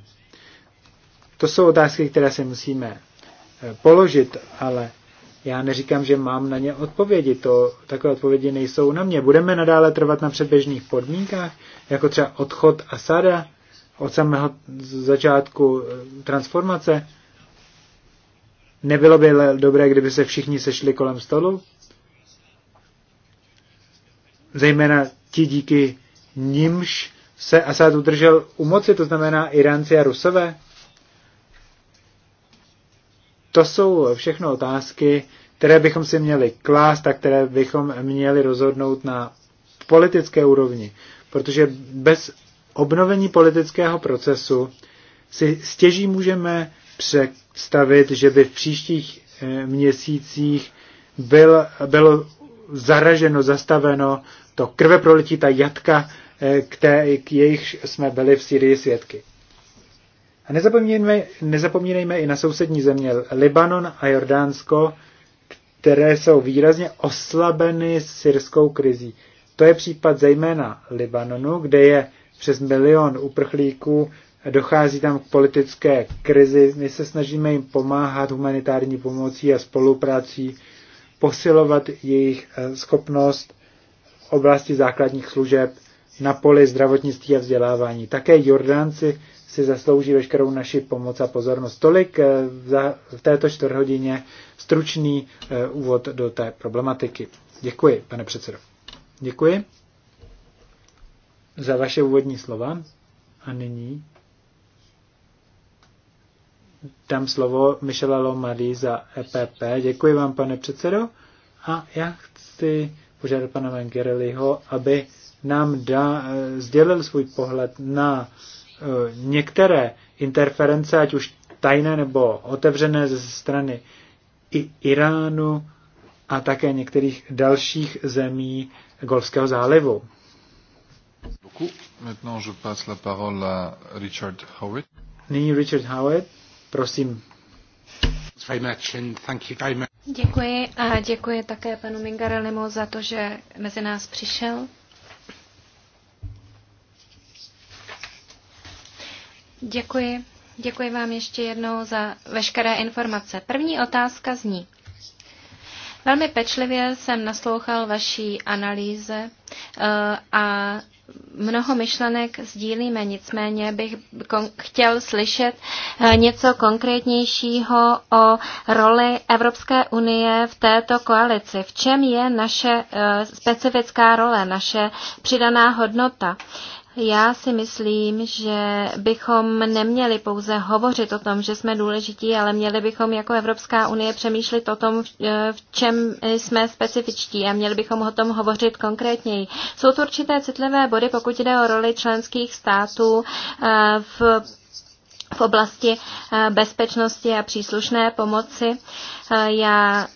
To jsou otázky, které si musíme položit, ale já neříkám, že mám na ně odpovědi. To, takové odpovědi nejsou na mě. Budeme nadále trvat na předběžných podmínkách, jako třeba odchod Asada od samého začátku eh, transformace. Nebylo by dobré, kdyby se všichni sešli kolem stolu? Zejména ti díky nimž se Asad udržel u moci, to znamená Iránci a Rusové. To jsou všechno otázky, které bychom si měli klást a které bychom měli rozhodnout na politické úrovni. Protože bez obnovení politického procesu si stěží můžeme představit, že by v příštích eh, měsících byl, bylo zaraženo, zastaveno to krveprolití, ta jatka, eh, které, k jejich jsme byli v Syrii svědky. A nezapomínejme, nezapomínejme i na sousední země Libanon a Jordánsko, které jsou výrazně oslabeny syrskou krizí. To je případ zejména Libanonu, kde je přes milion uprchlíků, dochází tam k politické krizi. My se snažíme jim pomáhat humanitární pomocí a spoluprácí, posilovat jejich eh, schopnost v oblasti základních služeb na poli zdravotnictví a vzdělávání. Také Jordánci si zaslouží veškerou naši pomoc a pozornost. Tolik eh, v této čtvrthodině stručný eh, úvod do té problematiky. Děkuji, pane předsedo. Děkuji za vaše úvodní slova. A nyní dám slovo Michela Lomary za EPP. Děkuji vám, pane předsedo. A já chci požádat pana Mangereliho, aby nám dá, eh, sdělil svůj pohled na Eh, některé interference, ať už tajné nebo otevřené ze strany i Iránu a také některých dalších zemí Golfského zálivu. Nyní Richard Howitt, prosím. Děkuji a děkuji také panu Mingarelimu za to, že mezi nás přišel. Děkuji. Děkuji vám ještě jednou za veškeré informace. První otázka zní. Velmi pečlivě jsem naslouchal vaší analýze eh, a mnoho myšlenek sdílíme, nicméně bych chtěl slyšet eh, něco konkrétnějšího o roli Evropské unie v této koalici. V čem je naše eh, specifická role, naše přidaná hodnota? Já si myslím, že bychom neměli pouze hovořit o tom, že jsme důležití, ale měli bychom jako Evropská unie přemýšlet o tom, v e, čem jsme specifičtí a měli bychom o tom hovořit konkrétněji. Jsou to určité citlivé body, pokud jde o roli členských států e, v v oblasti e, bezpečnosti a příslušné pomoci. Já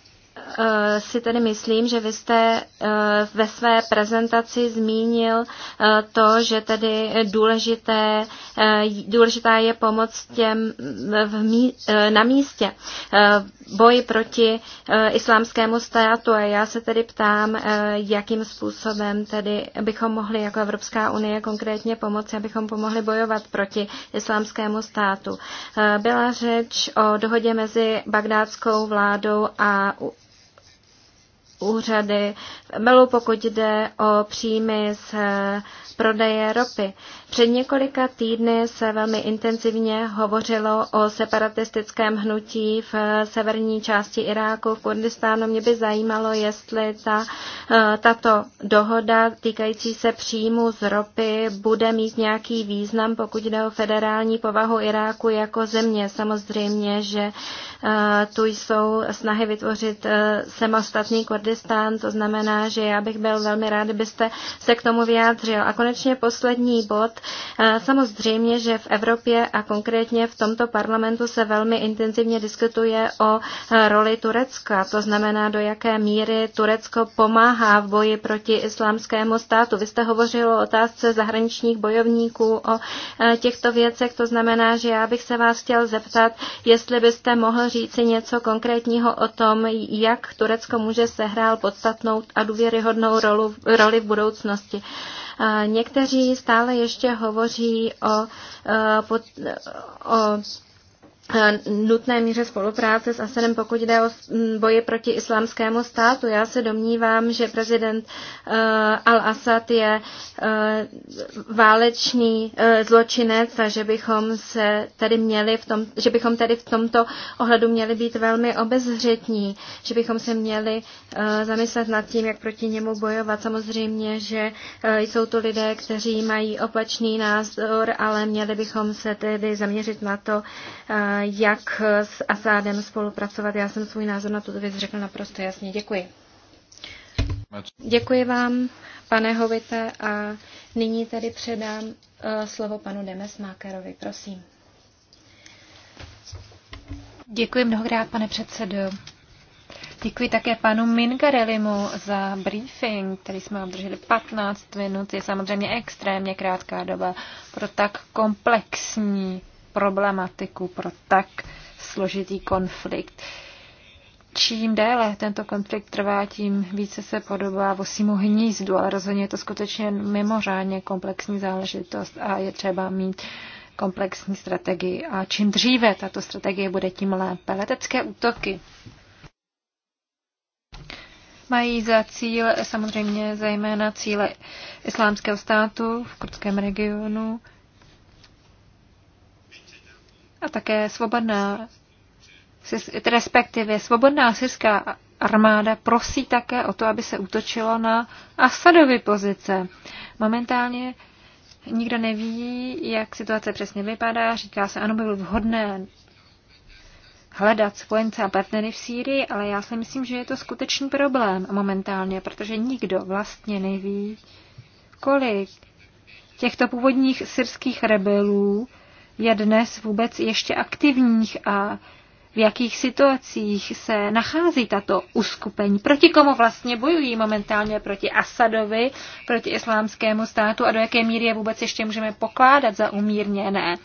Eh, si tedy myslím, že vy jste eh, ve své prezentaci zmínil eh, to, že tedy důležité, důležitá je pomoc těm v mí, na místě boji proti islámskému státu a já se tedy ptám, jakým způsobem tedy bychom mohli jako Evropská unie konkrétně pomoci, abychom pomohli bojovat proti islámskému státu. Byla řeč o dohodě mezi bagdátskou vládou a úřady v Emelu, pokud jde o příjmy z eh, prodeje ropy. Před několika týdny se velmi intenzivně hovořilo o separatistickém hnutí v eh, severní části Iráku, v Kurdistánu. Mě by zajímalo, jestli ta, eh, tato dohoda týkající se příjmu z ropy bude mít nějaký význam, pokud jde o federální povahu Iráku jako země. Samozřejmě, že tu jsou snahy vytvořit samostatný Kurdistán Kurdistán, to znamená, že já bych byl velmi rád, kdybyste se k tomu vyjádřil. A konečně poslední bod. Samozřejmě, že v Evropě a konkrétně v tomto parlamentu se velmi intenzivně diskutuje o e, roli Turecka, to znamená, do jaké míry Turecko pomáhá v boji proti islámskému státu. Vy jste hovořil o otázce zahraničních bojovníků, o e, těchto věcech, to znamená, že já bych se vás chtěl zeptat, jestli byste mohl říci něco konkrétního o tom, jak Turecko může se sehrál podstatnou a důvěryhodnou rolu, roli v budoucnosti. Někteří stále ještě hovoří o, e, o, o Eh, nutné míře spolupráce s Asadem, pokud jde o boje proti islámskému státu. Já se domnívám, že prezident eh, al-Assad je eh, válečný zločinec a že bychom se tady měli v tom, že bychom tady v tomto ohledu měli být velmi obezřetní, že bychom se měli zamyslet nad tím, jak proti němu bojovat. Samozřejmě, že jsou to lidé, kteří mají opačný názor, ale měli bychom se tedy zaměřit na to, jak s Asádem spolupracovat. Já jsem svůj názor na tuto věc řekl naprosto jasně. Děkuji. Děkuji vám, pane Hovite, a nyní tedy předám eh, slovo panu Demesmákerovi. Prosím. Děkuji mnohokrát, pane předsedo. Děkuji také panu Mingarelimu za briefing, který jsme obdrželi 15 minut. Je samozřejmě extrémně krátká doba pro tak komplexní problematiku, pro tak složitý konflikt. Čím déle tento konflikt trvá, tím více se podobá vosímu hnízdu, ale rozhodně je to skutečně mimořádně komplexní záležitost a je třeba mít komplexní strategii. A čím dříve tato strategie bude, tím lépe. Letecké útoky mají za cíl samozřejmě zejména cíle islámského státu v kurdském regionu a také svobodná, respektive svobodná syrská armáda prosí také o to, aby se útočilo na Asadovy pozice. Momentálně nikdo neví, jak situace přesně vypadá. Říká se, ano, by bylo vhodné hledat spojence a partnery v Sýrii, ale já si myslím, že je to skutečný problém momentálně, protože nikdo vlastně neví, kolik těchto původních syrských rebelů je dnes vůbec ještě aktivních a v jakých situacích se nachází tato uskupení, proti komu vlastně bojují momentálně, proti Asadovi, proti islámskému státu a do jaké míry je vůbec ještě můžeme pokládat za umírněné.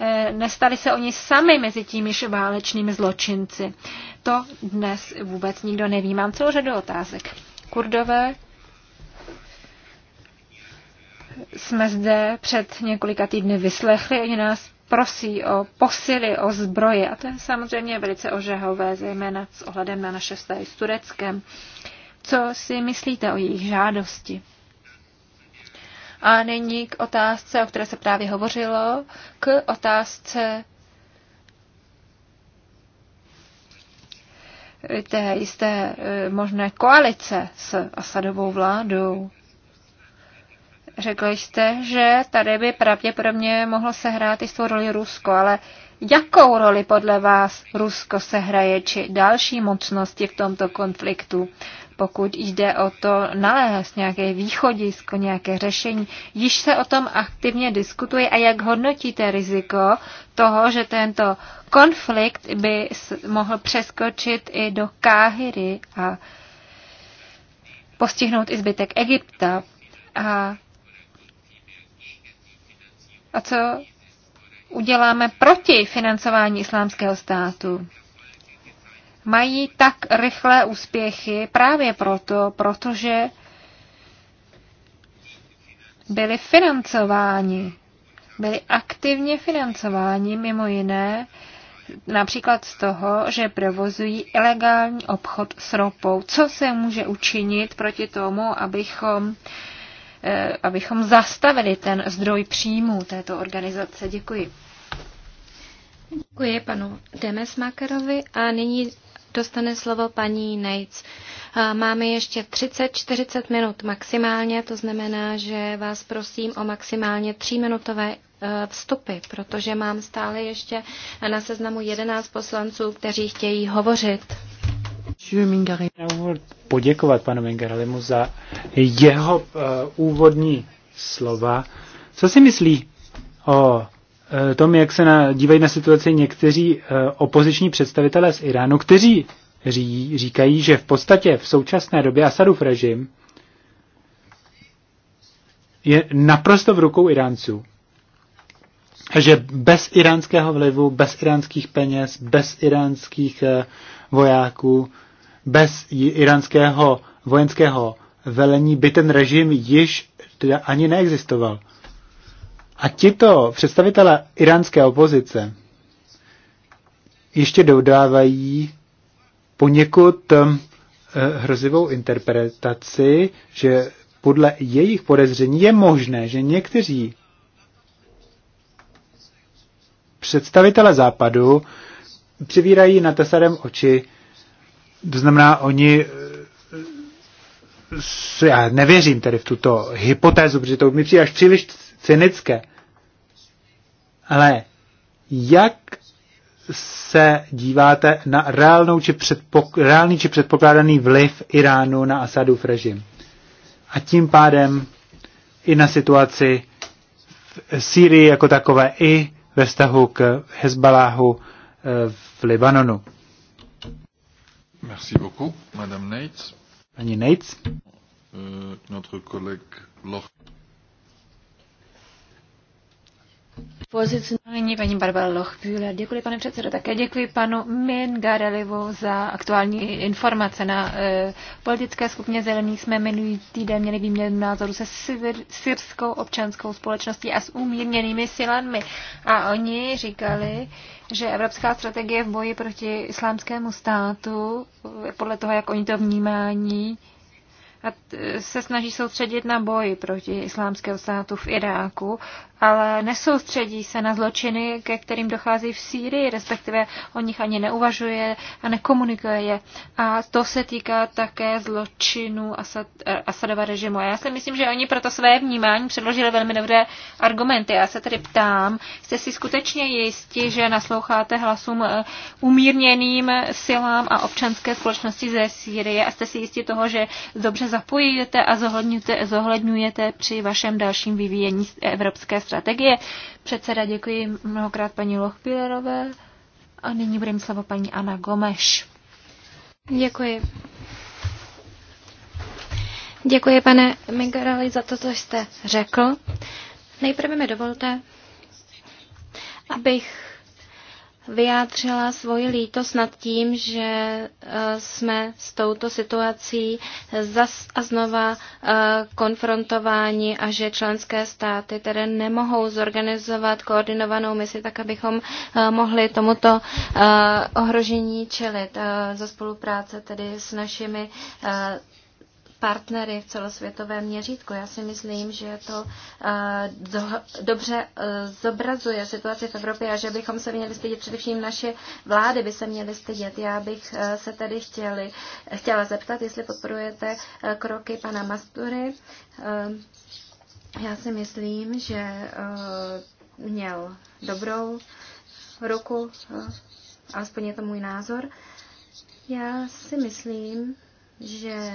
E, nestali se oni sami mezi tímiž válečnými zločinci. To dnes vůbec nikdo neví. Mám celou řadu otázek. Kurdové jsme zde před několika týdny vyslechli, oni nás prosí o posily, o zbroje a to je samozřejmě velice ožehové, zejména s ohledem na naše vztahy s Tureckem. Co si myslíte o jejich žádosti? A nyní k otázce, o které se právě hovořilo, k otázce té jisté eh, možné koalice s Asadovou vládou. Řekl jste, že tady by pravděpodobně mohlo sehrát svou roli Rusko, ale jakou roli podle vás Rusko sehraje či další mocnosti v tomto konfliktu? pokud jde o to nalézt nějaké východisko, nějaké řešení. Již se o tom aktivně diskutuje a jak hodnotíte riziko toho, že tento konflikt by mohl přeskočit i do Káhyry a postihnout i zbytek Egypta. A a co uděláme proti financování islámského státu? Mají tak rychlé úspěchy právě proto, protože byli financováni, byli aktivně financováni mimo jiné například z toho, že provozují ilegální obchod s ropou. Co se může učinit proti tomu, abychom Eh, abychom zastavili ten zdroj příjmů této organizace. Děkuji. Děkuji panu Demesmakerovi a nyní dostane slovo paní Nejc. Eh, máme ještě 30-40 minut maximálně, to znamená, že vás prosím o maximálně 3-minutové eh, vstupy, protože mám stále ještě na seznamu 11 poslanců, kteří chtějí hovořit poděkovat panu Mingarelimu za jeho uh, úvodní slova. Co si myslí o uh, tom, jak se na, dívají na situaci někteří uh, opoziční představitelé z Iránu, kteří ří, říkají, že v podstatě v současné době Asadův režim je naprosto v rukou Iránců. Že bez iránského vlivu, bez iránských peněz, bez iránských vojáků bez iránského vojenského velení by ten režim již ani neexistoval. A tito představitelé iránské opozice ještě dodávají poněkud eh, hrozivou interpretaci, že podle jejich podezření je možné, že někteří představitele západu přivírají na tesarem oči to znamená, oni eh, já nevěřím tedy v tuto hypotézu, protože to mi přijde až příliš cynické. Ale jak se díváte na reálnou či předpok- reálný či předpokládaný vliv Iránu na Asadův režim? A tím pádem i na situaci v Sýrii jako takové, i ve vztahu k Hezbaláhu eh, v Libanonu. Merci beaucoup, Madame Nates. Paní Nates. Euh, Notre collègue Loch. Nyní paní Barbara Lochbühler. Děkuji, pane předsedo. Také děkuji panu Min Garelivu za aktuální informace. Na uh, politické skupině zelených jsme minulý týden měli výměnu názoru se syr, syrskou občanskou společností a s umírněnými silami. A oni říkali, že evropská strategie v boji proti islámskému státu, eh, podle toho, jak oni to vnímání, se snaží soustředit na boji proti islámského státu v Iráku, ale nesoustředí se na zločiny, ke kterým dochází v Sýrii, respektive o nich ani neuvažuje a nekomunikuje je. A to se týká také zločinů Asad, Asadova režimu. A já si myslím, že oni proto své vnímání předložili velmi dobré argumenty. Já se tedy ptám, jste si skutečně jistí, že nasloucháte hlasům eh, umírněným silám a občanské společnosti ze Sýrie a jste si jistí toho, že dobře zapojujete a zohledňujete, zohledňujete při vašem dalším vyvíjení evropské strategie. Předseda, děkuji mnohokrát paní Lochpilerové a nyní budem slovo paní Ana Gomeš. Děkuji. Děkuji, pane Mingarali, za to, co jste řekl. Nejprve mi dovolte, abych vyjádřila svoji lítost nad tím, že eh, jsme s touto situací zas a znova eh, konfrontováni a že členské státy tedy nemohou zorganizovat koordinovanou misi tak, abychom eh, mohli tomuto ohrožení čelit za spolupráce tedy s našimi partnery v celosvětovém měřítku. Já si myslím, že to eh, do, dobře eh, zobrazuje situaci v Evropě a že bychom se měli stydět, především naše vlády by se měly stydět. Já bych eh, se tedy chtěli, chtěla zeptat, jestli podporujete kroky pana Mastury. Já si myslím, že měl dobrou ruku, alespoň je to můj názor. Já si myslím, že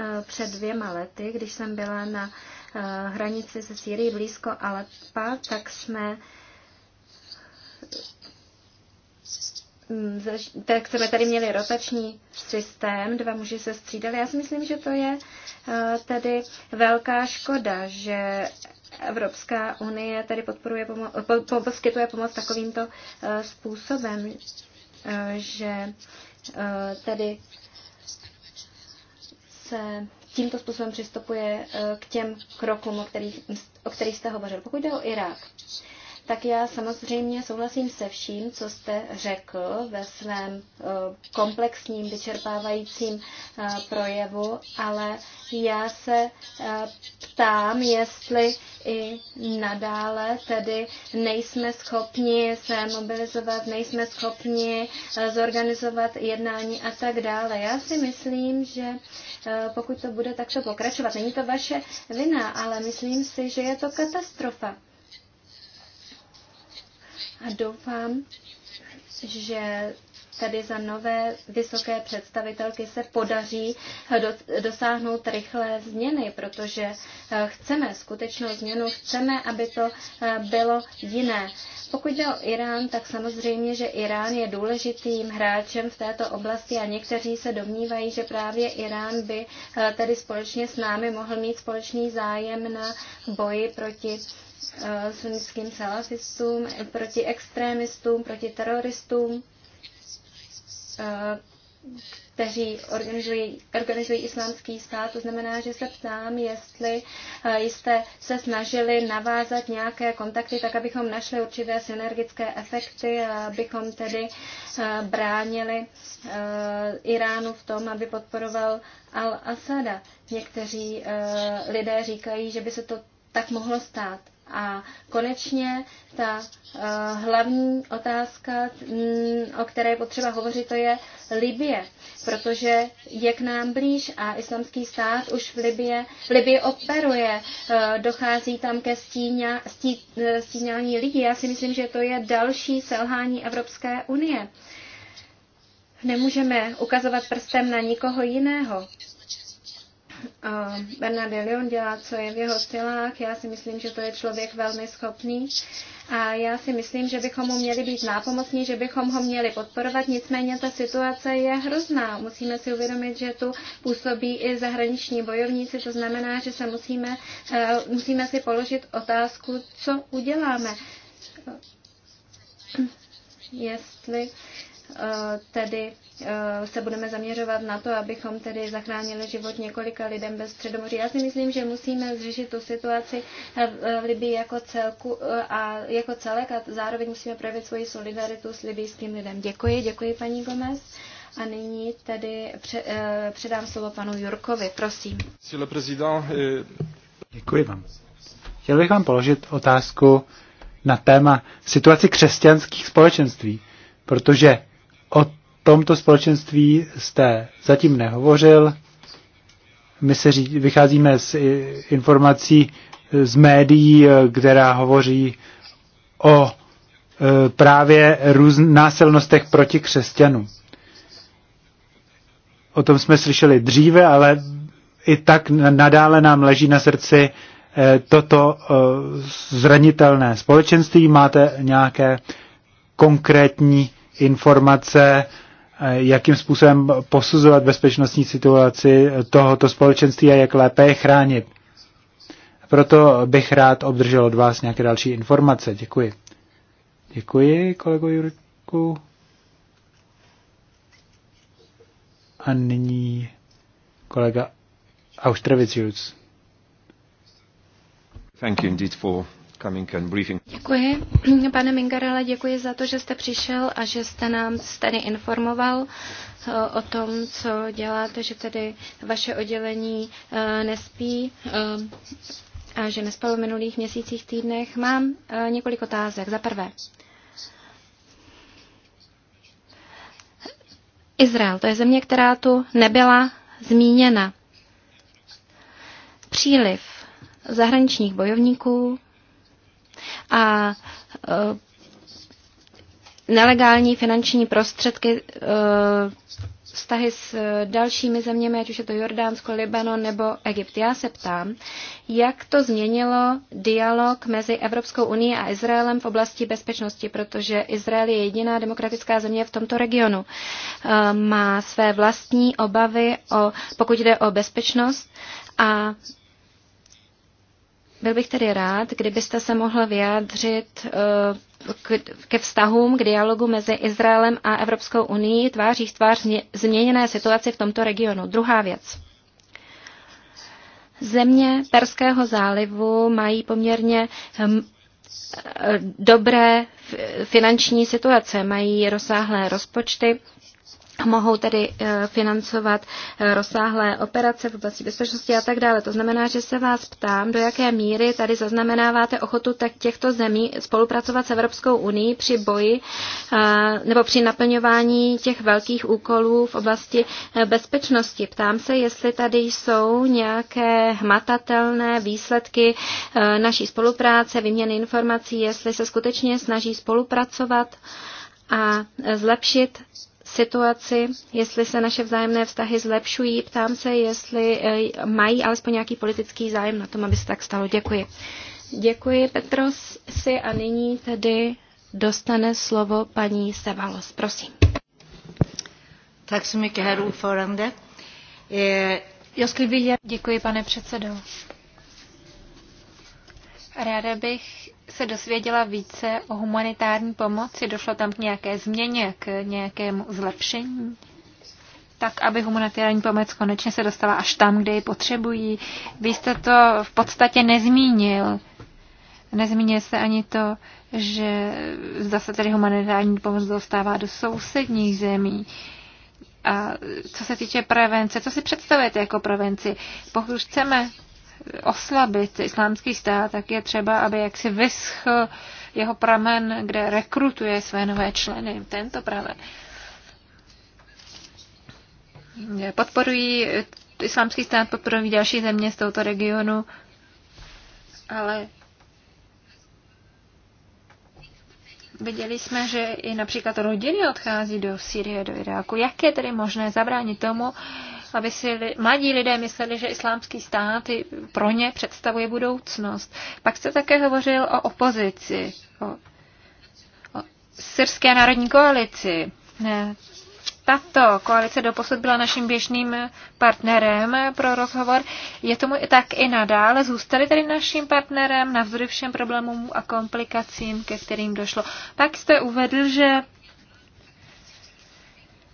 Eh, před dvěma lety, když jsem byla na eh, hranici se Sýrií blízko Alepa, tak jsme mm, tak jsme tady měli rotační systém, dva muži se střídali. Já si myslím, že to je eh, tedy velká škoda, že Evropská unie tedy podporuje pomo- po- poskytuje pomoc takovýmto způsobem, že tedy se tímto způsobem přistupuje eh, k těm krokům, o kterých, o kterých jste hovořil. Pokud jde o Irák, tak já samozřejmě souhlasím se vším, co jste řekl ve svém eh, komplexním, vyčerpávajícím eh, projevu, ale já se eh, ptám, jestli i nadále tedy nejsme schopni se mobilizovat, nejsme schopni zorganizovat jednání a tak dále. Já si myslím, že pokud to bude takto pokračovat, není to vaše vina, ale myslím si, že je to katastrofa. A doufám, že tady za nové vysoké představitelky se podaří dosáhnout rychlé změny, protože eh, chceme skutečnou změnu, chceme, aby to eh, bylo jiné. Pokud jde o Irán, tak samozřejmě, že Irán je důležitým hráčem v této oblasti a někteří se domnívají, že právě Irán by eh, tedy společně s námi mohl mít společný zájem na boji proti Eh, sunnickým salafistům, proti extrémistům, proti teroristům, eh, kteří organizují, organizují islámský stát. To znamená, že se ptám, jestli eh, jste se snažili navázat nějaké kontakty, tak abychom našli určité synergické efekty a abychom tedy bránili Iránu v tom, aby podporoval Al-Asada. Někteří lidé říkají, že by se to tak mohlo stát. A konečně ta eh, hlavní otázka, mm, o které je potřeba hovořit, to je Libie, protože je k nám blíž a islamský stát už v Libie, v Libii operuje, eh, dochází tam ke stíňa, stí, eh, stíňání lidí. Já si myslím, že to je další selhání Evropské unie. Nemůžeme ukazovat prstem na nikoho jiného. Bernard Leon dělá, co je v jeho silách. Já si myslím, že to je člověk velmi schopný a já si myslím, že bychom mu měli být nápomocní, že bychom ho měli podporovat. Nicméně ta situace je hrozná. Musíme si uvědomit, že tu působí i zahraniční bojovníci. To znamená, že se musíme, eh, musíme si položit otázku, co uděláme. Jestli eh, tedy Eh, se budeme zaměřovat na to, abychom tedy zachránili život několika lidem bez středomoří. Já si myslím, že musíme zřešit tu situaci eh, v Libii jako, celku eh, a jako celek a zároveň musíme projevit svoji solidaritu s libijským lidem. Děkuji, děkuji paní Gomez. A nyní tedy předám slovo panu Jurkovi, prosím. Děkuji vám. Chtěl bych vám položit otázku na téma situaci křesťanských společenství, protože od tomto společenství jste zatím nehovořil. My se ří, vycházíme z informací z médií, eh, která hovoří o eh, právě růz, násilnostech proti křesťanům. O tom jsme slyšeli dříve, ale i tak nadále nám leží na srdci eh, toto zranitelné společenství. Máte nějaké konkrétní informace Eh, jakým způsobem posuzovat bezpečnostní situaci tohoto společenství a jak lépe je chránit. Proto bych rád obdržel od vás nějaké další informace. Děkuji. Děkuji, kolego Jurku. A nyní kolega Austrevic Thank you indeed for Děkuji, pane Mingarele, děkuji za to, že jste přišel a že jste nám tady informoval eh, o tom, co děláte, že tedy vaše oddělení eh, nespí eh, a že nespalo v minulých měsících, týdnech. Mám několik otázek. Za prvé, Izrael, to je země, která tu nebyla zmíněna. Příliv zahraničních bojovníků a e, nelegální finanční prostředky, e, vztahy s dalšími zeměmi, ať už je to Jordánsko, Libanon nebo Egypt. Já se ptám, jak to změnilo dialog mezi Evropskou unii a Izraelem v oblasti bezpečnosti, protože Izrael je jediná demokratická země v tomto regionu. E, má své vlastní obavy, o, pokud jde o bezpečnost a byl bych tedy rád, kdybyste se mohl vyjádřit eh, ke vztahům, k dialogu mezi Izraelem a Evropskou unii tváří v tvář změněné situaci v tomto regionu. Druhá věc. Země Perského zálivu mají poměrně hm, eh, dobré finanční situace, mají rozsáhlé rozpočty mohou tedy eh, financovat eh, rozsáhlé operace v oblasti bezpečnosti a tak dále. To znamená, že se vás ptám, do jaké míry tady zaznamenáváte ochotu tak těchto zemí spolupracovat s Evropskou unii při boji eh, nebo při naplňování těch velkých úkolů v oblasti bezpečnosti. Ptám se, jestli tady jsou nějaké hmatatelné výsledky naší spolupráce, výměny informací, jestli se skutečně snaží spolupracovat a zlepšit situaci, jestli se naše vzájemné vztahy zlepšují. Ptám se, jestli eh, mají alespoň nějaký politický zájem na tom, aby se tak stalo. Děkuji. Děkuji Petros si a nyní tedy dostane slovo paní Sevalos. Prosím. Tak så mycket, herr Děkuji, pane předsedo. Ráda bych se dosvěděla více o humanitární pomoci. Došlo tam k nějaké změně, k nějakému zlepšení? tak, aby humanitární pomoc konečně se dostala až tam, kde ji potřebují. Vy jste to v podstatě nezmínil. Nezmínil jste ani to, že zase tedy humanitární pomoc dostává do sousedních zemí. A co se týče prevence, co si představujete jako prevenci? Pokud chceme oslabit islámský stát, tak je třeba, aby jaksi vyschl jeho pramen, kde rekrutuje své nové členy. Tento pramen. Podporují, islámský stát podporují další země z tohoto regionu, ale Viděli jsme, že i například rodiny odchází do Syrie, do Iráku. Jak je tedy možné zabránit tomu, aby si li, mladí lidé mysleli, že islámský stát pro ně představuje budoucnost. Pak jste také hovořil o opozici, o, o syrské národní koalici. Ne. Tato koalice doposud byla naším běžným partnerem pro rozhovor. Je tomu tak i nadále. Zůstali tedy naším partnerem navzdory všem problémům a komplikacím, ke kterým došlo. Pak jste uvedl, že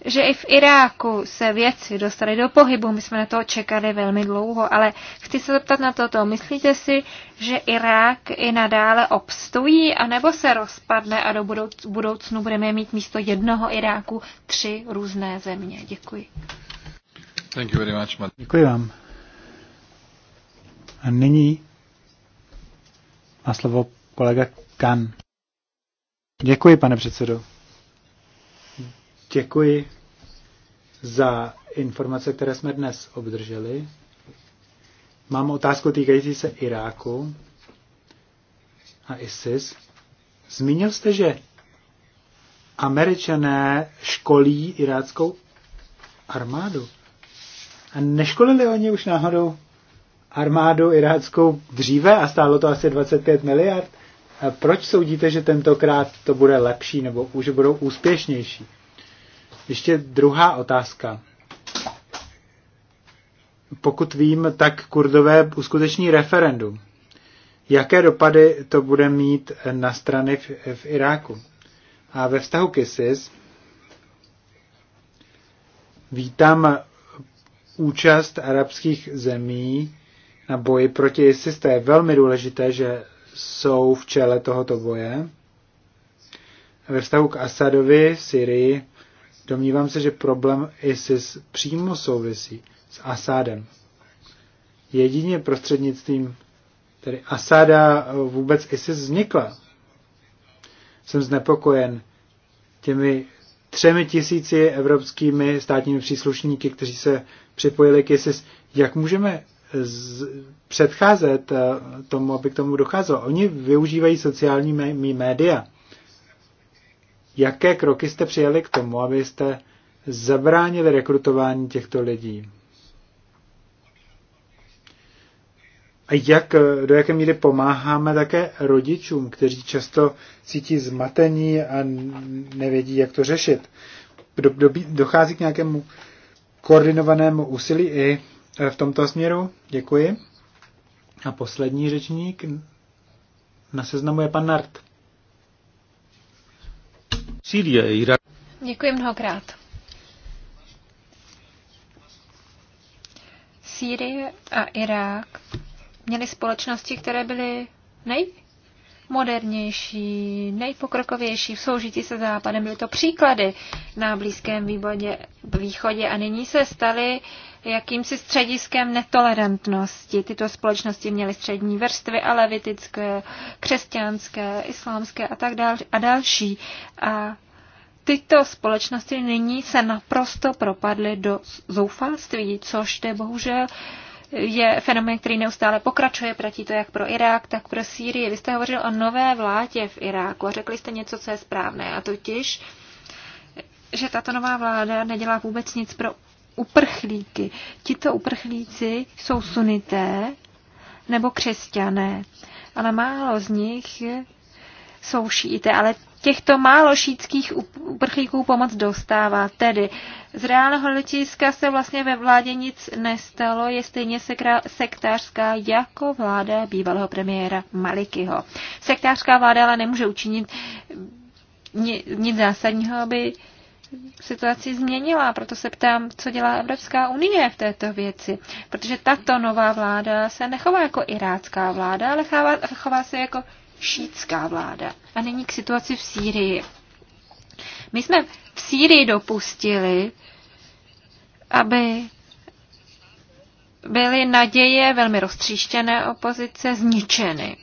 že i v Iráku se věci dostaly do pohybu. My jsme na to čekali velmi dlouho, ale chci se zeptat na toto. Myslíte si, že Irák i nadále obstojí, anebo se rozpadne a do budouc- budoucnu budeme mít místo jednoho Iráku tři různé země? Děkuji. Thank you very much, Děkuji vám. A nyní má slovo kolega Kan. Děkuji, pane předsedo. Děkuji za informace, které jsme dnes obdrželi. Mám otázku týkající se Iráku a ISIS. Zmínil jste, že američané školí iráckou armádu. A neškolili oni už náhodou armádu iráckou dříve a stálo to asi 25 miliard? A proč soudíte, že tentokrát to bude lepší nebo už budou úspěšnější? Ještě druhá otázka. Pokud vím, tak kurdové uskuteční referendum. Jaké dopady to bude mít na strany v, v Iráku? A ve vztahu k ISIS vítám účast arabských zemí na boji proti ISIS. To je velmi důležité, že jsou v čele tohoto boje. Ve vztahu k Asadovi v Syrii Domnívám se, že problém ISIS přímo souvisí s Asádem. Jedině prostřednictvím tedy Asáda eh, vůbec ISIS vznikla. Jsem znepokojen těmi třemi tisíci evropskými státními příslušníky, kteří se připojili k ISIS. Jak můžeme z, předcházet eh, tomu, aby k tomu docházelo? Oni využívají sociální média Jaké kroky jste přijali k tomu, abyste zabránili rekrutování těchto lidí? A jak, do jaké míry pomáháme také rodičům, kteří často cítí zmatení a nevědí, jak to řešit? Do, do, dochází k nějakému koordinovanému úsilí i e, v tomto směru? Děkuji. A poslední řečník na seznamu je pan Nart. Sýrie, Irak. Děkuji mnohokrát. Sýrie a Irák měly společnosti, které byly nej, modernější, nejpokrokovější v soužití se Západem. Byly to příklady na Blízkém výbodě, východě a nyní se staly jakýmsi střediskem netolerantnosti. Tyto společnosti měly střední vrstvy alevitické, křesťanské, islámské a tak dále a další. A tyto společnosti nyní se naprosto propadly do zoufalství, což je bohužel uh, je fenomen, který neustále pokračuje, platí to jak pro Irák, tak pro Sýrii. Vy jste hovořil o nové vládě v Iráku a řekli jste něco, co je správné, a totiž, že tato nová vláda nedělá vůbec nic pro uprchlíky. Tito uprchlíci jsou sunité nebo křesťané, ale málo z nich jsou šíité, ale těchto málo šítských uprchlíků pomoc dostává. Tedy z reálného letiska se vlastně ve vládě nic nestalo, je stejně sektářská jako vláda bývalého premiéra Malikyho. Sektářská vláda ale nemůže učinit nic zásadního, aby situaci změnila. Proto se ptám, co dělá Evropská unie v této věci. Protože tato nová vláda se nechová jako irácká vláda, ale chová, chová se jako šítská vláda. A nyní k situaci v Sýrii. My jsme v Sýrii dopustili, aby byly naděje velmi roztříštěné opozice zničeny.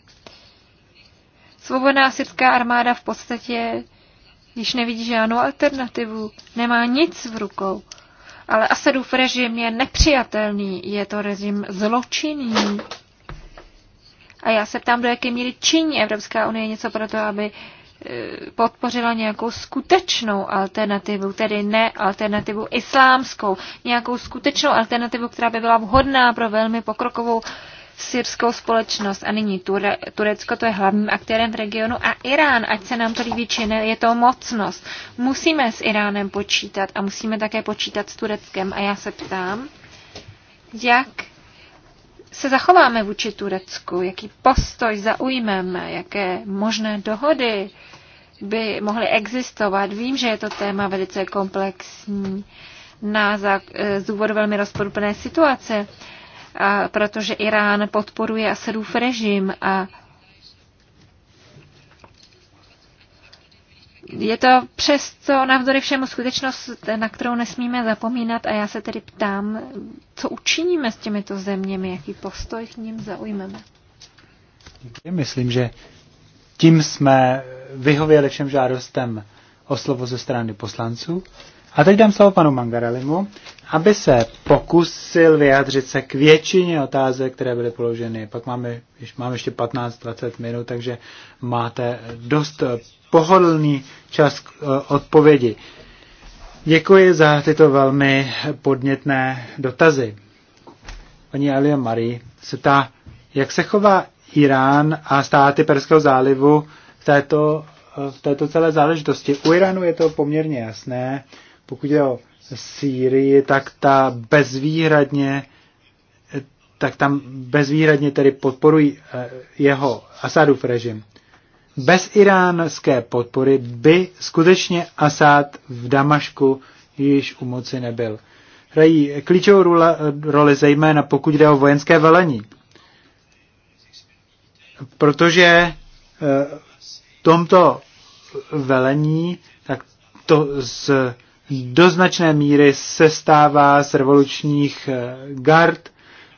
Svobodná syrská armáda v podstatě již nevidí žádnou alternativu, nemá nic v rukou. Ale Asadův režim je nepřijatelný, je to režim zločinný. A já se ptám, do jaké míry činí Evropská unie něco pro to, aby eh, podpořila nějakou skutečnou alternativu, tedy ne alternativu islámskou, nějakou skutečnou alternativu, která by byla vhodná pro velmi pokrokovou syrskou společnost. A nyní Ture, Turecko, to je hlavním aktérem v regionu, a Irán, ať se nám to líbí či ne, je to mocnost. Musíme s Iránem počítat a musíme také počítat s Tureckem. A já se ptám, jak se zachováme vůči Turecku, jaký postoj zaujmeme, jaké možné dohody by mohly existovat. Vím, že je to téma velice komplexní na z důvodu velmi rozporuplné situace, a protože Irán podporuje Asadův režim a Je to přes co navzdory všemu skutečnost, na kterou nesmíme zapomínat a já se tedy ptám, co učiníme s těmito zeměmi, jaký postoj k ním zaujmeme. Myslím, že tím jsme vyhověli všem žádostem o slovo ze strany poslanců. A teď dám slovo panu Mangarelimu, aby se pokusil vyjádřit se k většině otázek, které byly položeny. Pak máme, máme ještě 15-20 minut, takže máte dost pohodlný čas e, odpovědi. Děkuji za tyto velmi podnětné dotazy. Paní Alia Marie se ptá, jak se chová Irán a státy Perského zálivu v této, e, v této celé záležitosti. U Iránu je to poměrně jasné. Pokud je o Sýrii, tak ta bezvýhradně e, tak tam bezvýhradně tedy podporují jeho Asadův režim. Bez iránské podpory by skutečně Asad v Damašku již u moci nebyl. Hrají klíčovou roli zejména pokud jde o vojenské velení. Protože eh, v tomto velení tak to z, doznačné míry se stává z revolučních eh, gard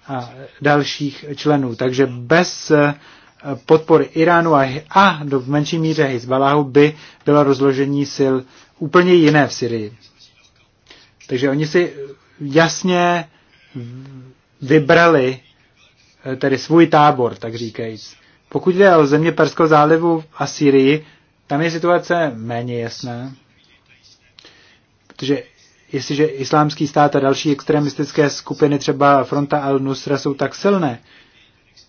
a dalších členů. Takže bez eh, podpory Iránu a, a do v menší míře Hezbalahu by bylo rozložení sil úplně jiné v Syrii. Takže oni si jasně vybrali eh, tedy svůj tábor, tak říkajíc. Pokud jde o země Perského zálivu a Syrii, tam je situace méně jasná, protože jestliže islámský stát a další extremistické skupiny, třeba Fronta al-Nusra, jsou tak silné,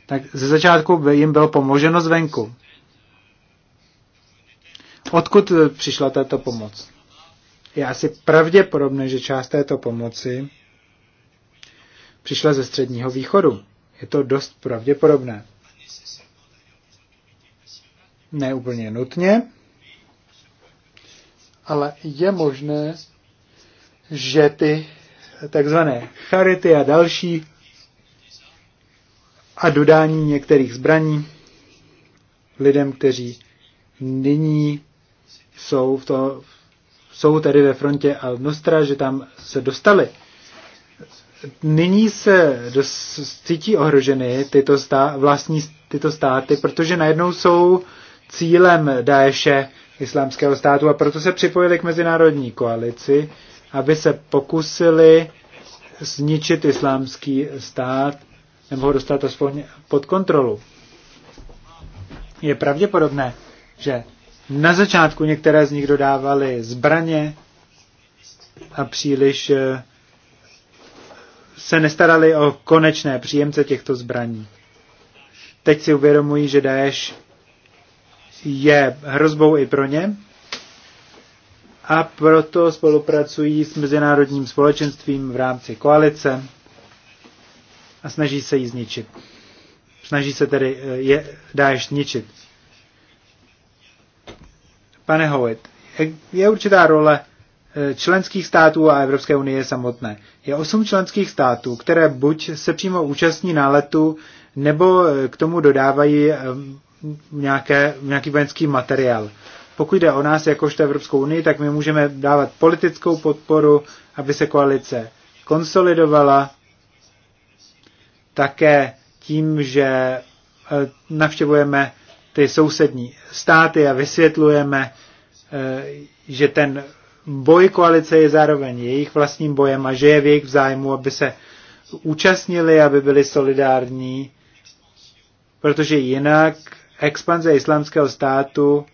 tak ze začátku by jim bylo pomoženo zvenku. Odkud eh, přišla tato pomoc? Je asi pravděpodobné, že část této pomoci přišla ze Středního východu. Je to dost pravděpodobné. Ne úplně nutně, ale je možné, že ty takzvané charity a další a dodání některých zbraní lidem, kteří nyní jsou, v to, jsou tedy ve frontě al Nostra, že tam se dostali. Nyní se dos, cítí ohroženy tyto, stá, vlastní, tyto státy, protože najednou jsou cílem Daeše, islámského státu, a proto se připojili k mezinárodní koalici, aby se pokusili zničit islámský stát nebo ho dostat aspoň pod kontrolu. Je pravděpodobné, že na začátku některé z nich dodávaly zbraně a příliš eh, se nestarali o konečné příjemce těchto zbraní. Teď si uvědomují, že Daesh je hrozbou i pro ně a proto spolupracují s mezinárodním společenstvím v rámci koalice a snaží se ji zničit. Snaží se tedy eh, je dáš zničit. Pane Howitt, eh, je určitá role eh, členských států a Evropské unie samotné. Je osm členských států, které buď se přímo účastní letu, nebo k tomu dodávají nějaké, nějaký vojenský materiál. Pokud jde o nás, jakožto Evropskou unii, tak my můžeme dávat politickou podporu, aby se koalice konsolidovala, také tím, že eh, navštěvujeme ty sousední státy a vysvětlujeme, eh, že ten boj koalice je zároveň jejich vlastním bojem a že je v jejich zájmu, aby se účastnili, aby byli solidární, protože jinak expanze islámského státu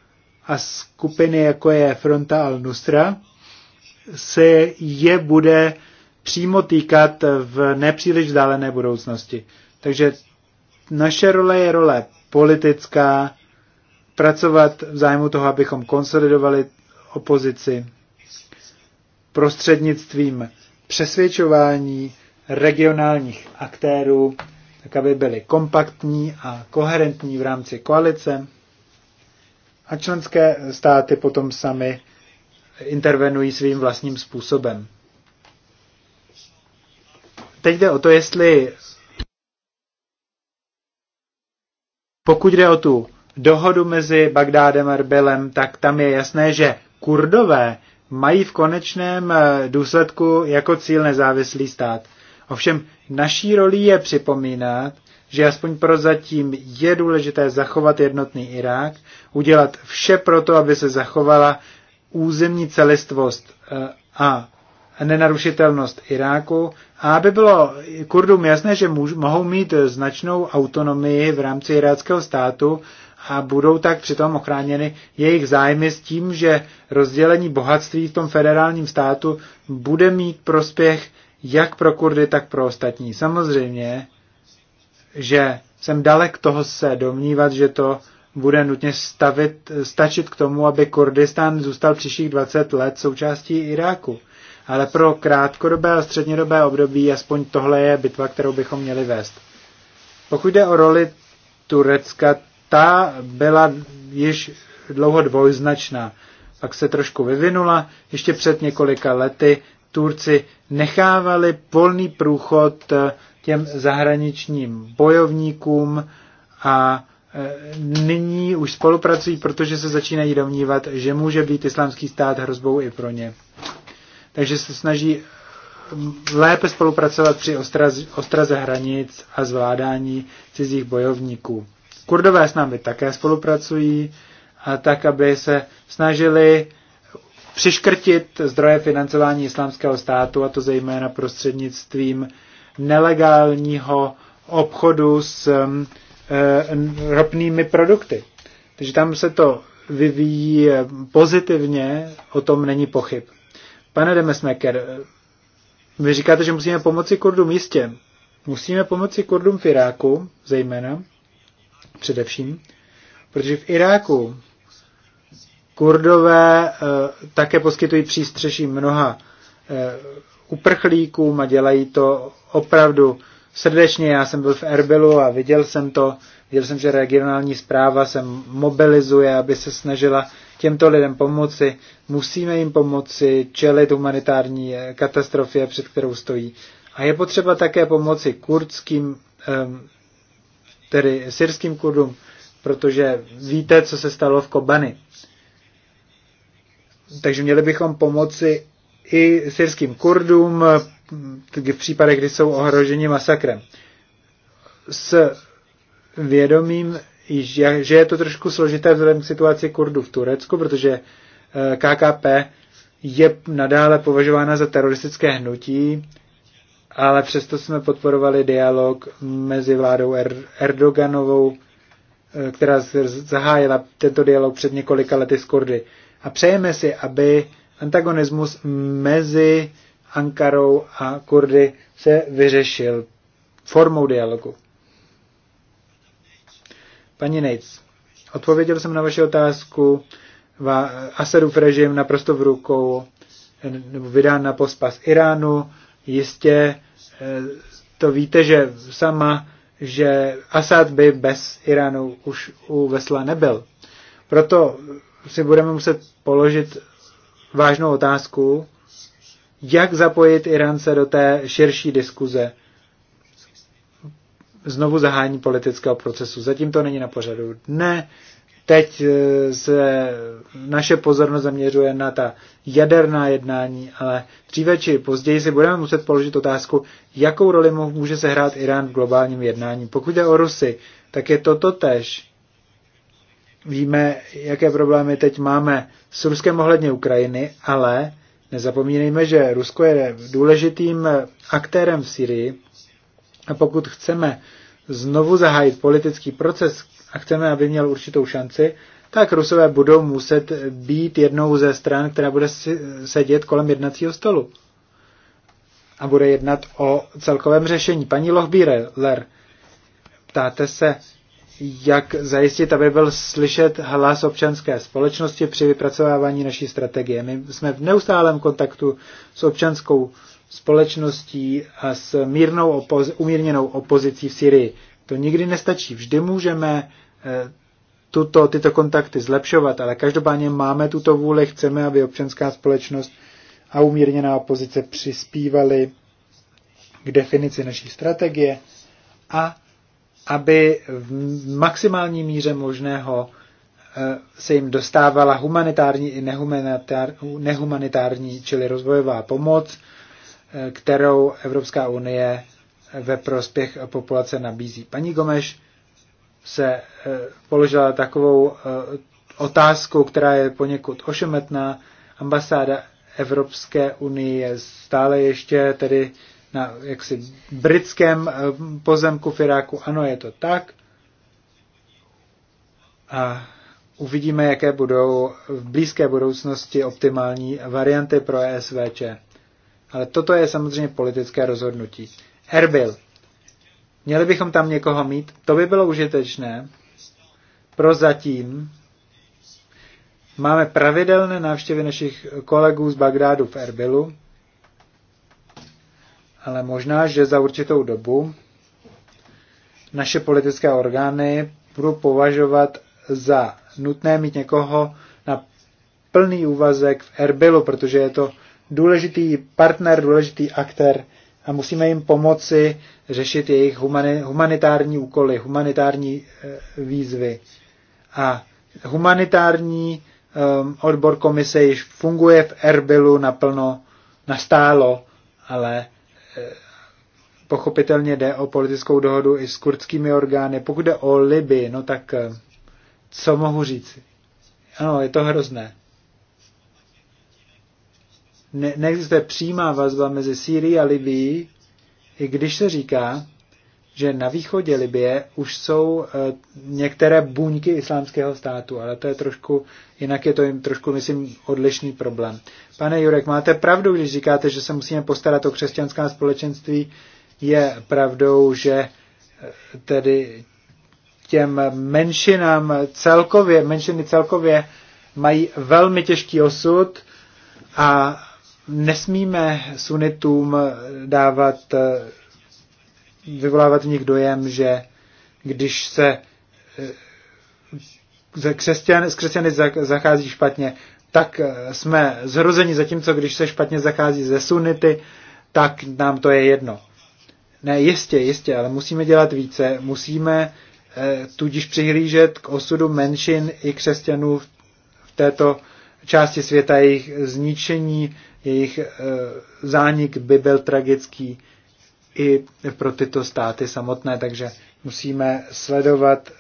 a skupiny, jako je Fronta al-Nusra, se je bude přímo týkat v nepříliš vzdálené budoucnosti. Takže naše role je role politická, pracovat v zájmu toho, abychom konsolidovali opozici prostřednictvím přesvědčování regionálních aktérů, tak aby byli kompaktní a koherentní v rámci koalice. A členské státy potom sami intervenují svým vlastním způsobem teď jde o to, jestli pokud jde o tu dohodu mezi Bagdádem a Erbilem, tak tam je jasné, že kurdové mají v konečném eh, důsledku jako cíl nezávislý stát. Ovšem naší roli je připomínat, že aspoň prozatím je důležité zachovat jednotný Irák, udělat vše pro to, aby se zachovala územní celistvost eh, a nenarušitelnost Iráku a aby bylo Kurdům jasné, že můž, mohou mít značnou autonomii v rámci iráckého státu a budou tak přitom ochráněny jejich zájmy s tím, že rozdělení bohatství v tom federálním státu bude mít prospěch jak pro Kurdy, tak pro ostatní. Samozřejmě, že jsem dalek toho se domnívat, že to bude nutně stavit, stačit k tomu, aby Kurdistán zůstal příštích 20 let součástí Iráku ale pro krátkodobé a střednědobé období aspoň tohle je bitva, kterou bychom měli vést. Pokud jde o roli Turecka, ta byla již dlouho dvojznačná. Pak se trošku vyvinula. Ještě před několika lety Turci nechávali volný průchod eh, těm zahraničním bojovníkům a eh, nyní už spolupracují, protože se začínají domnívat, že může být islámský stát hrozbou i pro ně takže se snaží lépe spolupracovat při ostraze, ostraze hranic a zvládání cizích bojovníků. Kurdové s námi také spolupracují, a tak, aby se snažili přiškrtit zdroje financování islámského státu, a to zejména prostřednictvím nelegálního obchodu s e, ropnými produkty. Takže tam se to vyvíjí eh, pozitivně, o tom není pochyb. Pane Demesmeker, vy říkáte, že musíme pomoci Kurdům, jistě. Musíme pomoci Kurdům v Iráku, zejména, především, protože v Iráku Kurdové e, také poskytují přístřeší mnoha e, uprchlíkům a dělají to opravdu srdečně. Já jsem byl v Erbilu a viděl jsem to, Viděl jsem, že regionální zpráva se mobilizuje, aby se snažila těmto lidem pomoci. Musíme jim pomoci čelit humanitární eh, katastrofě, před kterou stojí. A je potřeba také pomoci kurdským, ehm, tedy syrským kurdům, protože víte, co se stalo v Kobani. Takže měli bychom pomoci i syrským kurdům eh, v případech, kdy jsou ohroženi masakrem. S vědomím, že je to trošku složité vzhledem k situaci Kurdů v Turecku, protože eh, KKP je nadále považována za teroristické hnutí, ale přesto jsme podporovali dialog mezi vládou er- Erdoganovou, eh, která zahájila tento dialog před několika lety s Kurdy. A přejeme si, aby antagonismus mezi Ankarou a Kurdy se vyřešil formou dialogu. Paní Nejc, odpověděl jsem na vaši otázku. Asadův režim naprosto v rukou, nebo vydán na pospas Iránu. Jistě e, to víte, že sama, že Asad by bez Iránu už u vesla nebyl. Proto si budeme muset položit vážnou otázku, jak zapojit Iránce do té širší diskuze znovu zahání politického procesu. Zatím to není na pořadu dne. Teď eh, se naše pozornost zaměřuje na ta jaderná jednání, ale dříve či později si budeme muset položit otázku, jakou roli může se hrát Irán v globálním jednání. Pokud jde o Rusy, tak je to totež. Víme, jaké problémy teď máme s Ruskem ohledně Ukrajiny, ale nezapomínejme, že Rusko je důležitým aktérem v Syrii a pokud chceme znovu zahájit politický proces a chceme, aby měl určitou šanci, tak Rusové budou muset být jednou ze stran, která bude sedět kolem jednacího stolu a bude jednat o celkovém řešení. Paní Lochbírer, ptáte se, jak zajistit, aby byl slyšet hlas občanské společnosti při vypracovávání naší strategie. My jsme v neustálém kontaktu s občanskou společností a s mírnou opoz- umírněnou opozicí v Syrii. To nikdy nestačí. Vždy můžeme eh, tuto, tyto kontakty zlepšovat, ale každopádně máme tuto vůli, chceme, aby občanská společnost a umírněná opozice přispívaly k definici naší strategie a aby v maximální míře možného eh, se jim dostávala humanitární i nehumanitární, čili rozvojová pomoc, kterou Evropská unie ve prospěch populace nabízí. Paní Gomeš se eh, položila takovou eh, otázku, která je poněkud ošemetná. Ambasáda Evropské unie je stále ještě tedy na jaksi britském eh, pozemku v Iráku. Ano, je to tak. A uvidíme, jaké budou v blízké budoucnosti optimální varianty pro ESVČ. Ale toto je samozřejmě politické rozhodnutí. Erbil. Měli bychom tam někoho mít? To by bylo užitečné. Prozatím máme pravidelné návštěvy našich kolegů z Bagdádu v Erbilu, ale možná, že za určitou dobu naše politické orgány budou považovat za nutné mít někoho na plný úvazek v Erbilu, protože je to důležitý partner, důležitý aktér a musíme jim pomoci řešit jejich humanitární úkoly, humanitární eh, výzvy. A humanitární ehm, odbor komise již funguje v Erbilu naplno, nastálo, ale eh, pochopitelně jde o politickou dohodu i s kurdskými orgány. Pokud jde o Liby, no tak eh, co mohu říct? Ano, je to hrozné ne, neexistuje přímá vazba mezi Sýrií a Libií, i když se říká, že na východě Libie už jsou e, některé buňky islámského státu, ale to je trošku, jinak je to jim trošku, myslím, odlišný problém. Pane Jurek, máte pravdu, když říkáte, že se musíme postarat o křesťanská společenství. Je pravdou, že e, tedy těm menšinám celkově, menšiny celkově mají velmi těžký osud a nesmíme sunitům dávat, vyvolávat v nich dojem, že když se eh, křesťan, s křesťany zachází špatně, tak eh, jsme tím, zatímco když se špatně zachází ze sunity, tak nám to je jedno. Ne, jistě, jistě, ale musíme dělat více, musíme eh, tudíž přihlížet k osudu menšin i křesťanů v této části světa, jejich zničení, jejich eh, zánik by byl tragický i pro tyto státy samotné, takže musíme sledovat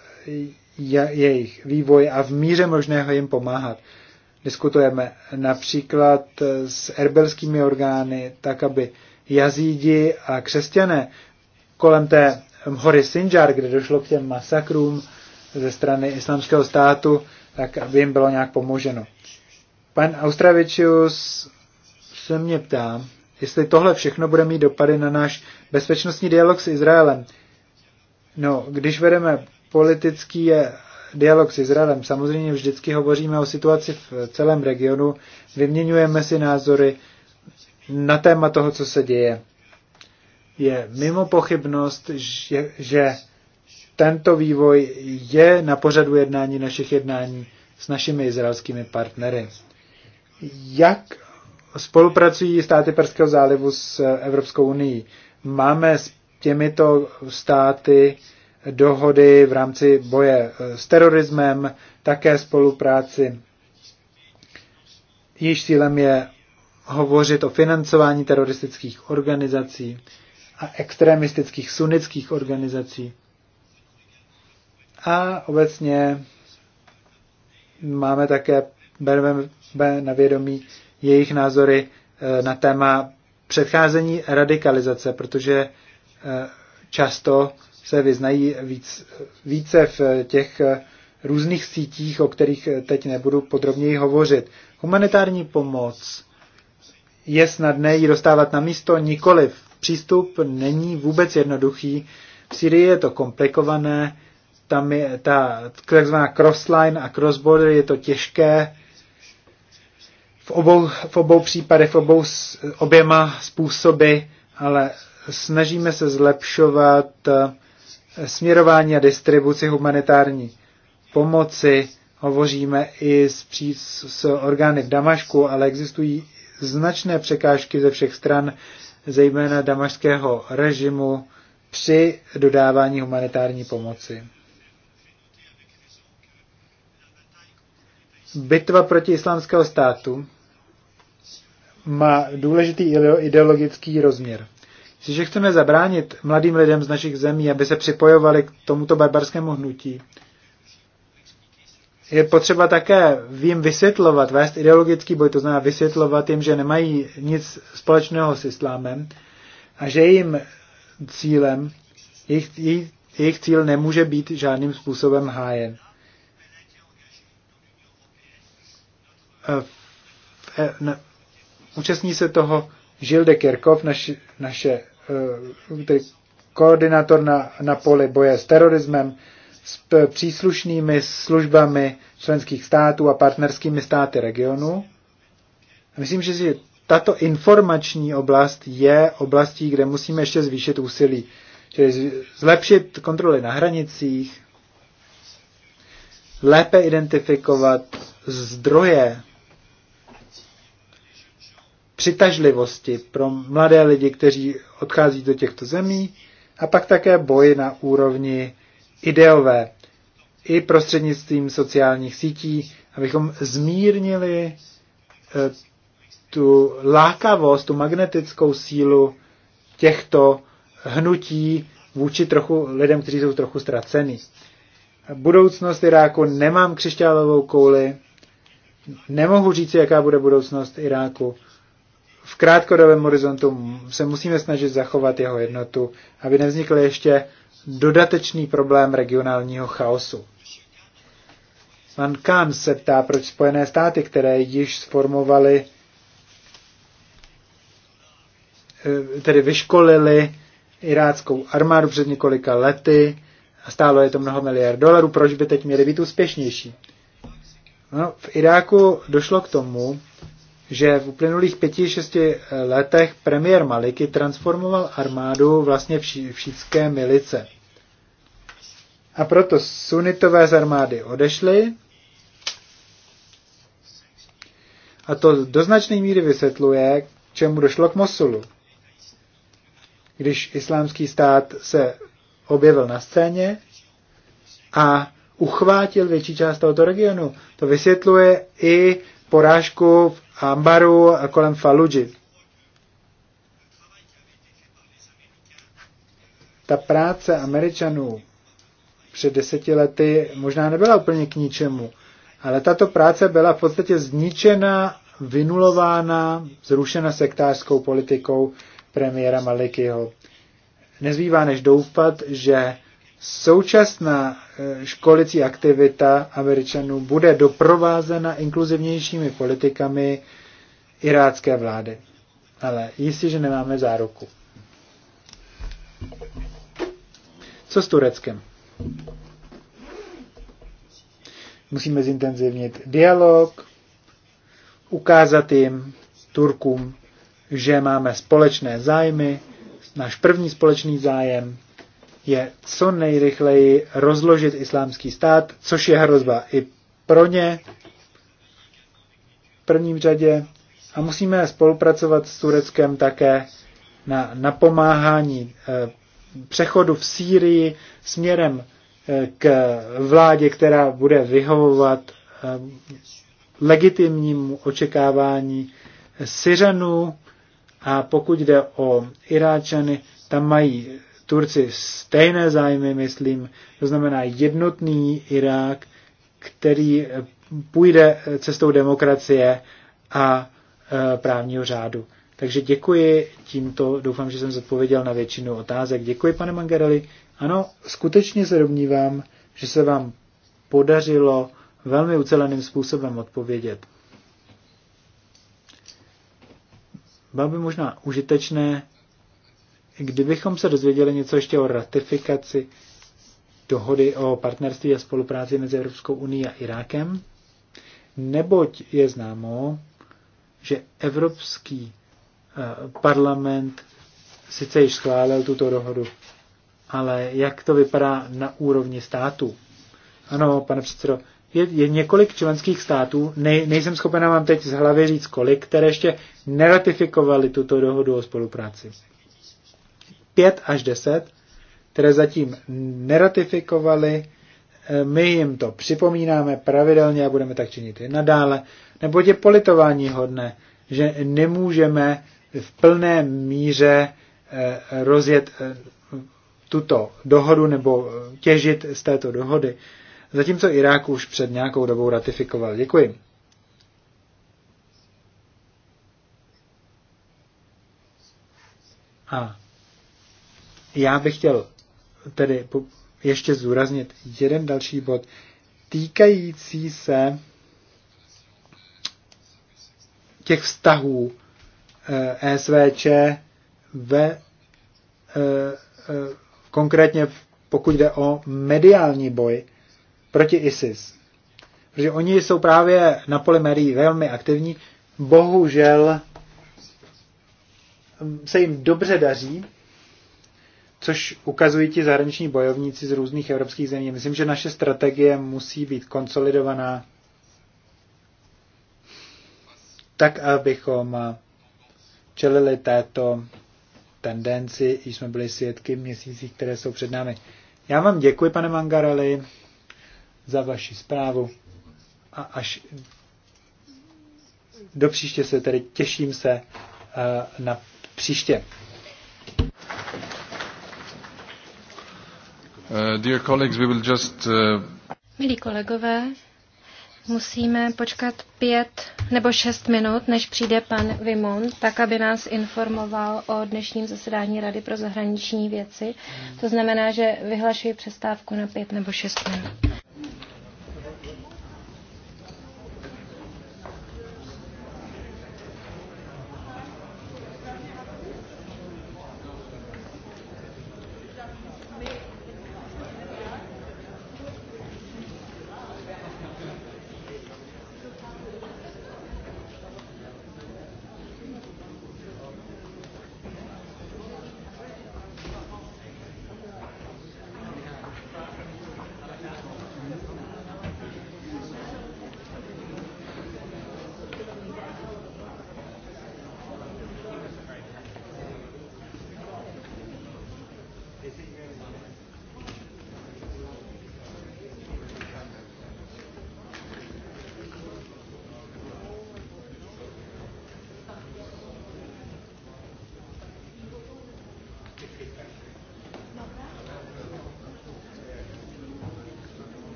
jejich vývoj a v míře možného jim pomáhat. Diskutujeme například eh, s erbelskými orgány, tak aby jazídi a křesťané kolem té hory Sinjar, kde došlo k těm masakrům ze strany islamského státu, tak aby jim bylo nějak pomoženo. Pan Austravičius se mě ptá, jestli tohle všechno bude mít dopady na náš bezpečnostní dialog s Izraelem. No, když vedeme politický eh, dialog s Izraelem, samozřejmě vždycky hovoříme o situaci v celém regionu, vyměňujeme si názory na téma toho, co se děje. Je mimo pochybnost, že, že tento vývoj je na pořadu jednání našich jednání s našimi izraelskými partnery. Jak spolupracují státy Perského zálivu s Evropskou unii. Máme s těmito státy dohody v rámci boje eh, s terorismem, také spolupráci. Již cílem je hovořit o financování teroristických organizací a extremistických sunnických organizací. A obecně máme také, bereme na vědomí jejich názory eh, na téma předcházení radikalizace, protože eh, často se vyznají víc, více v těch eh, různých sítích, o kterých teď nebudu podrobněji hovořit. Humanitární pomoc je snadné ji dostávat na místo, nikoliv. Přístup není vůbec jednoduchý. V Syrii je to komplikované, tam je ta takzvaná crossline a crossborder, je to těžké v obou, v obou případech, v obou oběma způsoby, ale snažíme se zlepšovat eh, směrování a distribuci humanitární pomoci. Hovoříme i s, s orgány v Damašku, ale existují značné překážky ze všech stran, zejména damašského režimu, při dodávání humanitární pomoci. Bitva proti islámského státu má důležitý ideologický rozměr. Jestliže chceme zabránit mladým lidem z našich zemí, aby se připojovali k tomuto barbarskému hnutí, je potřeba také jim vysvětlovat, vést ideologický boj, to znamená vysvětlovat jim, že nemají nic společného s islámem a že jim cílem, jejich, jejich, jejich cíl nemůže být žádným způsobem hájen. Eh, v eh, Účastní se toho Žil de Kirkov, naš, naše eh, tedy koordinátor na, na poli boje s terorismem, s příslušnými službami členských států a partnerskými státy regionu. Myslím, že si tato informační oblast je oblastí, kde musíme ještě zvýšit úsilí. Čili zlepšit kontroly na hranicích, lépe identifikovat zdroje přitažlivosti pro mladé lidi, kteří odchází do těchto zemí, a pak také boj na úrovni ideové i prostřednictvím sociálních sítí, abychom zmírnili eh, tu lákavost, tu magnetickou sílu těchto hnutí vůči trochu lidem, kteří jsou trochu ztracení. Budoucnost Iráku nemám křišťálovou kouli, nemohu říct, jaká bude budoucnost Iráku v krátkodobém horizontu se musíme snažit zachovat jeho jednotu, aby nevznikl ještě dodatečný problém regionálního chaosu. Pan Kahn se ptá, proč Spojené státy, které již sformovali, eh, tedy vyškolili iráckou armádu před několika lety a stálo je to mnoho miliard dolarů, proč by teď měly být úspěšnější? No, v Iráku došlo k tomu, že v uplynulých pěti, šesti eh, letech premiér Maliki transformoval armádu vlastně v, ší, v šítské milice. A proto sunitové z armády odešly a to do značné míry vysvětluje, k čemu došlo k Mosulu. Když islámský stát se objevil na scéně a uchvátil větší část tohoto regionu. To vysvětluje i porážku Ambaru kolem Faluji. Ta práce Američanů před deseti lety možná nebyla úplně k ničemu, ale tato práce byla v podstatě zničena, vynulována, zrušena sektářskou politikou premiéra Malikyho. Nezbývá než doufat, že Současná eh, školicí aktivita Američanů bude doprovázena inkluzivnějšími politikami irácké vlády. Ale jistě, že nemáme záruku. Co s Tureckem? Musíme zintenzivnit dialog, ukázat jim, Turkům, že máme společné zájmy, náš první společný zájem je co nejrychleji rozložit islámský stát, což je hrozba i pro ně v prvním řadě. A musíme spolupracovat s Tureckem také na napomáhání eh, přechodu v Sýrii směrem eh, k vládě, která bude vyhovovat eh, legitimnímu očekávání Syřanů. A pokud jde o Iráčany, tam mají Turci stejné zájmy, myslím, to znamená jednotný Irák, který eh, půjde eh, cestou demokracie a eh, právního řádu. Takže děkuji tímto, doufám, že jsem zodpověděl na většinu otázek. Děkuji, pane Mangareli. Ano, skutečně se domnívám, že se vám podařilo velmi uceleným způsobem odpovědět. Bylo by možná užitečné kdybychom se dozvěděli něco ještě o ratifikaci dohody o partnerství a spolupráci mezi Evropskou unii a Irákem, neboť je známo, že Evropský eh, parlament sice již schválil tuto dohodu, ale jak to vypadá na úrovni států? Ano, pane předsedo, je, je několik členských států, nej, nejsem schopen vám teď z hlavy říct kolik, které ještě neratifikovali tuto dohodu o spolupráci. 5 až 10, které zatím neratifikovali, e, My jim to připomínáme pravidelně a budeme tak činit i nadále, nebo je politování hodné, že nemůžeme v plné míře e, rozjet e, tuto dohodu nebo těžit z této dohody, zatímco Irák už před nějakou dobou ratifikoval. Děkuji. A já bych chtěl tedy ještě zúraznit jeden další bod týkající se těch vztahů eh, SVČ ve eh, eh, konkrétně pokud jde o mediální boj proti ISIS. Protože oni jsou právě na poli médií velmi aktivní. Bohužel mm, se jim dobře daří což ukazují ti zahraniční bojovníci z různých evropských zemí. Myslím, že naše strategie musí být konsolidovaná tak, abychom čelili této tendenci, již jsme byli svědky v měsících, které jsou před námi. Já vám děkuji, pane Mangarelli, za vaši zprávu a až do příště se tedy těším se eh, na příště. Uh, dear colleagues, we will just, uh... Milí kolegové, musíme počkat pět nebo šest minut, než přijde pan Vimon, tak aby nás informoval o dnešním zasedání Rady pro zahraniční věci. To znamená, že vyhlašuji přestávku na pět nebo šest minut.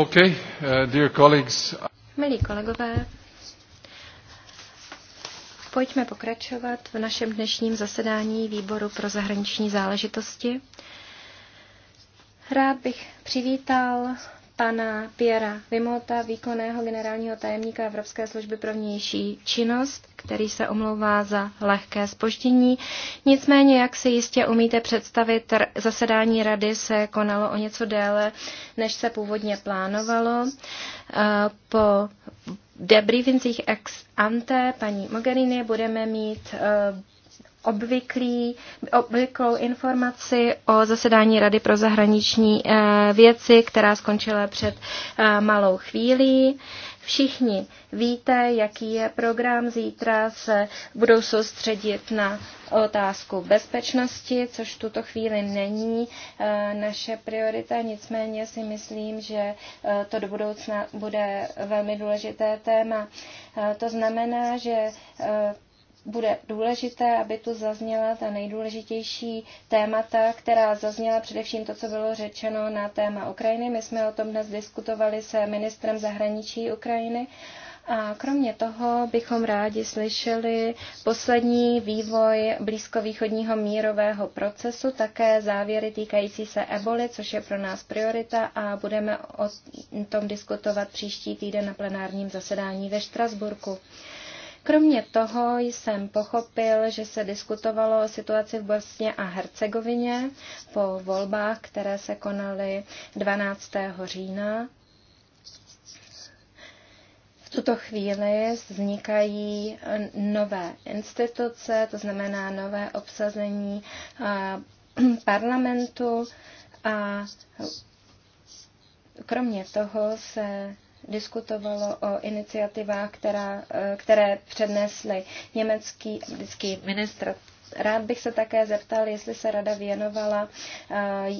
Okay, uh, dear colleagues. Milí kolegové, pojďme pokračovat v našem dnešním zasedání výboru pro zahraniční záležitosti. Rád bych přivítal pana Piera Vimota, výkonného generálního tajemníka Evropské služby pro vnější činnost který se omlouvá za lehké spoždění. Nicméně, jak si jistě umíte představit, zasedání rady se konalo o něco déle, než se původně plánovalo. Eh, po debriefincích ex ante paní Mogherini budeme mít eh, obvyklý, obvyklou informaci o zasedání Rady pro zahraniční eh, věci, která skončila před malou chvílí. Všichni víte, jaký je program. Zítra se budou soustředit na otázku bezpečnosti, což v tuto chvíli není eh, naše priorita, nicméně si myslím, že eh, to do budoucna bude velmi důležité téma. Eh, to znamená, že bude důležité, aby tu zazněla ta nejdůležitější témata, která zazněla především to, co bylo řečeno na téma Ukrajiny. My jsme o tom dnes diskutovali se ministrem zahraničí Ukrajiny. A kromě toho bychom rádi slyšeli poslední vývoj blízkovýchodního mírového procesu, také závěry týkající se eboli, což je pro nás priorita a budeme o tom diskutovat příští týden na plenárním zasedání ve Štrasburku. Kromě toho jsem pochopil, že se diskutovalo o situaci v Bosně a Hercegovině po volbách, které se konaly 12. října. V tuto chvíli vznikají nové instituce, to znamená nové obsazení parlamentu a kromě toho se diskutovalo o iniciativách, která, eh, které přednesly německý vždycky ministr. Rád bych se také zeptal, jestli se rada věnovala eh,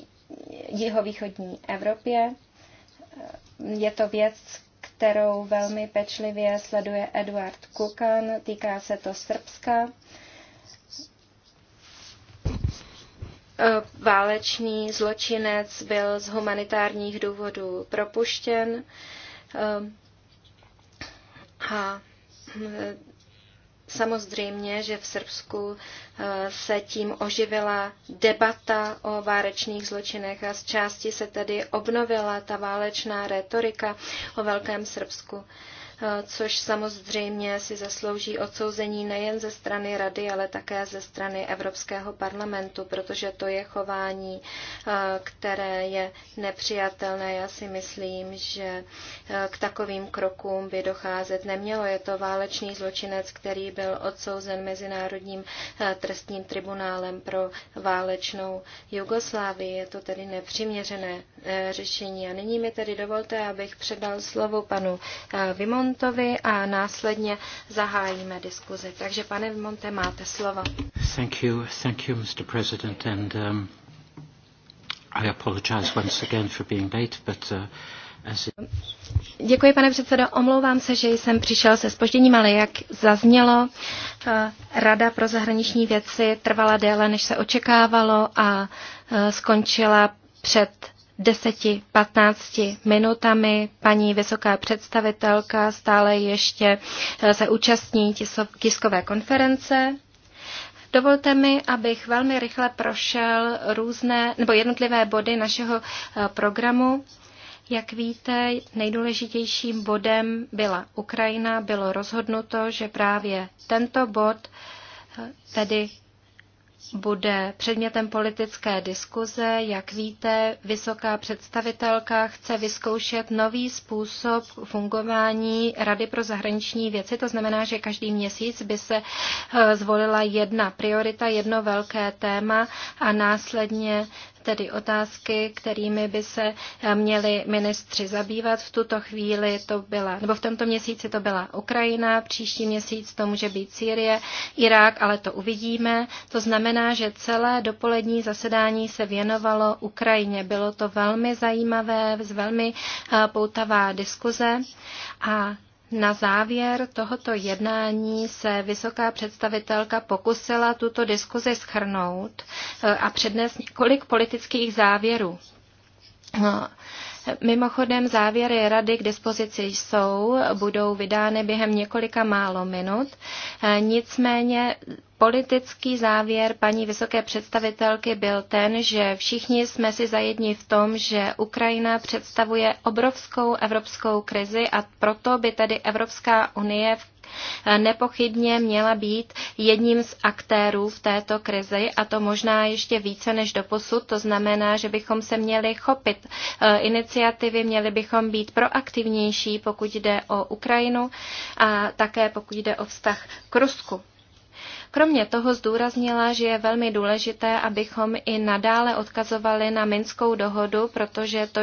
jihovýchodní Evropě. Eh, je to věc, kterou velmi pečlivě sleduje Eduard Kukan. Týká se to Srbska. Válečný zločinec byl z humanitárních důvodů propuštěn. Ehm, a eh, Samozřejmě, že v Srbsku eh, se tím oživila debata o válečných zločinech a z části se tedy obnovila ta válečná retorika o Velkém Srbsku. Eh, což samozřejmě si zaslouží odsouzení nejen ze strany Rady, ale také ze strany Evropského parlamentu, protože to je chování, eh, které je nepřijatelné. Já si myslím, že eh, k takovým krokům by docházet nemělo. Je to válečný zločinec, který byl odsouzen Mezinárodním trestním tribunálem pro válečnou Jugoslávii. Je to tedy nepřiměřené řešení. A nyní mi tedy dovolte, abych předal slovo panu Vimon Vimontovi a následně zahájíme diskuzi. Takže pane Vimonte, máte slovo. Thank you, thank you, Mr. President, and um, I apologize once again for being late, but uh, as it... Děkuji, pane předsedo. Omlouvám se, že jsem přišel se spožděním, ale jak zaznělo, uh, Rada pro zahraniční věci trvala déle, než se očekávalo a uh, skončila před 10-15 minutami paní vysoká představitelka stále ještě eh, se účastní tiskové konference. Dovolte mi, abych velmi rychle prošel různé nebo jednotlivé body našeho eh, programu. Jak víte, nejdůležitějším bodem byla Ukrajina. Bylo rozhodnuto, že právě tento bod, eh, tedy bude předmětem politické diskuze. Jak víte, vysoká představitelka chce vyzkoušet nový způsob fungování Rady pro zahraniční věci. To znamená, že každý měsíc by se eh, zvolila jedna priorita, jedno velké téma a následně tedy otázky, kterými by se eh, měli ministři zabývat. V tuto chvíli to byla, nebo v tomto měsíci to byla Ukrajina, příští měsíc to může být Sýrie, Irák, ale to uvidíme. To znamená, že celé dopolední zasedání se věnovalo Ukrajině. Bylo to velmi zajímavé, velmi eh, poutavá diskuze a na závěr tohoto jednání se vysoká představitelka pokusila tuto diskuzi schrnout eh, a přednést několik politických závěrů. Mimochodem závěry rady k dispozici jsou, budou vydány během několika málo minut. Nicméně politický závěr paní vysoké představitelky byl ten, že všichni jsme si zajedni v tom, že Ukrajina představuje obrovskou evropskou krizi a proto by tedy Evropská unie v Eh, nepochybně měla být jedním z aktérů v této krizi a to možná ještě více než doposud. To znamená, že bychom se měli chopit eh, iniciativy, měli bychom být proaktivnější, pokud jde o Ukrajinu a také pokud jde o vztah k Rusku. Kromě toho zdůraznila, že je velmi důležité, abychom i nadále odkazovali na Minskou dohodu, protože to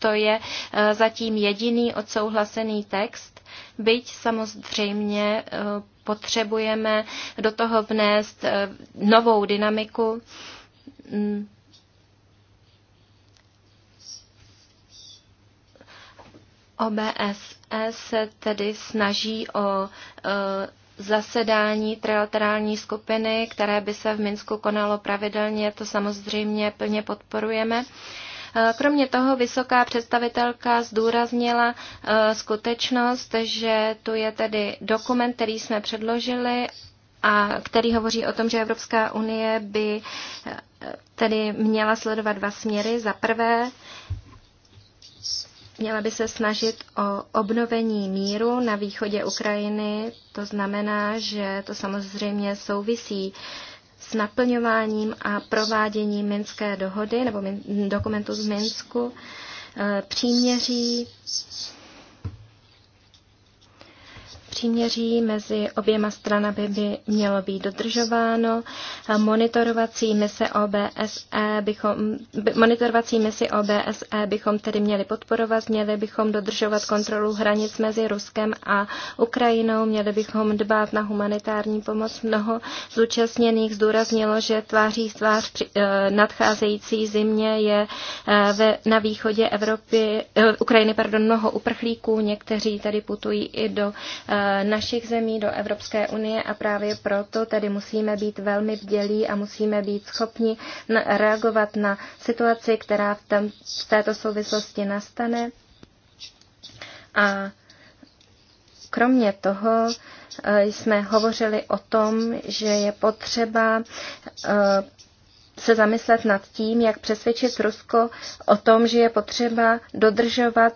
to je eh, zatím jediný odsouhlasený text, byť samozřejmě eh, potřebujeme do toho vnést eh, novou dynamiku. Mm. OBSS se tedy snaží o zasedání trilaterální skupiny, které by se v Minsku konalo pravidelně, to samozřejmě plně podporujeme. Uh, Eh, kromě toho vysoká představitelka zdůraznila eh, skutečnost, že tu je tedy dokument, který jsme předložili a který hovoří o tom, že Evropská unie by eh, tedy měla sledovat dva směry. Za prvé, měla by se snažit o obnovení míru na východě Ukrajiny. To znamená, že to samozřejmě souvisí s naplňováním a prováděním Minské dohody nebo min, dokumentu z Minsku, e, příměří příměří mezi oběma stranami by mělo být dodržováno. Monitorovací mise OBSE bychom, monitorovací mise OBSE bychom tedy měli podporovat, měli bychom dodržovat kontrolu hranic mezi Ruskem a Ukrajinou, měli bychom dbát na humanitární pomoc. Mnoho zúčastněných zdůraznilo, že tváří tvář při, e, nadcházející zimě je e, ve, na východě Evropy, e, Ukrajiny pardon, mnoho uprchlíků, někteří tady putují i do našich zemí do Evropské unie a právě proto tedy musíme být velmi bdělí a musíme být schopni reagovat na situaci, která v, tam, v této souvislosti nastane. A kromě toho eh, jsme hovořili o tom, že je potřeba eh, se zamyslet nad tím, jak přesvědčit Rusko o tom, že je potřeba dodržovat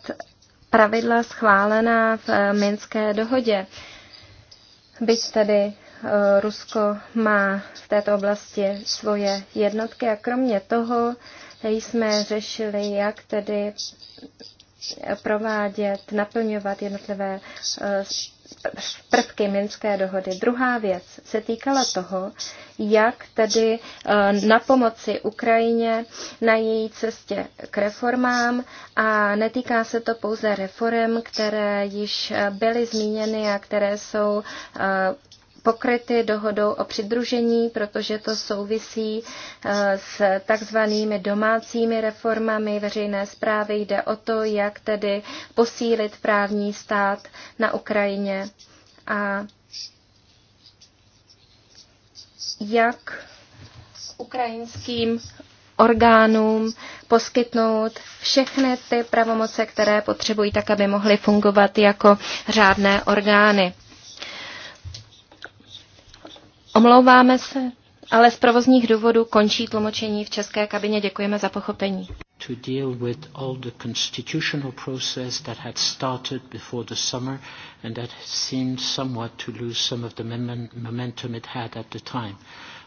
pravidla schválená v eh, Minské dohodě. Byť tedy eh, Rusko má v této oblasti svoje jednotky a kromě toho jsme řešili, jak tedy provádět, naplňovat jednotlivé eh, prvky Minské dohody. Druhá věc se týkala toho, jak tedy eh, na pomoci Ukrajině na její cestě k reformám a netýká se to pouze reform, které již eh, byly zmíněny a které jsou pokryty dohodou o přidružení, protože to souvisí eh, s takzvanými domácími reformami veřejné zprávy. Jde o to, jak tedy posílit právní stát na Ukrajině a jak ukrajinským orgánům poskytnout všechny ty pravomoce, které potřebují, tak aby mohly fungovat jako řádné orgány. Omlouváme se, ale z provozních důvodů končí tlumočení v české kabině. Děkujeme za pochopení. To deal with all the constitutional process that had started before the summer and that seemed somewhat to lose some of the momentum it had at the time.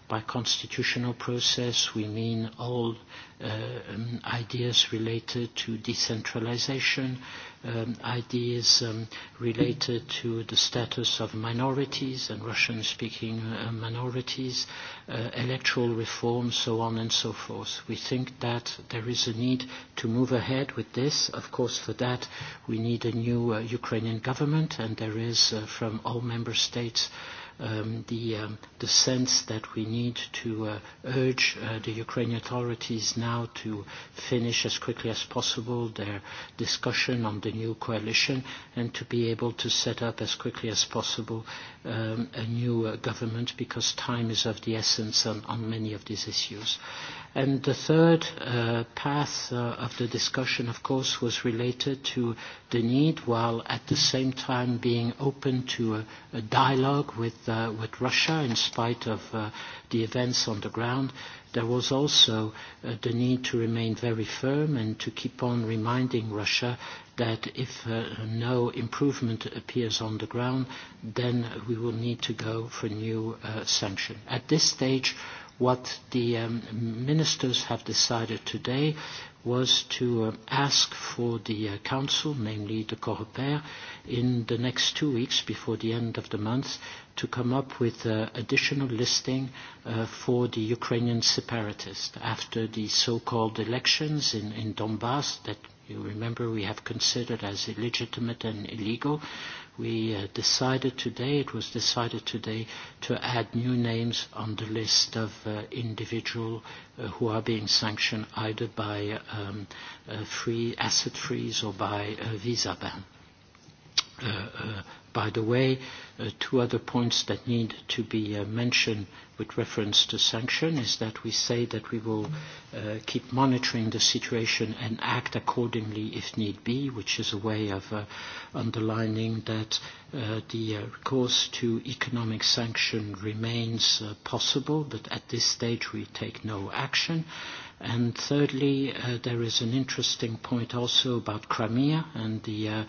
By constitutional process, we mean all uh, um, ideas related to decentralization, um, ideas um, related to the status of minorities and Russian-speaking uh, minorities, uh, electoral reform, so on and so forth. We think that there is a need to move ahead with this. Of course, for that, we need a new uh, Ukrainian government, and there is, uh, from all member states, uh, um, the, um, the sense that we need to uh, urge uh, the Ukrainian authorities now to finish as quickly as possible their discussion on the new coalition and to be able to set up as quickly as possible um, a new uh, government because time is of the essence on, on many of these issues. And the third uh, path uh, of the discussion, of course, was related to the need, while at the same time being open to a, a dialogue with, uh, with Russia in spite of uh, the events on the ground, there was also uh, the need to remain very firm and to keep on reminding Russia that if uh, no improvement appears on the ground, then we will need to go for new uh, sanction. At this stage, what the um, ministers have decided today was to uh, ask for the uh, council, namely the COREPER, in the next two weeks before the end of the month to come up with uh, additional listing uh, for the Ukrainian separatists after the so-called elections in, in Donbass that you remember we have considered as illegitimate and illegal. We uh, decided today, it was decided today, to add new names on the list of uh, individuals uh, who are being sanctioned either by um, uh, free asset freeze or by uh, visa ban. Uh, uh, by the way, uh, Uh, two other points that need to be uh, mentioned with reference to sanction is that we say that we will uh, keep monitoring the situation and act accordingly if need be, which is a way of uh, underlining that uh, the uh, recourse to economic sanction remains uh, possible, but at this stage we take no action. And thirdly, uh, there is an interesting point also about Crimea and the uh, uh,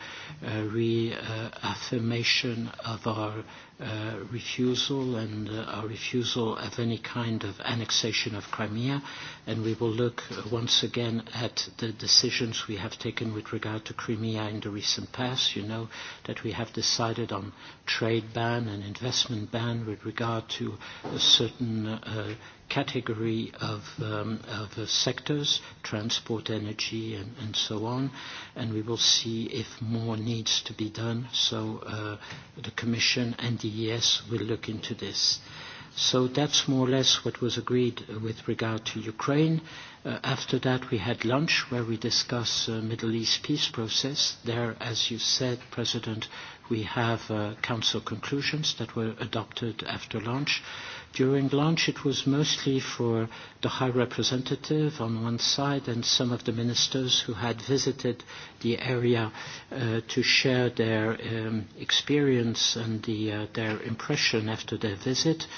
reaffirmation uh, of our our uh, refusal and uh, our refusal of any kind of annexation of Crimea. And we will look uh, once again at the decisions we have taken with regard to Crimea in the recent past. You know that we have decided on trade ban and investment ban with regard to a certain uh, category of, um, of uh, sectors, transport, energy, and, and so on. And we will see if more needs to be done. So uh, the Commission and the yes, will look into this. So that's more or less what was agreed with regard to Ukraine. Uh, after that, we had lunch where we discussed uh, Middle East peace process. There, as you said, President, we have uh, council conclusions that were adopted after lunch. During lunch, it was mostly for the High Representative on one side and some of the ministers who had visited the area uh, to share their um, experience and the, uh, their impression after their visit.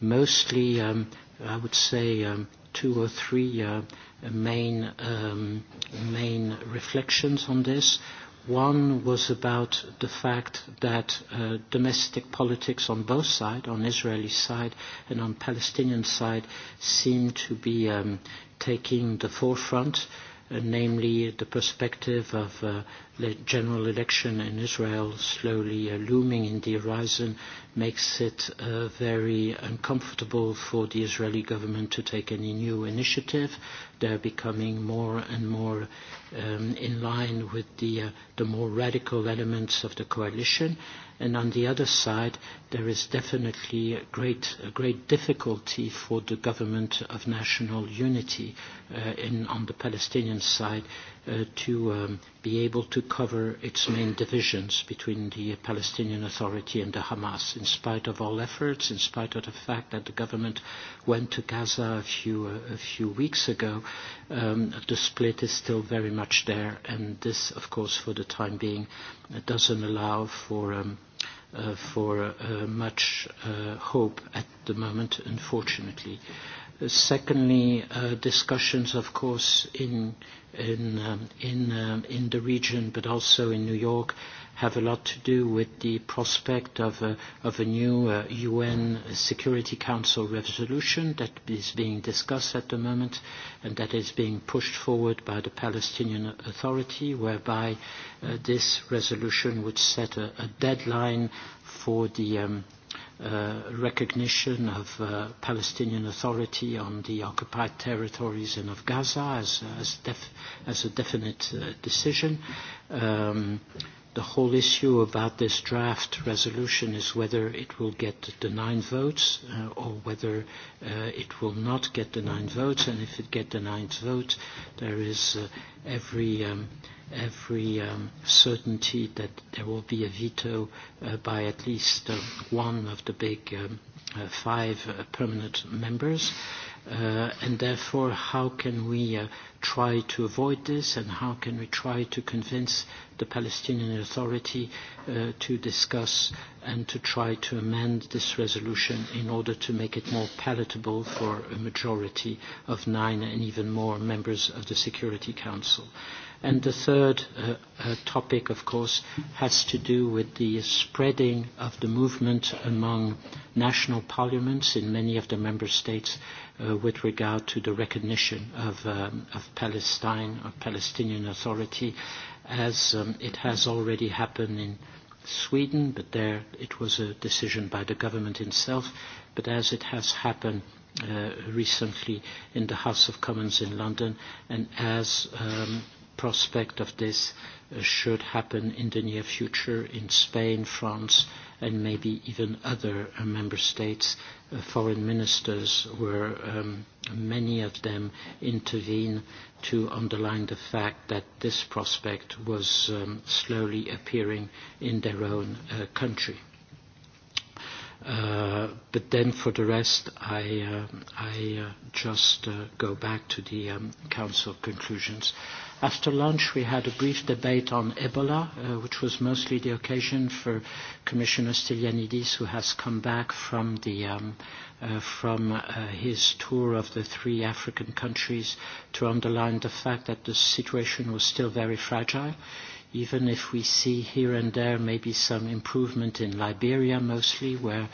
Mostly, um, I would say, um, two or three uh, main, um, main reflections on this. One was about the fact that uh, domestic politics on both sides, on Israeli side and on Palestinian side, seem to be um, taking the forefront uh, namely the perspective of uh, the general election in Israel slowly uh, looming in the horizon makes it uh, very uncomfortable for the Israeli government to take any new initiative. They're becoming more and more um, in line with the, uh, the more radical elements of the coalition. And on the other side, there is definitely a great, a great difficulty for the government of national unity uh, in, on the Palestinian side uh, to um, be able to cover its main divisions between the Palestinian Authority and the Hamas, in spite of all efforts, in spite of the fact that the government went to Gaza a few, uh, a few weeks ago. Um, the split is still very much there, and this, of course, for the time being, uh, doesn't allow for. Um, uh, for uh, much uh, hope at the moment, unfortunately. Uh, Secondly, uh, discussions, of course, in in um, in um, in the region, but also in New York, have a lot to do with the prospect of a, of a new uh, UN Security Council resolution that is being discussed at the moment and that is being pushed forward by the Palestinian Authority, whereby uh, this resolution would set a, a deadline for the um, uh, recognition of uh, Palestinian Authority on the occupied territories and of Gaza as, as, def- as a definite uh, decision. Um, the whole issue about this draft resolution is whether it will get the nine votes uh, or whether uh, it will not get the nine votes. And if it gets the nine votes, there is uh, every um, every um, certainty that there will be a veto uh, by at least uh, one of the big um, uh, five uh, permanent members. Uh, and therefore, how can we uh, try to avoid this and how can we try to convince the Palestinian Authority uh, to discuss and to try to amend this resolution in order to make it more palatable for a majority of nine and even more members of the Security Council? Uh, And the third uh, uh, topic, of course, has to do with the spreading of the movement among national parliaments in many of the member states uh, with regard to the recognition of, um, of Palestine, of Palestinian Authority, as um, it has already happened in Sweden, but there it was a decision by the government itself, but as it has happened uh, recently in the House of Commons in London, and as um, prospect of this uh, should happen in the near future in Spain, France, and maybe even other uh, member states, uh, foreign ministers, were um, many of them intervene to underline the fact that this prospect was um, slowly appearing in their own uh, country. Uh, but then for the rest, I, uh, I uh, just uh, go back to the um, Council conclusions. Uh, After lunch, we had a brief debate on Ebola, uh, which was mostly the occasion for Commissioner Stylianidis, who has come back from, the, um, uh, from uh, his tour of the three African countries, to underline the fact that the situation was still very fragile even if we see here and there maybe some improvement in Liberia mostly, where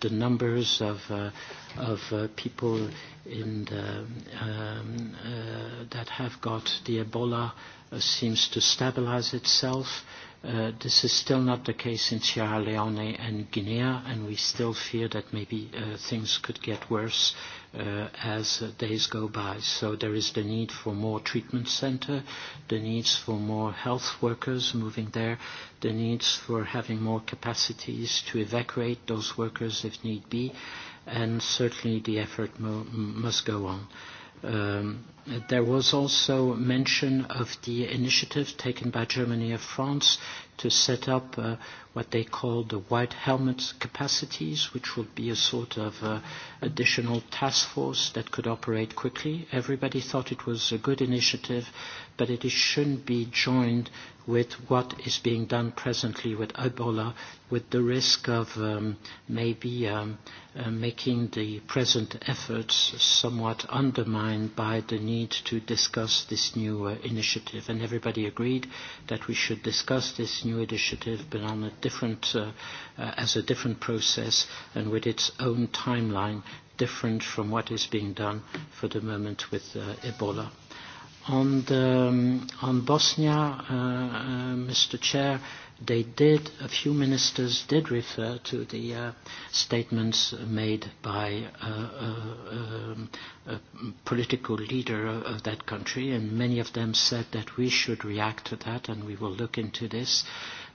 the numbers of, uh, of uh, people in the, um, uh, that have got the Ebola uh, seems to stabilize itself. Uh, this is still not the case in Sierra Leone and Guinea, and we still fear that maybe uh, things could get worse uh, as uh, days go by. So there is the need for more treatment center, the needs for more health workers moving there, the needs for having more capacities to evacuate those workers if need be. Uh, and certainly the effort mo- must go on. Um, there was also mention of the initiative taken by Germany and France to set up uh, what they call the white helmet capacities, which would be a sort of uh, additional task force that could operate quickly. Everybody thought it was a good initiative, but it shouldn't be joined with what is being done presently with Ebola, with the risk of um, maybe um, uh, making the present efforts somewhat undermined by the need to discuss this new uh, initiative. And everybody agreed that we should discuss this new initiative, but on a different, uh, uh, as a different process and with its own timeline, different from what is being done for the moment with uh, Ebola. On, the, um, on Bosnia, uh, uh, Mr. Chair, they did, a few ministers did refer to the uh, statements made by uh, uh, uh, a political leader of that country, and many of them said that we should react to that, and we will look into this.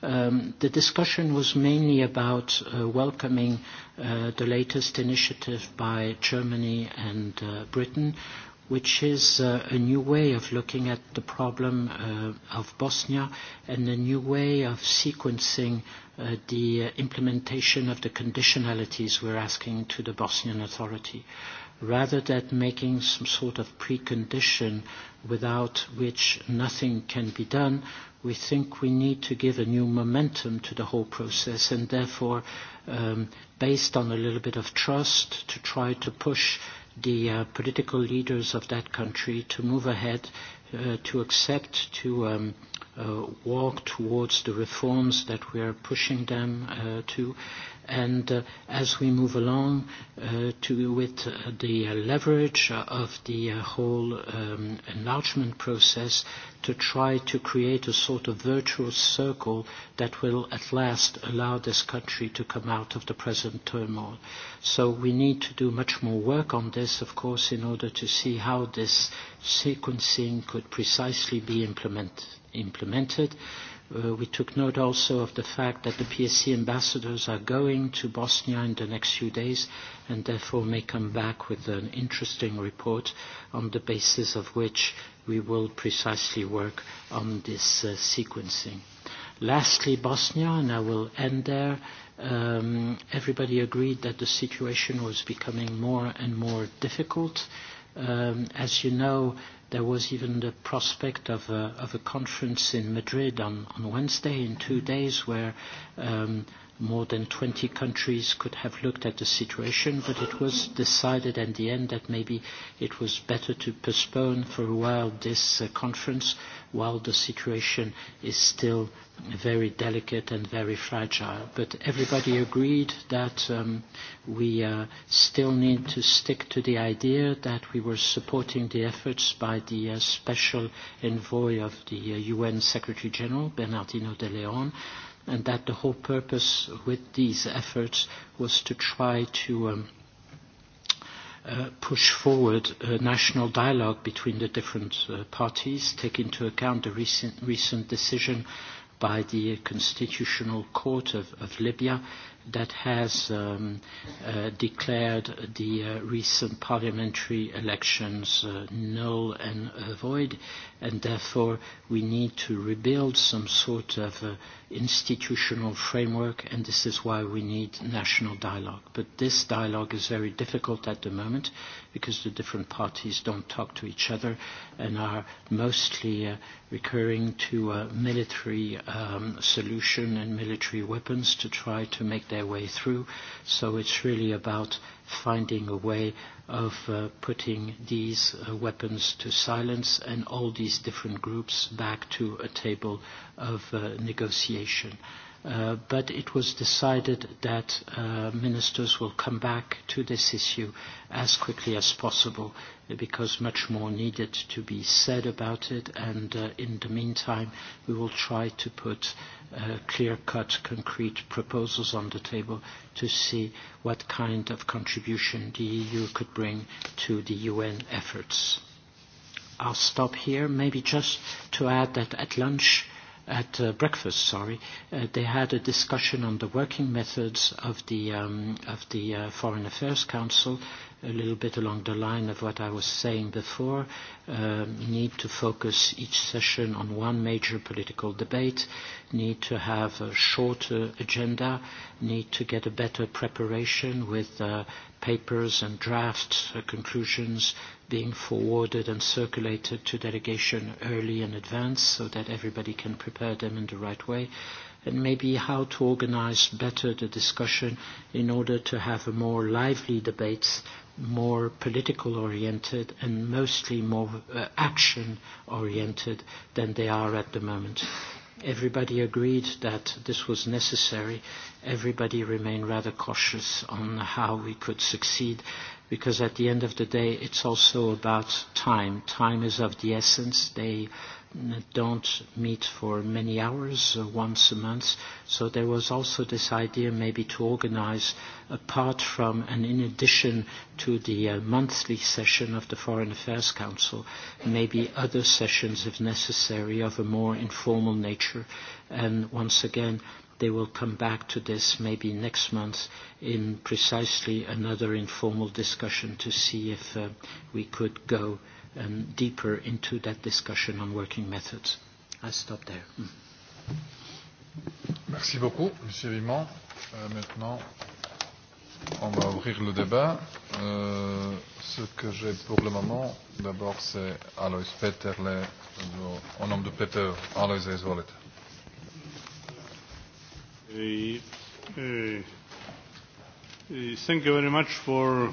Um, the discussion was mainly about uh, welcoming uh, the latest initiative by Germany and uh, Britain, which is uh, a new way of looking at the problem uh, of Bosnia and a new way of sequencing uh, the uh, implementation of the conditionalities we're asking to the Bosnian Authority, rather than making some sort of precondition without which nothing can be done. We think we need to give a new momentum to the whole process and therefore, um, based on a little bit of trust, to try to push the uh, political leaders of that country to move ahead, uh, to accept, to um, uh, walk towards the reforms that we are pushing them uh, to and uh, as we move along uh, to with uh, the uh, leverage of the uh, whole um, enlargement process to try to create a sort of virtuous circle that will at last allow this country to come out of the present turmoil. So we need to do much more work on this, of course, in order to see how this sequencing could precisely be implement implemented Uh, we took note also of the fact that the PSC ambassadors are going to Bosnia in the next few days and therefore may come back with an interesting report on the basis of which we will precisely work on this uh, sequencing. Lastly, Bosnia, and I will end there. Um, everybody agreed that the situation was becoming more and more difficult. Um, as you know, there was even the prospect of a, of a conference in Madrid on, on Wednesday in two mm-hmm. days where um, more than 20 countries could have looked at the situation, but it was decided at the end that maybe it was better to postpone for a while this uh, conference while the situation is still very delicate and very fragile. But everybody agreed that um, we uh, still need to stick to the idea that we were supporting the efforts by the uh, special envoy of the uh, UN Secretary General, Bernardino de Leon, and that the whole purpose with these efforts was to try to um, uh, push forward a national dialogue between the different uh, parties, take into account the recent, recent decision by the Constitutional Court of, of Libya that has um, uh, declared the uh, recent parliamentary elections uh, null and void, and therefore we need to rebuild some sort of uh, institutional framework, and this is why we need national dialogue. But this dialogue is very difficult at the moment because the different parties don't talk to each other and are mostly uh, recurring to a uh, military um, solution and military weapons to try to make their way through. So it's really about finding a way of uh, putting these uh, weapons to silence and all these different groups back to a table of uh, negotiation. Uh, but it was decided that uh, ministers will come back to this issue as quickly as possible because much more needed to be said about it and uh, in the meantime we will try to put Uh, clear-cut, concrete proposals on the table to see what kind of contribution the EU could bring to the UN efforts. I'll stop here, maybe just to add that at lunch, at uh, breakfast, sorry, uh, they had a discussion on the working methods of the, um, of the Foreign Affairs Council, a little bit along the line of what I was saying before, uh, need to focus each session on one major political debate, need to have a shorter agenda, need to get a better preparation with uh, papers and drafts, uh, conclusions being forwarded and circulated to delegation early in advance so that everybody can prepare them in the right way and maybe how to organize better the discussion in order to have a more lively debates more political oriented and mostly more uh, action oriented than they are at the moment. Everybody agreed that this was necessary. Everybody remained rather cautious on how we could succeed because at the end of the day it's also about time. Time is of the essence. They don't meet for many hours uh, once a month. So there was also this idea maybe to organize, apart from and in addition to the uh, monthly session of the Foreign Affairs Council, maybe other sessions, if necessary, of a more informal nature. And once again, they will come back to this maybe next month in precisely another informal discussion to see if uh, we could go um, deeper into that discussion on working methods. I'll stop there. Mm. Merci beaucoup, Monsieur Vimont. Euh, maintenant, on va ouvrir le débat. Euh, ce que j'ai pour le moment, d'abord, c'est Alois Peterle, au nom de Peter, Alois Ezvolet. Uh, uh, thank you very much for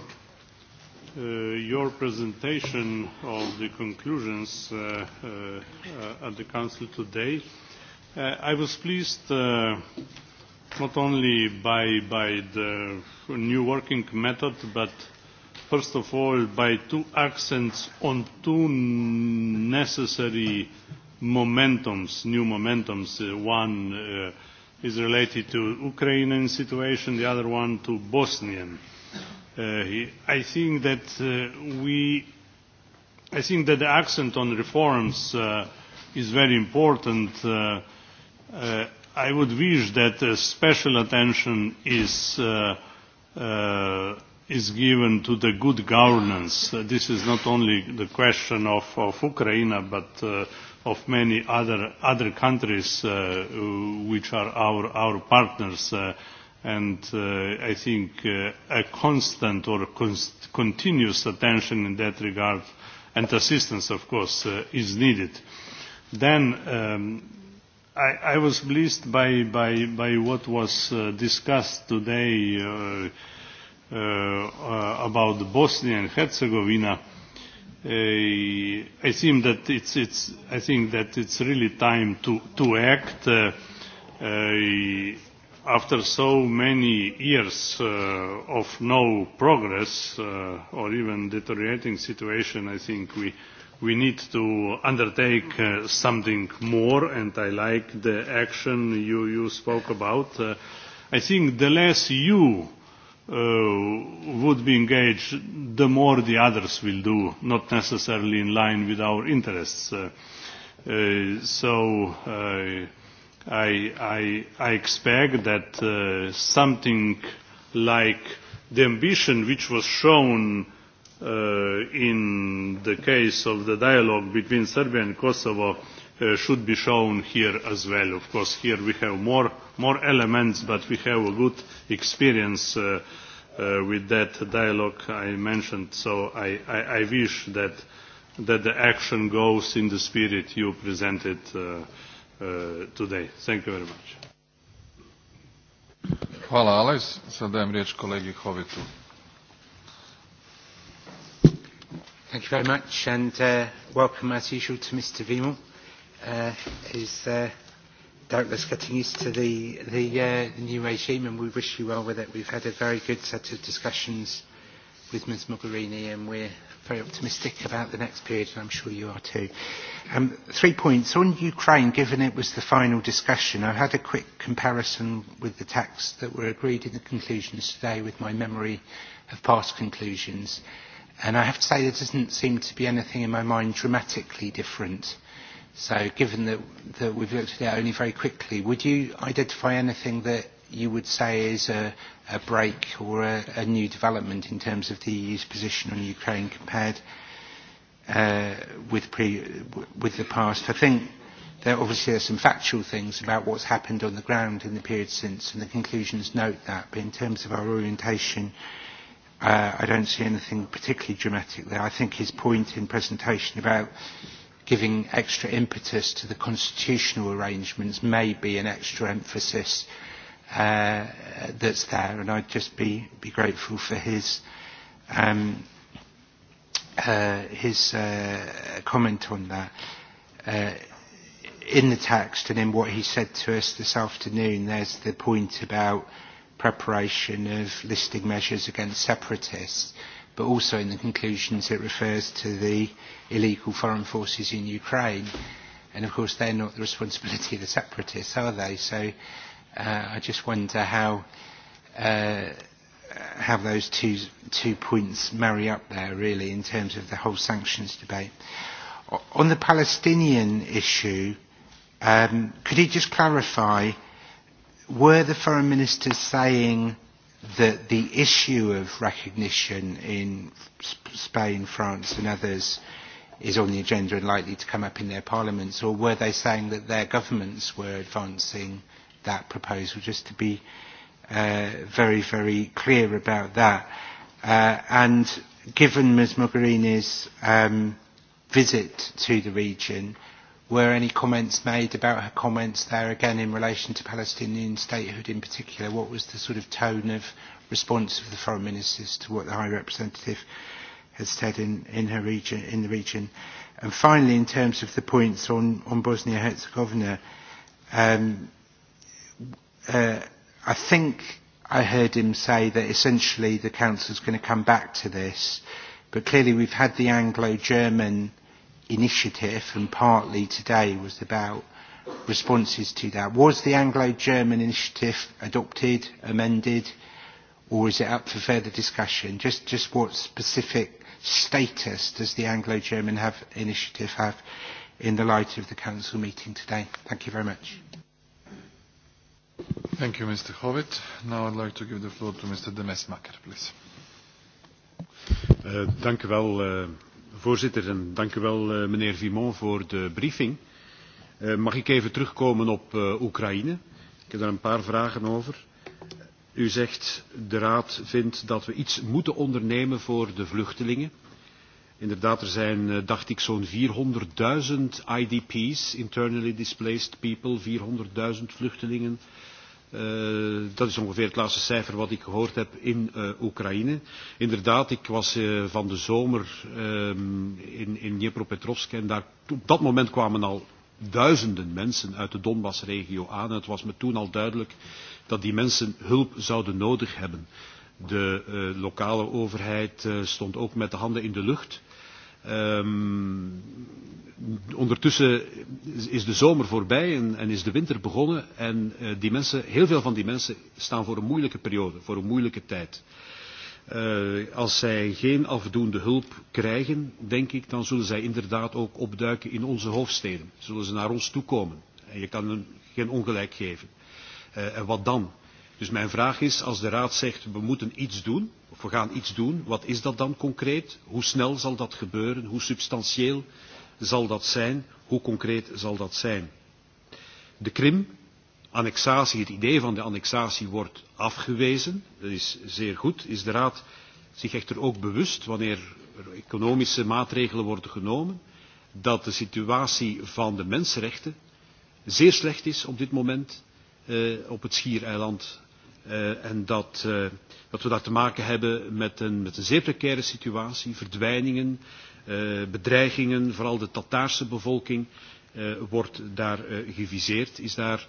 Uh, your presentation of the conclusions uh, uh, at the Council today. Uh, I was pleased uh, not only by, by the new working method, but first of all by two accents on two necessary momentums, new momentums. Uh, one uh, is related to Ukrainian situation, the other one to Bosnian. Uh, I think that uh, we I think that the accent on reforms uh, is very important. Uh, uh, I would wish that uh, special attention is, uh, uh, is given to the good governance. Uh, this is not only the question of, of Ukraine, but uh, of many other, other countries uh, which are our, our partners. Uh, and uh, I think uh, a constant or const continuous attention in that regard and assistance, of course, uh, is needed. Then um, I, I was pleased by, by, by what was uh, discussed today uh, uh, uh about Bosnia and Herzegovina. Uh, I think that it's, it's, I think that it's really time to, to act. Uh, uh, after so many years uh, of no progress uh, or even deteriorating situation, I think we, we need to undertake uh, something more, and I like the action you, you spoke about. Uh, I think the less you uh, would be engaged, the more the others will do, not necessarily in line with our interests. Uh, uh, so uh, i, I, I expect that uh, something like the ambition which was shown uh, in the case of the dialogue between Serbia and Kosovo uh, should be shown here as well. Of course, here we have more, more elements, but we have a good experience uh, uh, with that dialogue I mentioned. So I, I, I wish that, that the action goes in the spirit you presented uh, uh, today. Thank you very much. Hvala, Aleš. Sad dajem riječ kolegi Hovitu. Thank you very much and uh, welcome as usual to Mr. Vimal. Uh, he's uh, doubtless getting used to the, the, uh, the new regime and we wish you well with it. We've had a very good set of discussions with Ms Mogherini and we're very optimistic about the next period and I'm sure you are too. Um, three points. On Ukraine, given it was the final discussion, I had a quick comparison with the texts that were agreed in the conclusions today with my memory of past conclusions. And I have to say there doesn't seem to be anything in my mind dramatically different. So given that, that we've looked at it only very quickly, would you identify anything that you would say is a, a break or a, a new development in terms of the EU's position on Ukraine compared uh, with, pre, with the past. I think there obviously are some factual things about what's happened on the ground in the period since, and the conclusions note that. But in terms of our orientation, uh, I don't see anything particularly dramatic there. I think his point in presentation about giving extra impetus to the constitutional arrangements may be an extra emphasis uh, uh, that's there, and I'd just be, be grateful for his um, uh, his uh, comment on that. Uh, in the text and in what he said to us this afternoon, there's the point about preparation of listing measures against separatists, but also in the conclusions it refers to the illegal foreign forces in Ukraine. And of course, they're not the responsibility of the separatists, are they? So Uh, I just wonder how uh, how those two two points marry up there, really, in terms of the whole sanctions debate. on the Palestinian issue, um, could you just clarify? Were the foreign ministers saying that the issue of recognition in Spain, France, and others is on the agenda and likely to come up in their parliaments, or were they saying that their governments were advancing? Uh, that proposal, just to be uh, very, very clear about that. Uh, and given Ms Mogherini's um, visit to the region, were any comments made about her comments there again in relation to Palestinian statehood in particular? What was the sort of tone of response of the foreign ministers to what the High Representative has said in, in, her region, in the region? And finally, in terms of the points on, on Bosnia-Herzegovina, um, uh, I think I heard him say that essentially the council is going to come back to this, but clearly we've had the Anglo-German initiative, and partly today was about responses to that. Was the Anglo-German initiative adopted, amended, or is it up for further discussion? Just, just what specific status does the Anglo-German have, initiative have in the light of the council meeting today? Thank you very much. Thank you, Mr. Howitt. Now I'd like to give the floor to Mr. De Mesmaker, please. Uh, dank u wel, uh, voorzitter, en dank u wel, uh, meneer Vimon, voor de briefing. Uh, mag ik even terugkomen op uh, Oekraïne? Ik heb daar een paar vragen over. U zegt, de Raad vindt dat we iets moeten ondernemen voor de vluchtelingen. Inderdaad, er zijn, uh, dacht ik, zo'n 400.000 IDP's, internally displaced people, 400.000 vluchtelingen Uh, dat is ongeveer het laatste cijfer wat ik gehoord heb in uh, Oekraïne. Inderdaad, ik was uh, van de zomer uh, in, in Dnipropetrovsk en daar, op dat moment kwamen al duizenden mensen uit de Donbassregio aan. En het was me toen al duidelijk dat die mensen hulp zouden nodig hebben. De uh, lokale overheid uh, stond ook met de handen in de lucht Uh, Um, ondertussen is de zomer voorbij en, en is de winter begonnen. En uh, die mensen, heel veel van die mensen staan voor een moeilijke periode, voor een moeilijke tijd. Uh, als zij geen afdoende hulp krijgen, denk ik, dan zullen zij inderdaad ook opduiken in onze hoofdsteden. Zullen ze naar ons toekomen. En je kan hen geen ongelijk geven. Uh, en wat dan? Dus mijn vraag is, als de Raad zegt we moeten iets doen, of we gaan iets doen, wat is dat dan concreet? Hoe snel zal dat gebeuren? Hoe substantieel zal dat zijn? Hoe concreet zal dat zijn? De Krim, annexatie, het idee van de annexatie wordt afgewezen. Dat is zeer goed. Is de Raad zich echter ook bewust, wanneer er economische maatregelen worden genomen, dat de situatie van de mensenrechten zeer slecht is op dit moment eh, op het Schiereiland Uh, en dat, uh, dat we daar te maken hebben met een, met een zeer precaire situatie, verdwijningen, uh, bedreigingen, vooral de Tataarse bevolking uh, wordt daar uh, geviseerd, is daar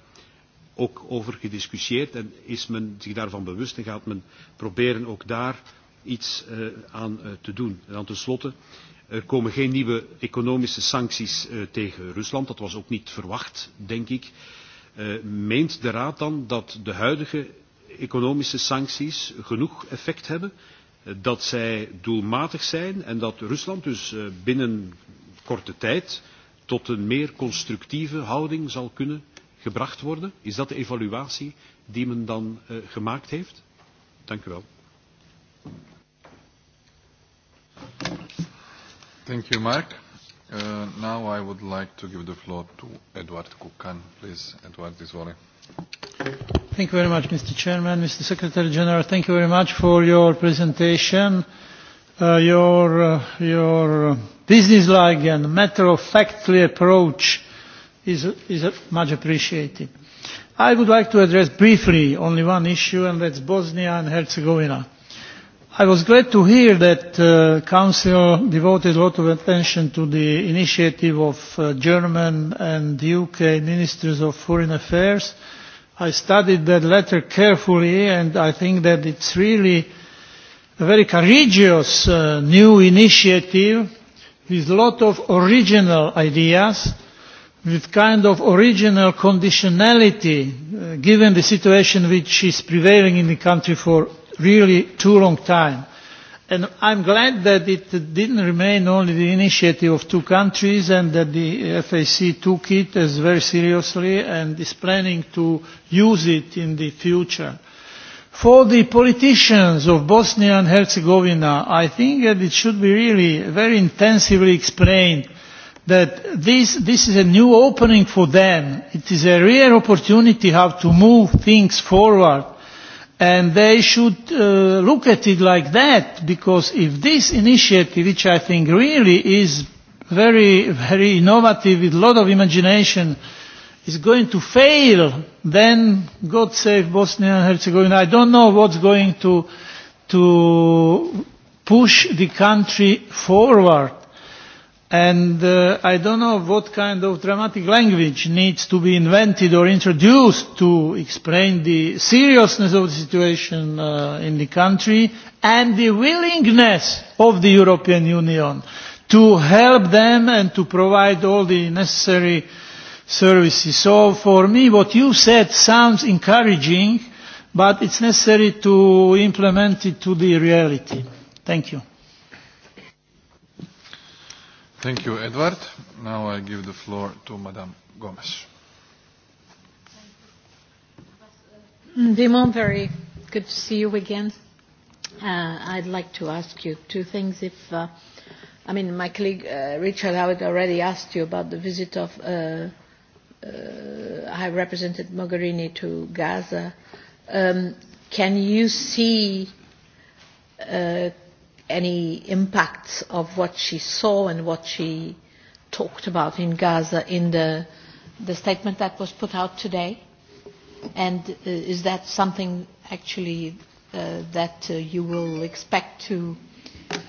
ook over gediscussieerd en is men zich daarvan bewust en gaat men proberen ook daar iets uh, aan uh, te doen. En dan tenslotte, er komen geen nieuwe economische sancties uh, tegen Rusland, dat was ook niet verwacht, denk ik. Uh, meent de Raad dan dat de huidige economische sancties genoeg effect hebben, eh, dat zij doelmatig zijn en dat Rusland dus eh, binnen korte tijd tot een meer constructieve houding zal kunnen gebracht worden? Is dat de evaluatie die men dan eh, gemaakt heeft? Dank u wel. Thank you, Mark. Uh, now I would like to give the floor to Edward Kukan. Please, Edward, this volley. Thank you very much, Mr. Chairman, Mr. Secretary General. Thank you very much for your presentation. Uh, your uh, your businesslike and matter-of-factly approach is is much appreciated. I would like to address briefly only one issue, and that's Bosnia and Herzegovina. I was glad to hear that uh, Council devoted a lot of attention to the initiative of uh, German and UK Ministers of Foreign Affairs uh, i studied that letter carefully, and I think that it's really a very courageous uh, new initiative with a lot of original ideas, with kind of original conditionality, uh, given the situation which is prevailing in the country for really too long time. And I'm glad that it didn't remain only the initiative of two countries and that the FAC took it as very seriously and is planning to use it in the future. For the politicians of Bosnia and Herzegovina, I think that it should be really very intensively explained that this, this is a new opening for them. It is a rare opportunity how to move things forward And they should uh, look at it like that, because if this initiative, which I think really is very, very innovative with a lot of imagination, is going to fail, then God save Bosnia and Herzegovina. I don't know what's going to, to push the country forward And uh, I don't know what kind of dramatic language needs to be invented or introduced to explain the seriousness of the situation uh, in the country and the willingness of the European Union to help them and to provide all the necessary services. So for me, what you said sounds encouraging, but it's necessary to implement it to the reality. Thank you. Thank you, Edward. Now I give the floor to Madame Gomes. Dimon, very good to see you again. Uh, I'd like to ask you two things. If uh, I mean, my colleague uh, Richard Howard already asked you about the visit of uh, uh, High Representative Mogherini to Gaza. Um, can you see uh, any impacts of what she saw and what she talked about in Gaza in the, the statement that was put out today? And uh, is that something actually uh, that uh, you will expect to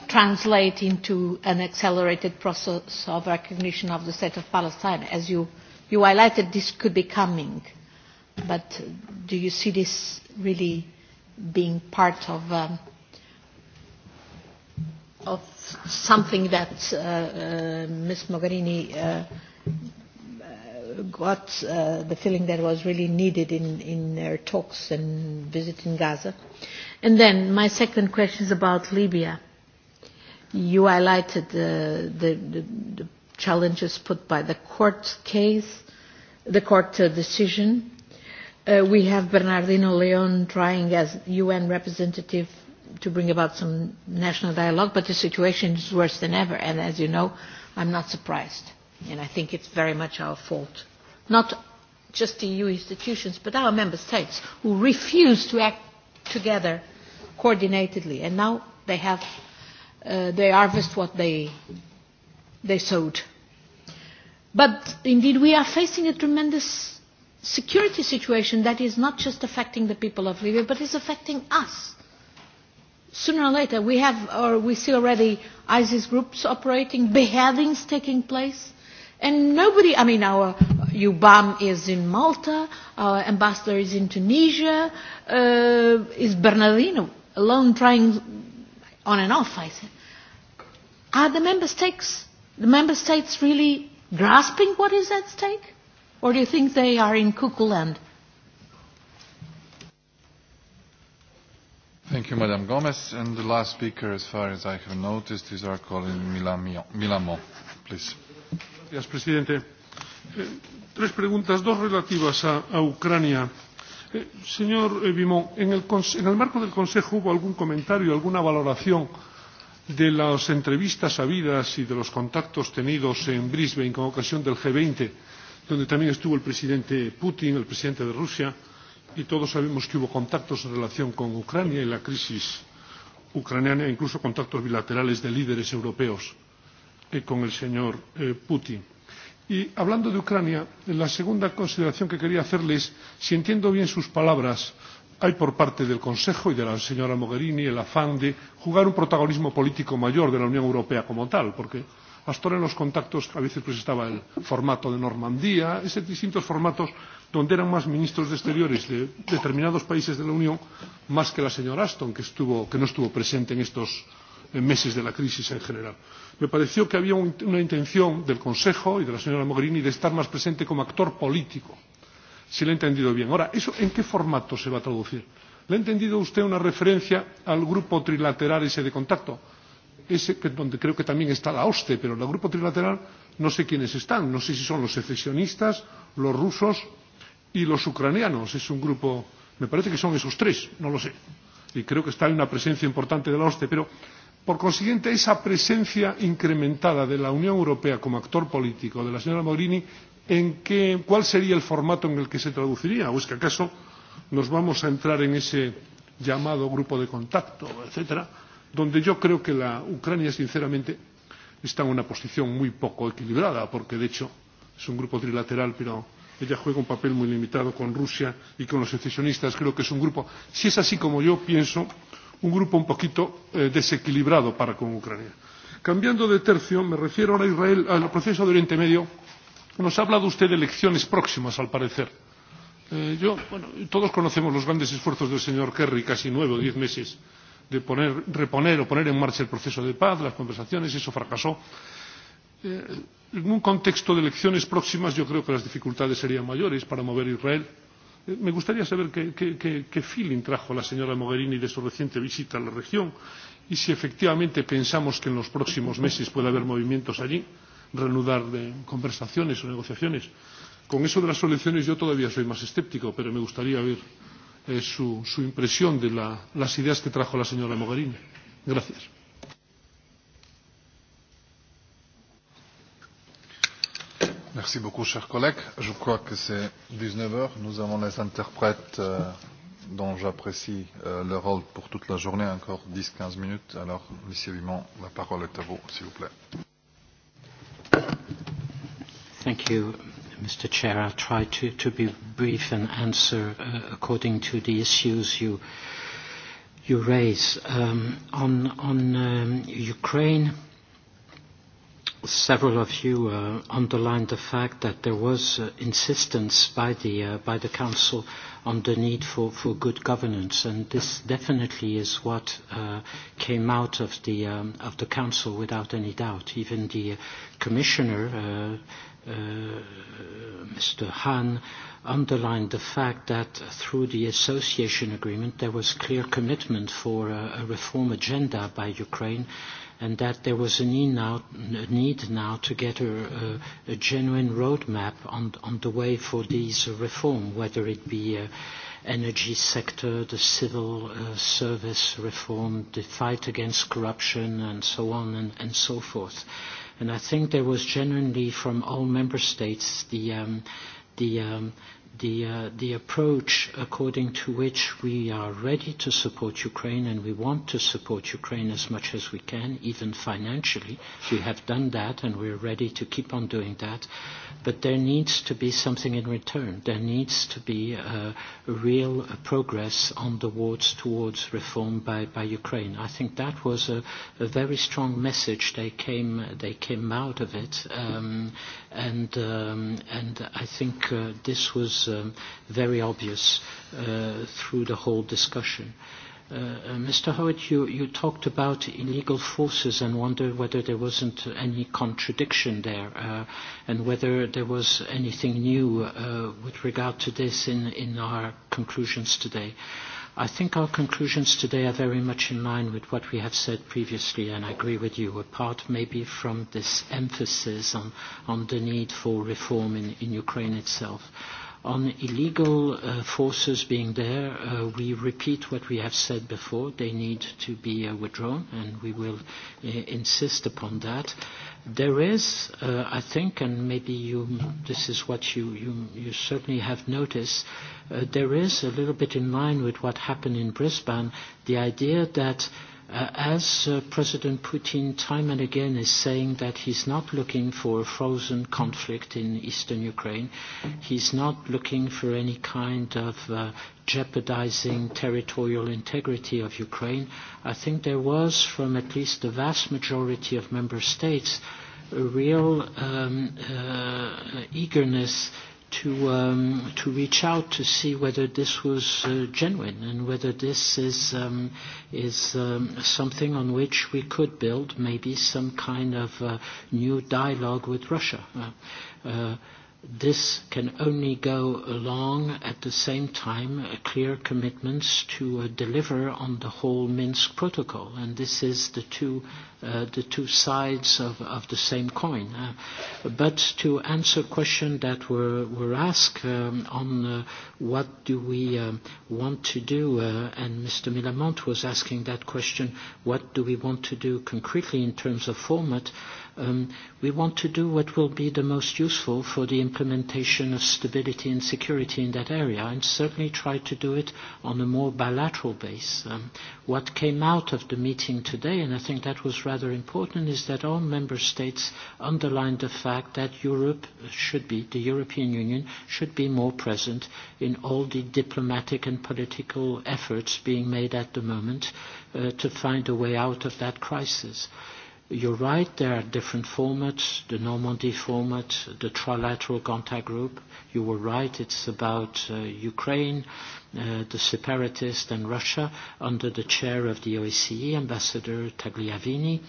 translate into an accelerated process of recognition of the state of Palestine? As you, you highlighted, this could be coming, but uh, do you see this really being part of um, of something that uh, uh, Ms. Mogherini uh, uh, got uh, the feeling that was really needed in, in her talks and visiting Gaza. And then my second question is about Libya. You highlighted the, the, the, the challenges put by the court case, the court uh, decision. Uh, we have Bernardino Leon trying as UN representative to bring about some national dialogue, but the situation is worse than ever. And as you know, I'm not surprised. And I think it's very much our fault. Not just the EU institutions, but our member states who refuse to act together coordinatedly. And now they have, uh, they harvest what they, they sowed. But indeed, we are facing a tremendous security situation that is not just affecting the people of Libya, but is affecting us sooner or later we have or we see already ISIS groups operating, beheadings taking place. And nobody, I mean, our UBAM uh, is in Malta, our ambassador is in Tunisia, uh, is Bernardino alone trying on and off, I said. Are the member states, the member states really grasping what is at stake? Or do you think they are in cuckoo land? Thank you, Madame Gomez. And the last speaker, as far as I have noticed, is our colleague Milamo. Please. Gracias, presidente. Eh, tres preguntas, dos relativas a, a Ucrania. Eh, señor eh, Vimont, en el, en el marco del Consejo hubo algún comentario, alguna valoración de las entrevistas habidas y de los contactos tenidos en Brisbane con ocasión del G20, donde también estuvo el presidente Putin, el presidente de Rusia. Eh, y todos sabemos que hubo contactos en relación con Ucrania y la crisis ucraniana, e incluso contactos bilaterales de líderes europeos eh, con el señor eh, Putin. Y hablando de Ucrania, la segunda consideración que quería hacerle es, si entiendo bien sus palabras, hay por parte del Consejo y de la señora Mogherini el afán de jugar un protagonismo político mayor de la Unión Europea como tal, porque hasta ahora en los contactos a veces pues estaba el formato de Normandía, esos distintos formatos donde eran más ministros de Exteriores de determinados países de la Unión más que la señora Ashton, que, estuvo, que no estuvo presente en estos meses de la crisis en general. Me pareció que había un, una intención del Consejo y de la señora Mogherini de estar más presente como actor político, si le he entendido bien. Ahora, ¿eso en qué formato se va a traducir? ¿Le ha entendido usted una referencia al grupo trilateral ese de contacto? Ese que, donde creo que también está la OSCE, pero el grupo trilateral no sé quiénes están, no sé si son los secesionistas, los rusos y los ucranianos es un grupo me parece que son esos tres no lo sé y creo que está en una presencia importante de la OSCE pero por consiguiente esa presencia incrementada de la Unión Europea como actor político de la señora Mogherini en qué cuál sería el formato en el que se traduciría o es que acaso nos vamos a entrar en ese llamado grupo de contacto etcétera donde yo creo que la Ucrania sinceramente está en una posición muy poco equilibrada porque de hecho es un grupo trilateral pero ella juega un papel muy limitado con Rusia y con los secesionistas. Creo que es un grupo, si es así como yo pienso, un grupo un poquito eh, desequilibrado para con Ucrania. Cambiando de tercio, me refiero ahora a Israel, al proceso de Oriente Medio. Nos ha hablado usted de elecciones próximas, al parecer. Eh, yo, bueno, todos conocemos los grandes esfuerzos del señor Kerry, casi nueve o diez meses, de poner, reponer o poner en marcha el proceso de paz, las conversaciones, eso fracasó. Eh, en un contexto de elecciones próximas yo creo que las dificultades serían mayores para mover a Israel. Eh, me gustaría saber qué, feeling trajo la señora Mogherini de su reciente visita a la región y si efectivamente pensamos que en los próximos meses puede haber movimientos allí, reanudar conversaciones o negociaciones. Con eso de las elecciones yo todavía soy más escéptico, pero me gustaría ver eh, su, su impresión de la, las ideas que trajo la señora Mogherini. Gracias. Merci beaucoup, chers collègues. Je crois que c'est 19 heures. Nous avons les interprètes euh, dont j'apprécie euh, le rôle pour toute la journée, encore 10-15 minutes. Alors, Monsieur Vimon, la parole est à vous, s'il vous plaît. Thank you, Mr. Chair. I'll try to, to be brief and answer uh, according to the issues you, you raise. Um, on on um, Ukraine, several of you uh, underlined the fact that there was uh, insistence by the, uh, by the Council on the need for, for good governance, and this definitely is what uh, came out of the, um, of the Council without any doubt. Even the Commissioner, uh, uh, Mr. Hahn, underlined the fact that through the association agreement there was clear commitment for a, uh, a reform agenda by Ukraine and that there was a need now, a need now to get a, a, a genuine roadmap on, on the way for these reform, whether it be uh, energy sector, the civil uh, service reform, the fight against corruption, and so on and, and so forth. And I think there was genuinely from all member states the um, the um, the, uh, the approach according to which we are ready to support Ukraine and we want to support Ukraine as much as we can, even financially. We have done that and we're ready to keep on doing that. But there needs to be something in return. There needs to be a uh, real progress on the wards towards reform by, by Ukraine. I think that was a, a very strong message. They came, they came out of it. Um, and, um, and I think uh, this was um, very obvious uh, through the whole discussion. Uh, uh Mr. Howard, you, you talked about illegal forces and wonder whether there wasn't any contradiction there uh, and whether there was anything new uh, with regard to this in, in our conclusions today. I think our conclusions today are very much in line with what we have said previously, and I agree with you, apart maybe from this emphasis on, on the need for reform in, in Ukraine itself. On illegal uh, forces being there, uh, we repeat what we have said before. They need to be uh, withdrawn, and we will uh, insist upon that. There is, uh, I think, and maybe you, this is what you, you, you certainly have noticed, uh, there is a little bit in line with what happened in Brisbane, the idea that uh, Uh, as uh, President Putin time and again is saying that he's not looking for a frozen conflict in eastern Ukraine, he's not looking for any kind of uh, jeopardizing territorial integrity of Ukraine, I think there was from at least the vast majority of member states a real um, uh, eagerness to um, to reach out to see whether this was uh, genuine and whether this is um, is um, something on which we could build maybe some kind of uh, new dialogue with Russia. Uh, uh, this can only go along at the same time a uh, clear commitments to uh, deliver on the whole Minsk protocol and this is the two uh, the two sides of, of the same coin uh, but to answer question that were, were asked um, on uh, what do we um, want to do uh, and Mr. Milamont was asking that question what do we want to do concretely in terms of format uh, Um, we want to do what will be the most useful for the implementation of stability and security in that area, and certainly try to do it on a more bilateral base. Um, what came out of the meeting today, and I think that was rather important, is that all member states underlined the fact that Europe should be, the European Union should be more present in all the diplomatic and political efforts being made at the moment uh, to find a way out of that crisis. You're right, there are different formats, the Normandy format, the trilateral contact group. You were right, it's about uh, Ukraine. Uh, the separatists and Russia under the chair of the OSCE, Ambassador Tagliavini,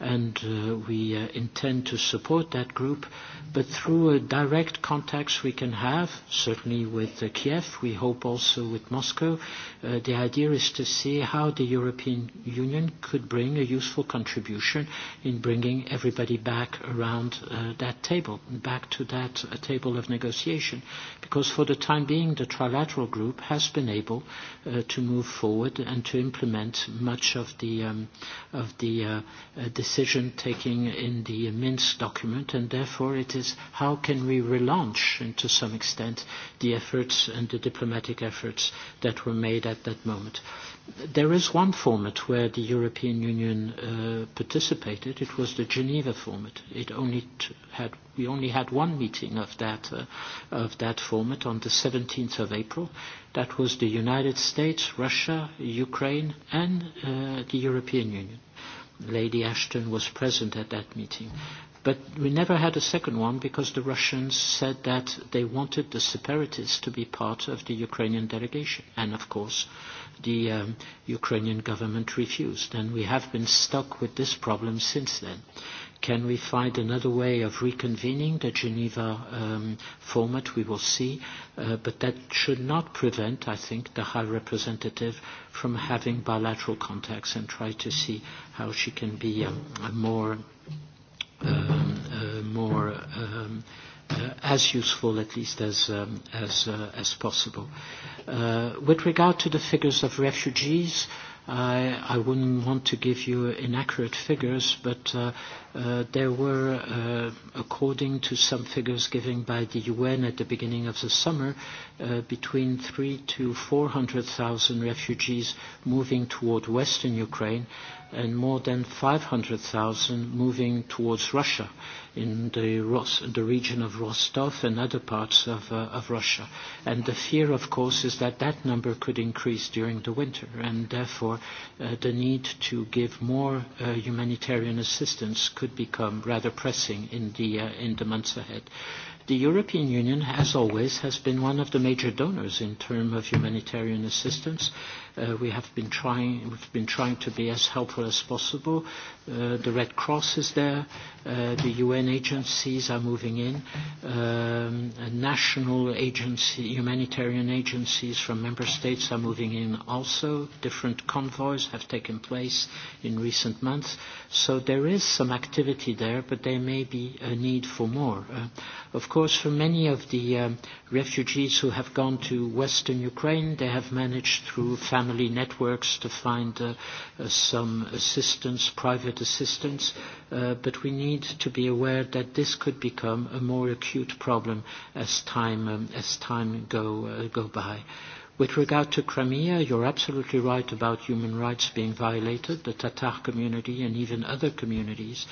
and uh, we uh, intend to support that group, but through uh, direct contacts we can have, certainly with uh, Kiev, we hope also with Moscow, uh, the idea is to see how the European Union could bring a useful contribution in bringing everybody back around uh, that table, back to that uh, table of negotiation, because for the time being the trilateral group has has been able uh, to move forward and to implement much of the, um, of the uh, uh decision taking in the Minsk document, and therefore it is how can we relaunch, and to some extent, the efforts and the diplomatic efforts that were made at that moment there is one format where the European Union uh, participated. It was the Geneva format. It only t- had we only had one meeting of that uh, of that format on the 17th of April. That was the United States, Russia, Ukraine, and uh, the European Union. Lady Ashton was present at that meeting. But we never had a second one because the Russians said that they wanted the separatists to be part of the Ukrainian delegation. And of course, uh, the um, Ukrainian government refused. And we have been stuck with this problem since then. Can we find another way of reconvening the Geneva um, format? We will see. Uh, but that should not prevent, I think, the High Representative from having bilateral contacts and try to see how she can be um, a more, um, a uh, more um, uh, as useful at least as, um, as, uh, as possible. Uh, with regard to the figures of refugees, I, I wouldn't want to give you inaccurate figures, but uh, uh, there were, uh, according to some figures given by the UN at the beginning of the summer, Uh, between three to 400,000 refugees moving toward western Ukraine and more than 500,000 moving towards Russia in the, Ros- the region of Rostov and other parts of, uh, of Russia. And the fear, of course, is that that number could increase during the winter, and therefore uh, the need to give more uh, humanitarian assistance could become rather pressing in the, uh, in the months ahead. The European Union, as always, has been one of the major donors in terms of humanitarian assistance. Uh, we have been trying, we've been trying to be as helpful as possible. Uh, the Red Cross is there. Uh, the UN agencies are moving in. Um, national agency, humanitarian agencies from member states are moving in also. Different convoys have taken place in recent months. So there is some activity there, but there may be a need for more. Uh, of course, for many of the um, refugees who have gone to western Ukraine, they have managed through family networks to find uh, uh, some assistance, private developed assistance, uh, but we need to be aware that this could become a more acute problem as time, um, as time go, uh, go by. With regard to Crimea, you're absolutely right about human rights being violated, the Tatar community and even other communities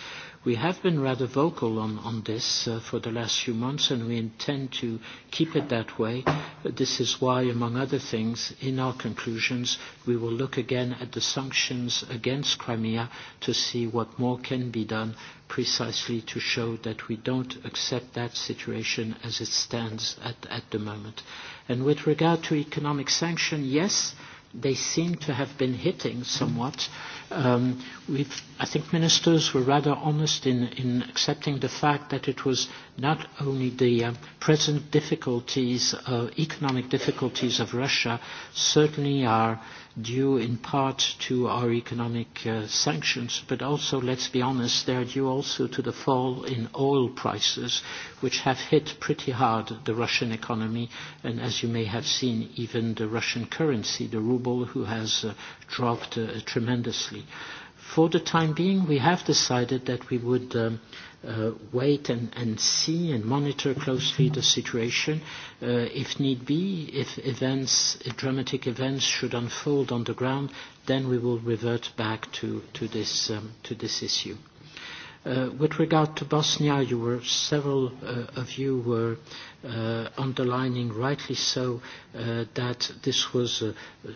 We have been rather vocal on, on this uh, for the last few months, and we intend to keep it that way. But this is why, among other things, in our conclusions, we will look again at the sanctions against Crimea to see what more can be done precisely to show that we don't accept that situation as it stands at, at the moment. And with regard to economic sanction, yes, they seem to have been hitting somewhat. Mm-hmm Um, we've, I think ministers were rather honest in, in accepting the fact that it was not only the uh, present difficulties, uh, economic difficulties of Russia, certainly are due in part to our economic uh, sanctions, but also, let's be honest, they are due also to the fall in oil prices, which have hit pretty hard the Russian economy, and as you may have seen, even the Russian currency, the ruble, who has uh, dropped uh, tremendously. Uh, For the time being, we have decided that we would um, uh, wait and, and see and monitor closely the situation. Uh, if need be, if events, if dramatic events should unfold on the ground, then we will revert back to, to, this, um, to this issue. Uh, with regard to Bosnia, you were, several uh, of you were uh, underlining, rightly so, uh, that this was a,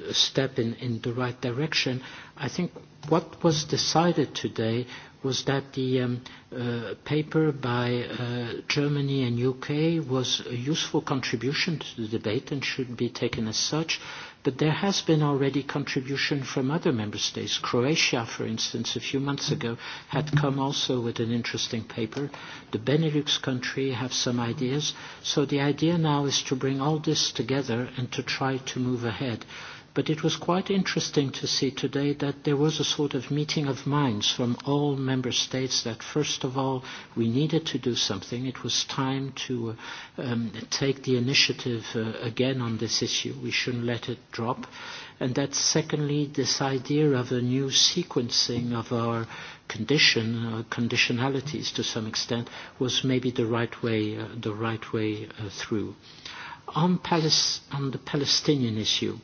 a step in, in the right direction. I think what was decided today was that the um, uh, paper by uh, Germany and UK was a useful contribution to the debate and should be taken as such But there has been already contribution from other member states. Croatia, for instance, a few months ago had come also with an interesting paper. The Benelux country have some ideas. So the idea now is to bring all this together and to try to move ahead. But it was quite interesting to see today that there was a sort of meeting of minds from all member states that, first of all, we needed to do something. It was time to uh, um, take the initiative uh, again on this issue. We shouldn't let it drop. And that, secondly, this idea of a new sequencing of our condition, uh, conditionalities to some extent, was maybe the right way, uh, the right way uh, through. On, Palis- on the Palestinian issue,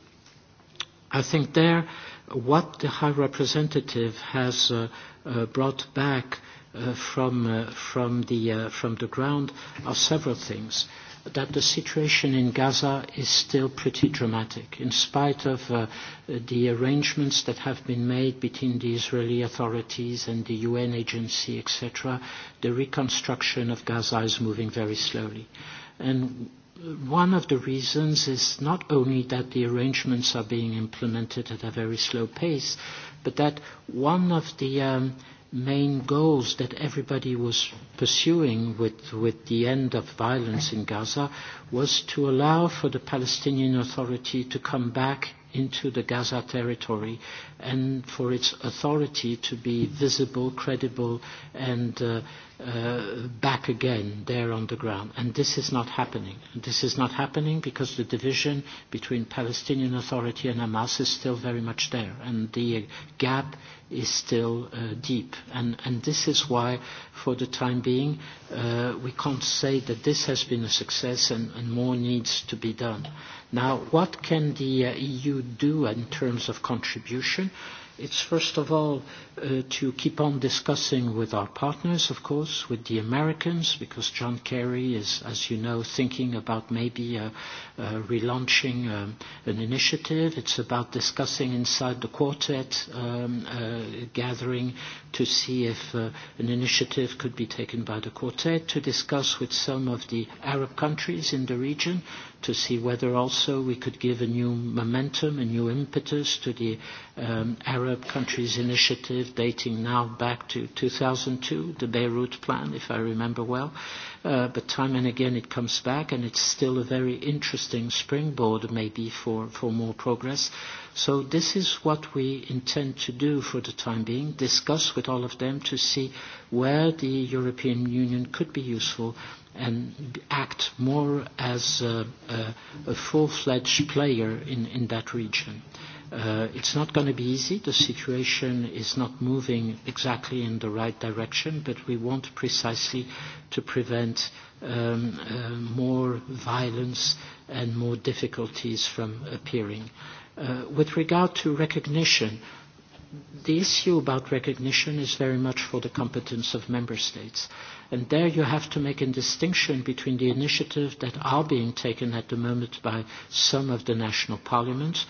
i think there what the High Representative has uh, uh, brought back uh, from, uh, from, the, uh, from the ground are several things. That the situation in Gaza is still pretty dramatic, in spite of uh, the arrangements that have been made between the Israeli authorities and the UN agency, etc. The reconstruction of Gaza is moving very slowly. And one of the reasons is not only that the arrangements are being implemented at a very slow pace, but that one of the um, main goals that everybody was pursuing with, with the end of violence in Gaza was to allow for the Palestinian Authority to come back into the Gaza territory and for its authority to be visible, credible, and uh, uh, back again there on the ground. And this is not happening. this is not happening because the division between Palestinian Authority and Hamas is still very much there, and the gap is still uh, deep. And, and this is why, for the time being, uh, we can't say that this has been a success and, and more needs to be done. Now, what can the uh, EU do in terms of contribution? position. It's first of all uh, to keep on discussing with our partners, of course, with the Americans, because John Kerry is, as you know, thinking about maybe uh, uh, relaunching um, an initiative. It's about discussing inside the quartet um, uh, gathering to see if uh, an initiative could be taken by the quartet, to discuss with some of the Arab countries in the region to see whether also we could give a new momentum, a new impetus to the um, Arab countries initiative dating now back to 2002, the Beirut plan, if I remember well. Uh, but time and again it comes back, and it's still a very interesting springboard maybe for, for more progress. So this is what we intend to do for the time being, discuss with all of them to see where the European Union could be useful and act more as a, a, a full-fledged player in, in that region. Uh, Uh, it's not going to be easy. The situation is not moving exactly in the right direction, but we want precisely to prevent um, uh, more violence and more difficulties from appearing. Uh, with regard to recognition, the issue about recognition is very much for the competence of member states. And there you have to make a distinction between the initiatives that are being taken at the moment by some of the national parliaments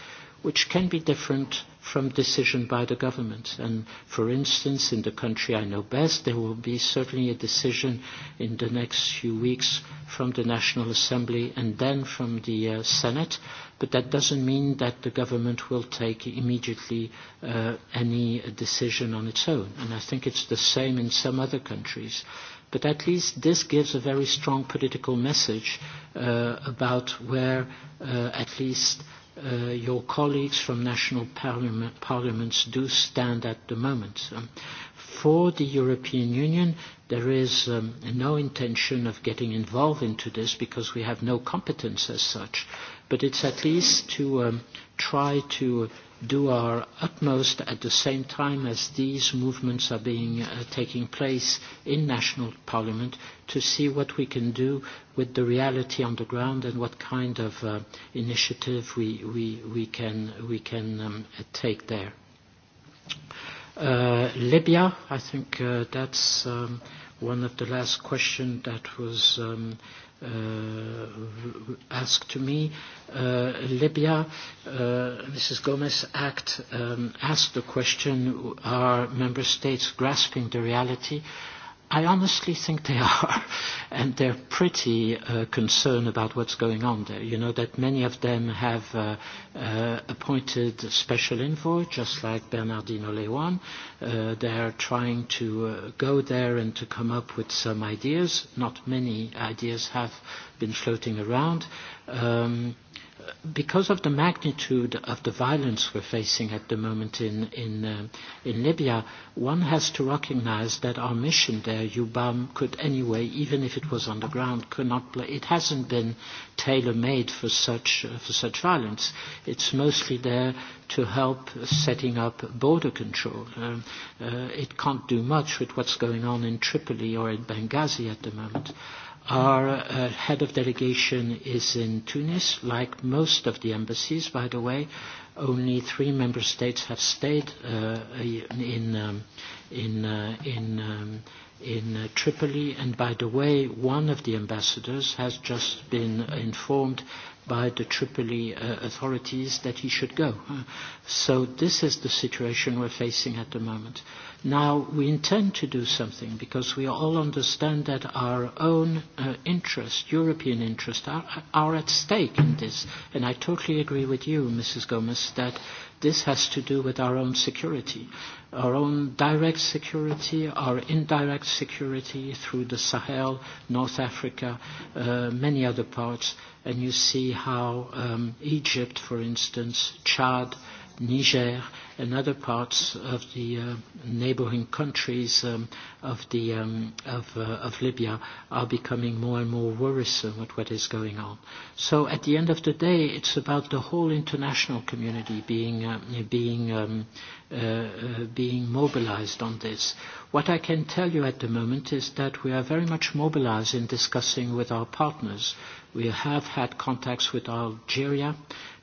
which can be different from decision by the government. And for instance, in the country I know best, there will be certainly a decision in the next few weeks from the National Assembly and then from the uh, Senate, but that doesn't mean that the government will take immediately uh, any decision on its own. And I think it's the same in some other countries. But at least this gives a very strong political message uh, about where, uh, at least, uh, your colleagues from national parliament, parliaments do stand at the moment. Um, for the European Union, there is um, no intention of getting involved into this because we have no competence as such. But it's at least to um, try to do our utmost at the same time as these movements are being uh, taking place in national parliament to see what we can do with the reality on the ground and what kind of uh, initiative we, we, we can, we can um, take there. Uh, Libya, I think uh, that's um, one of the last questions that was um, uh, asked to me, uh, Libya, uh, Mrs. Gomez Act um, asked the question, are member states grasping the reality? Uh, i honestly think they are, and they're pretty uh, concerned about what's going on there. You know that many of them have uh, uh, appointed a special envoy, just like Bernardino Lewan. Uh, they are trying to uh, go there and to come up with some ideas. Not many ideas have been floating around. Um, because of the magnitude of the violence we're facing at the moment in, in, uh, in Libya, one has to recognize that our mission there, UBAM, could anyway, even if it was on the ground, could not play. It hasn't been tailor-made for such, uh, for such violence. It's mostly there to help setting up border control. Um, uh, it can't do much with what's going on in Tripoli or in Benghazi at the moment. Uh, Our uh, head of delegation is in Tunis, like most of the embassies, by the way. Only three member states have stayed uh, in, um, in, uh, in, um, in uh, Tripoli. And by the way, one of the ambassadors has just been informed by the Tripoli uh, authorities that he should go. So this is the situation we're facing at the moment. Now, we intend to do something because we all understand that our own uh, interest, European interest, are, are at stake in this. And I totally agree with you, Mrs. Gomez, that This has to do with our own security, our own direct security, our indirect security through the Sahel, North Africa, uh, many other parts. And you see how um, Egypt, for instance, Chad, Niger and other parts of the uh, neighboring countries um, of, the, um, of, uh, of Libya are becoming more and more worrisome with what is going on. So at the end of the day, it's about the whole international community being, uh, being, um, uh, uh, being mobilized on this. What I can tell you at the moment is that we are very much mobilized in discussing with our partners. We have had contacts with Algeria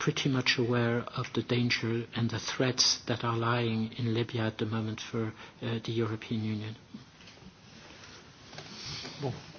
pretty much aware of the danger and the threats that are lying in Libya at the moment for uh, the European Union. Bon.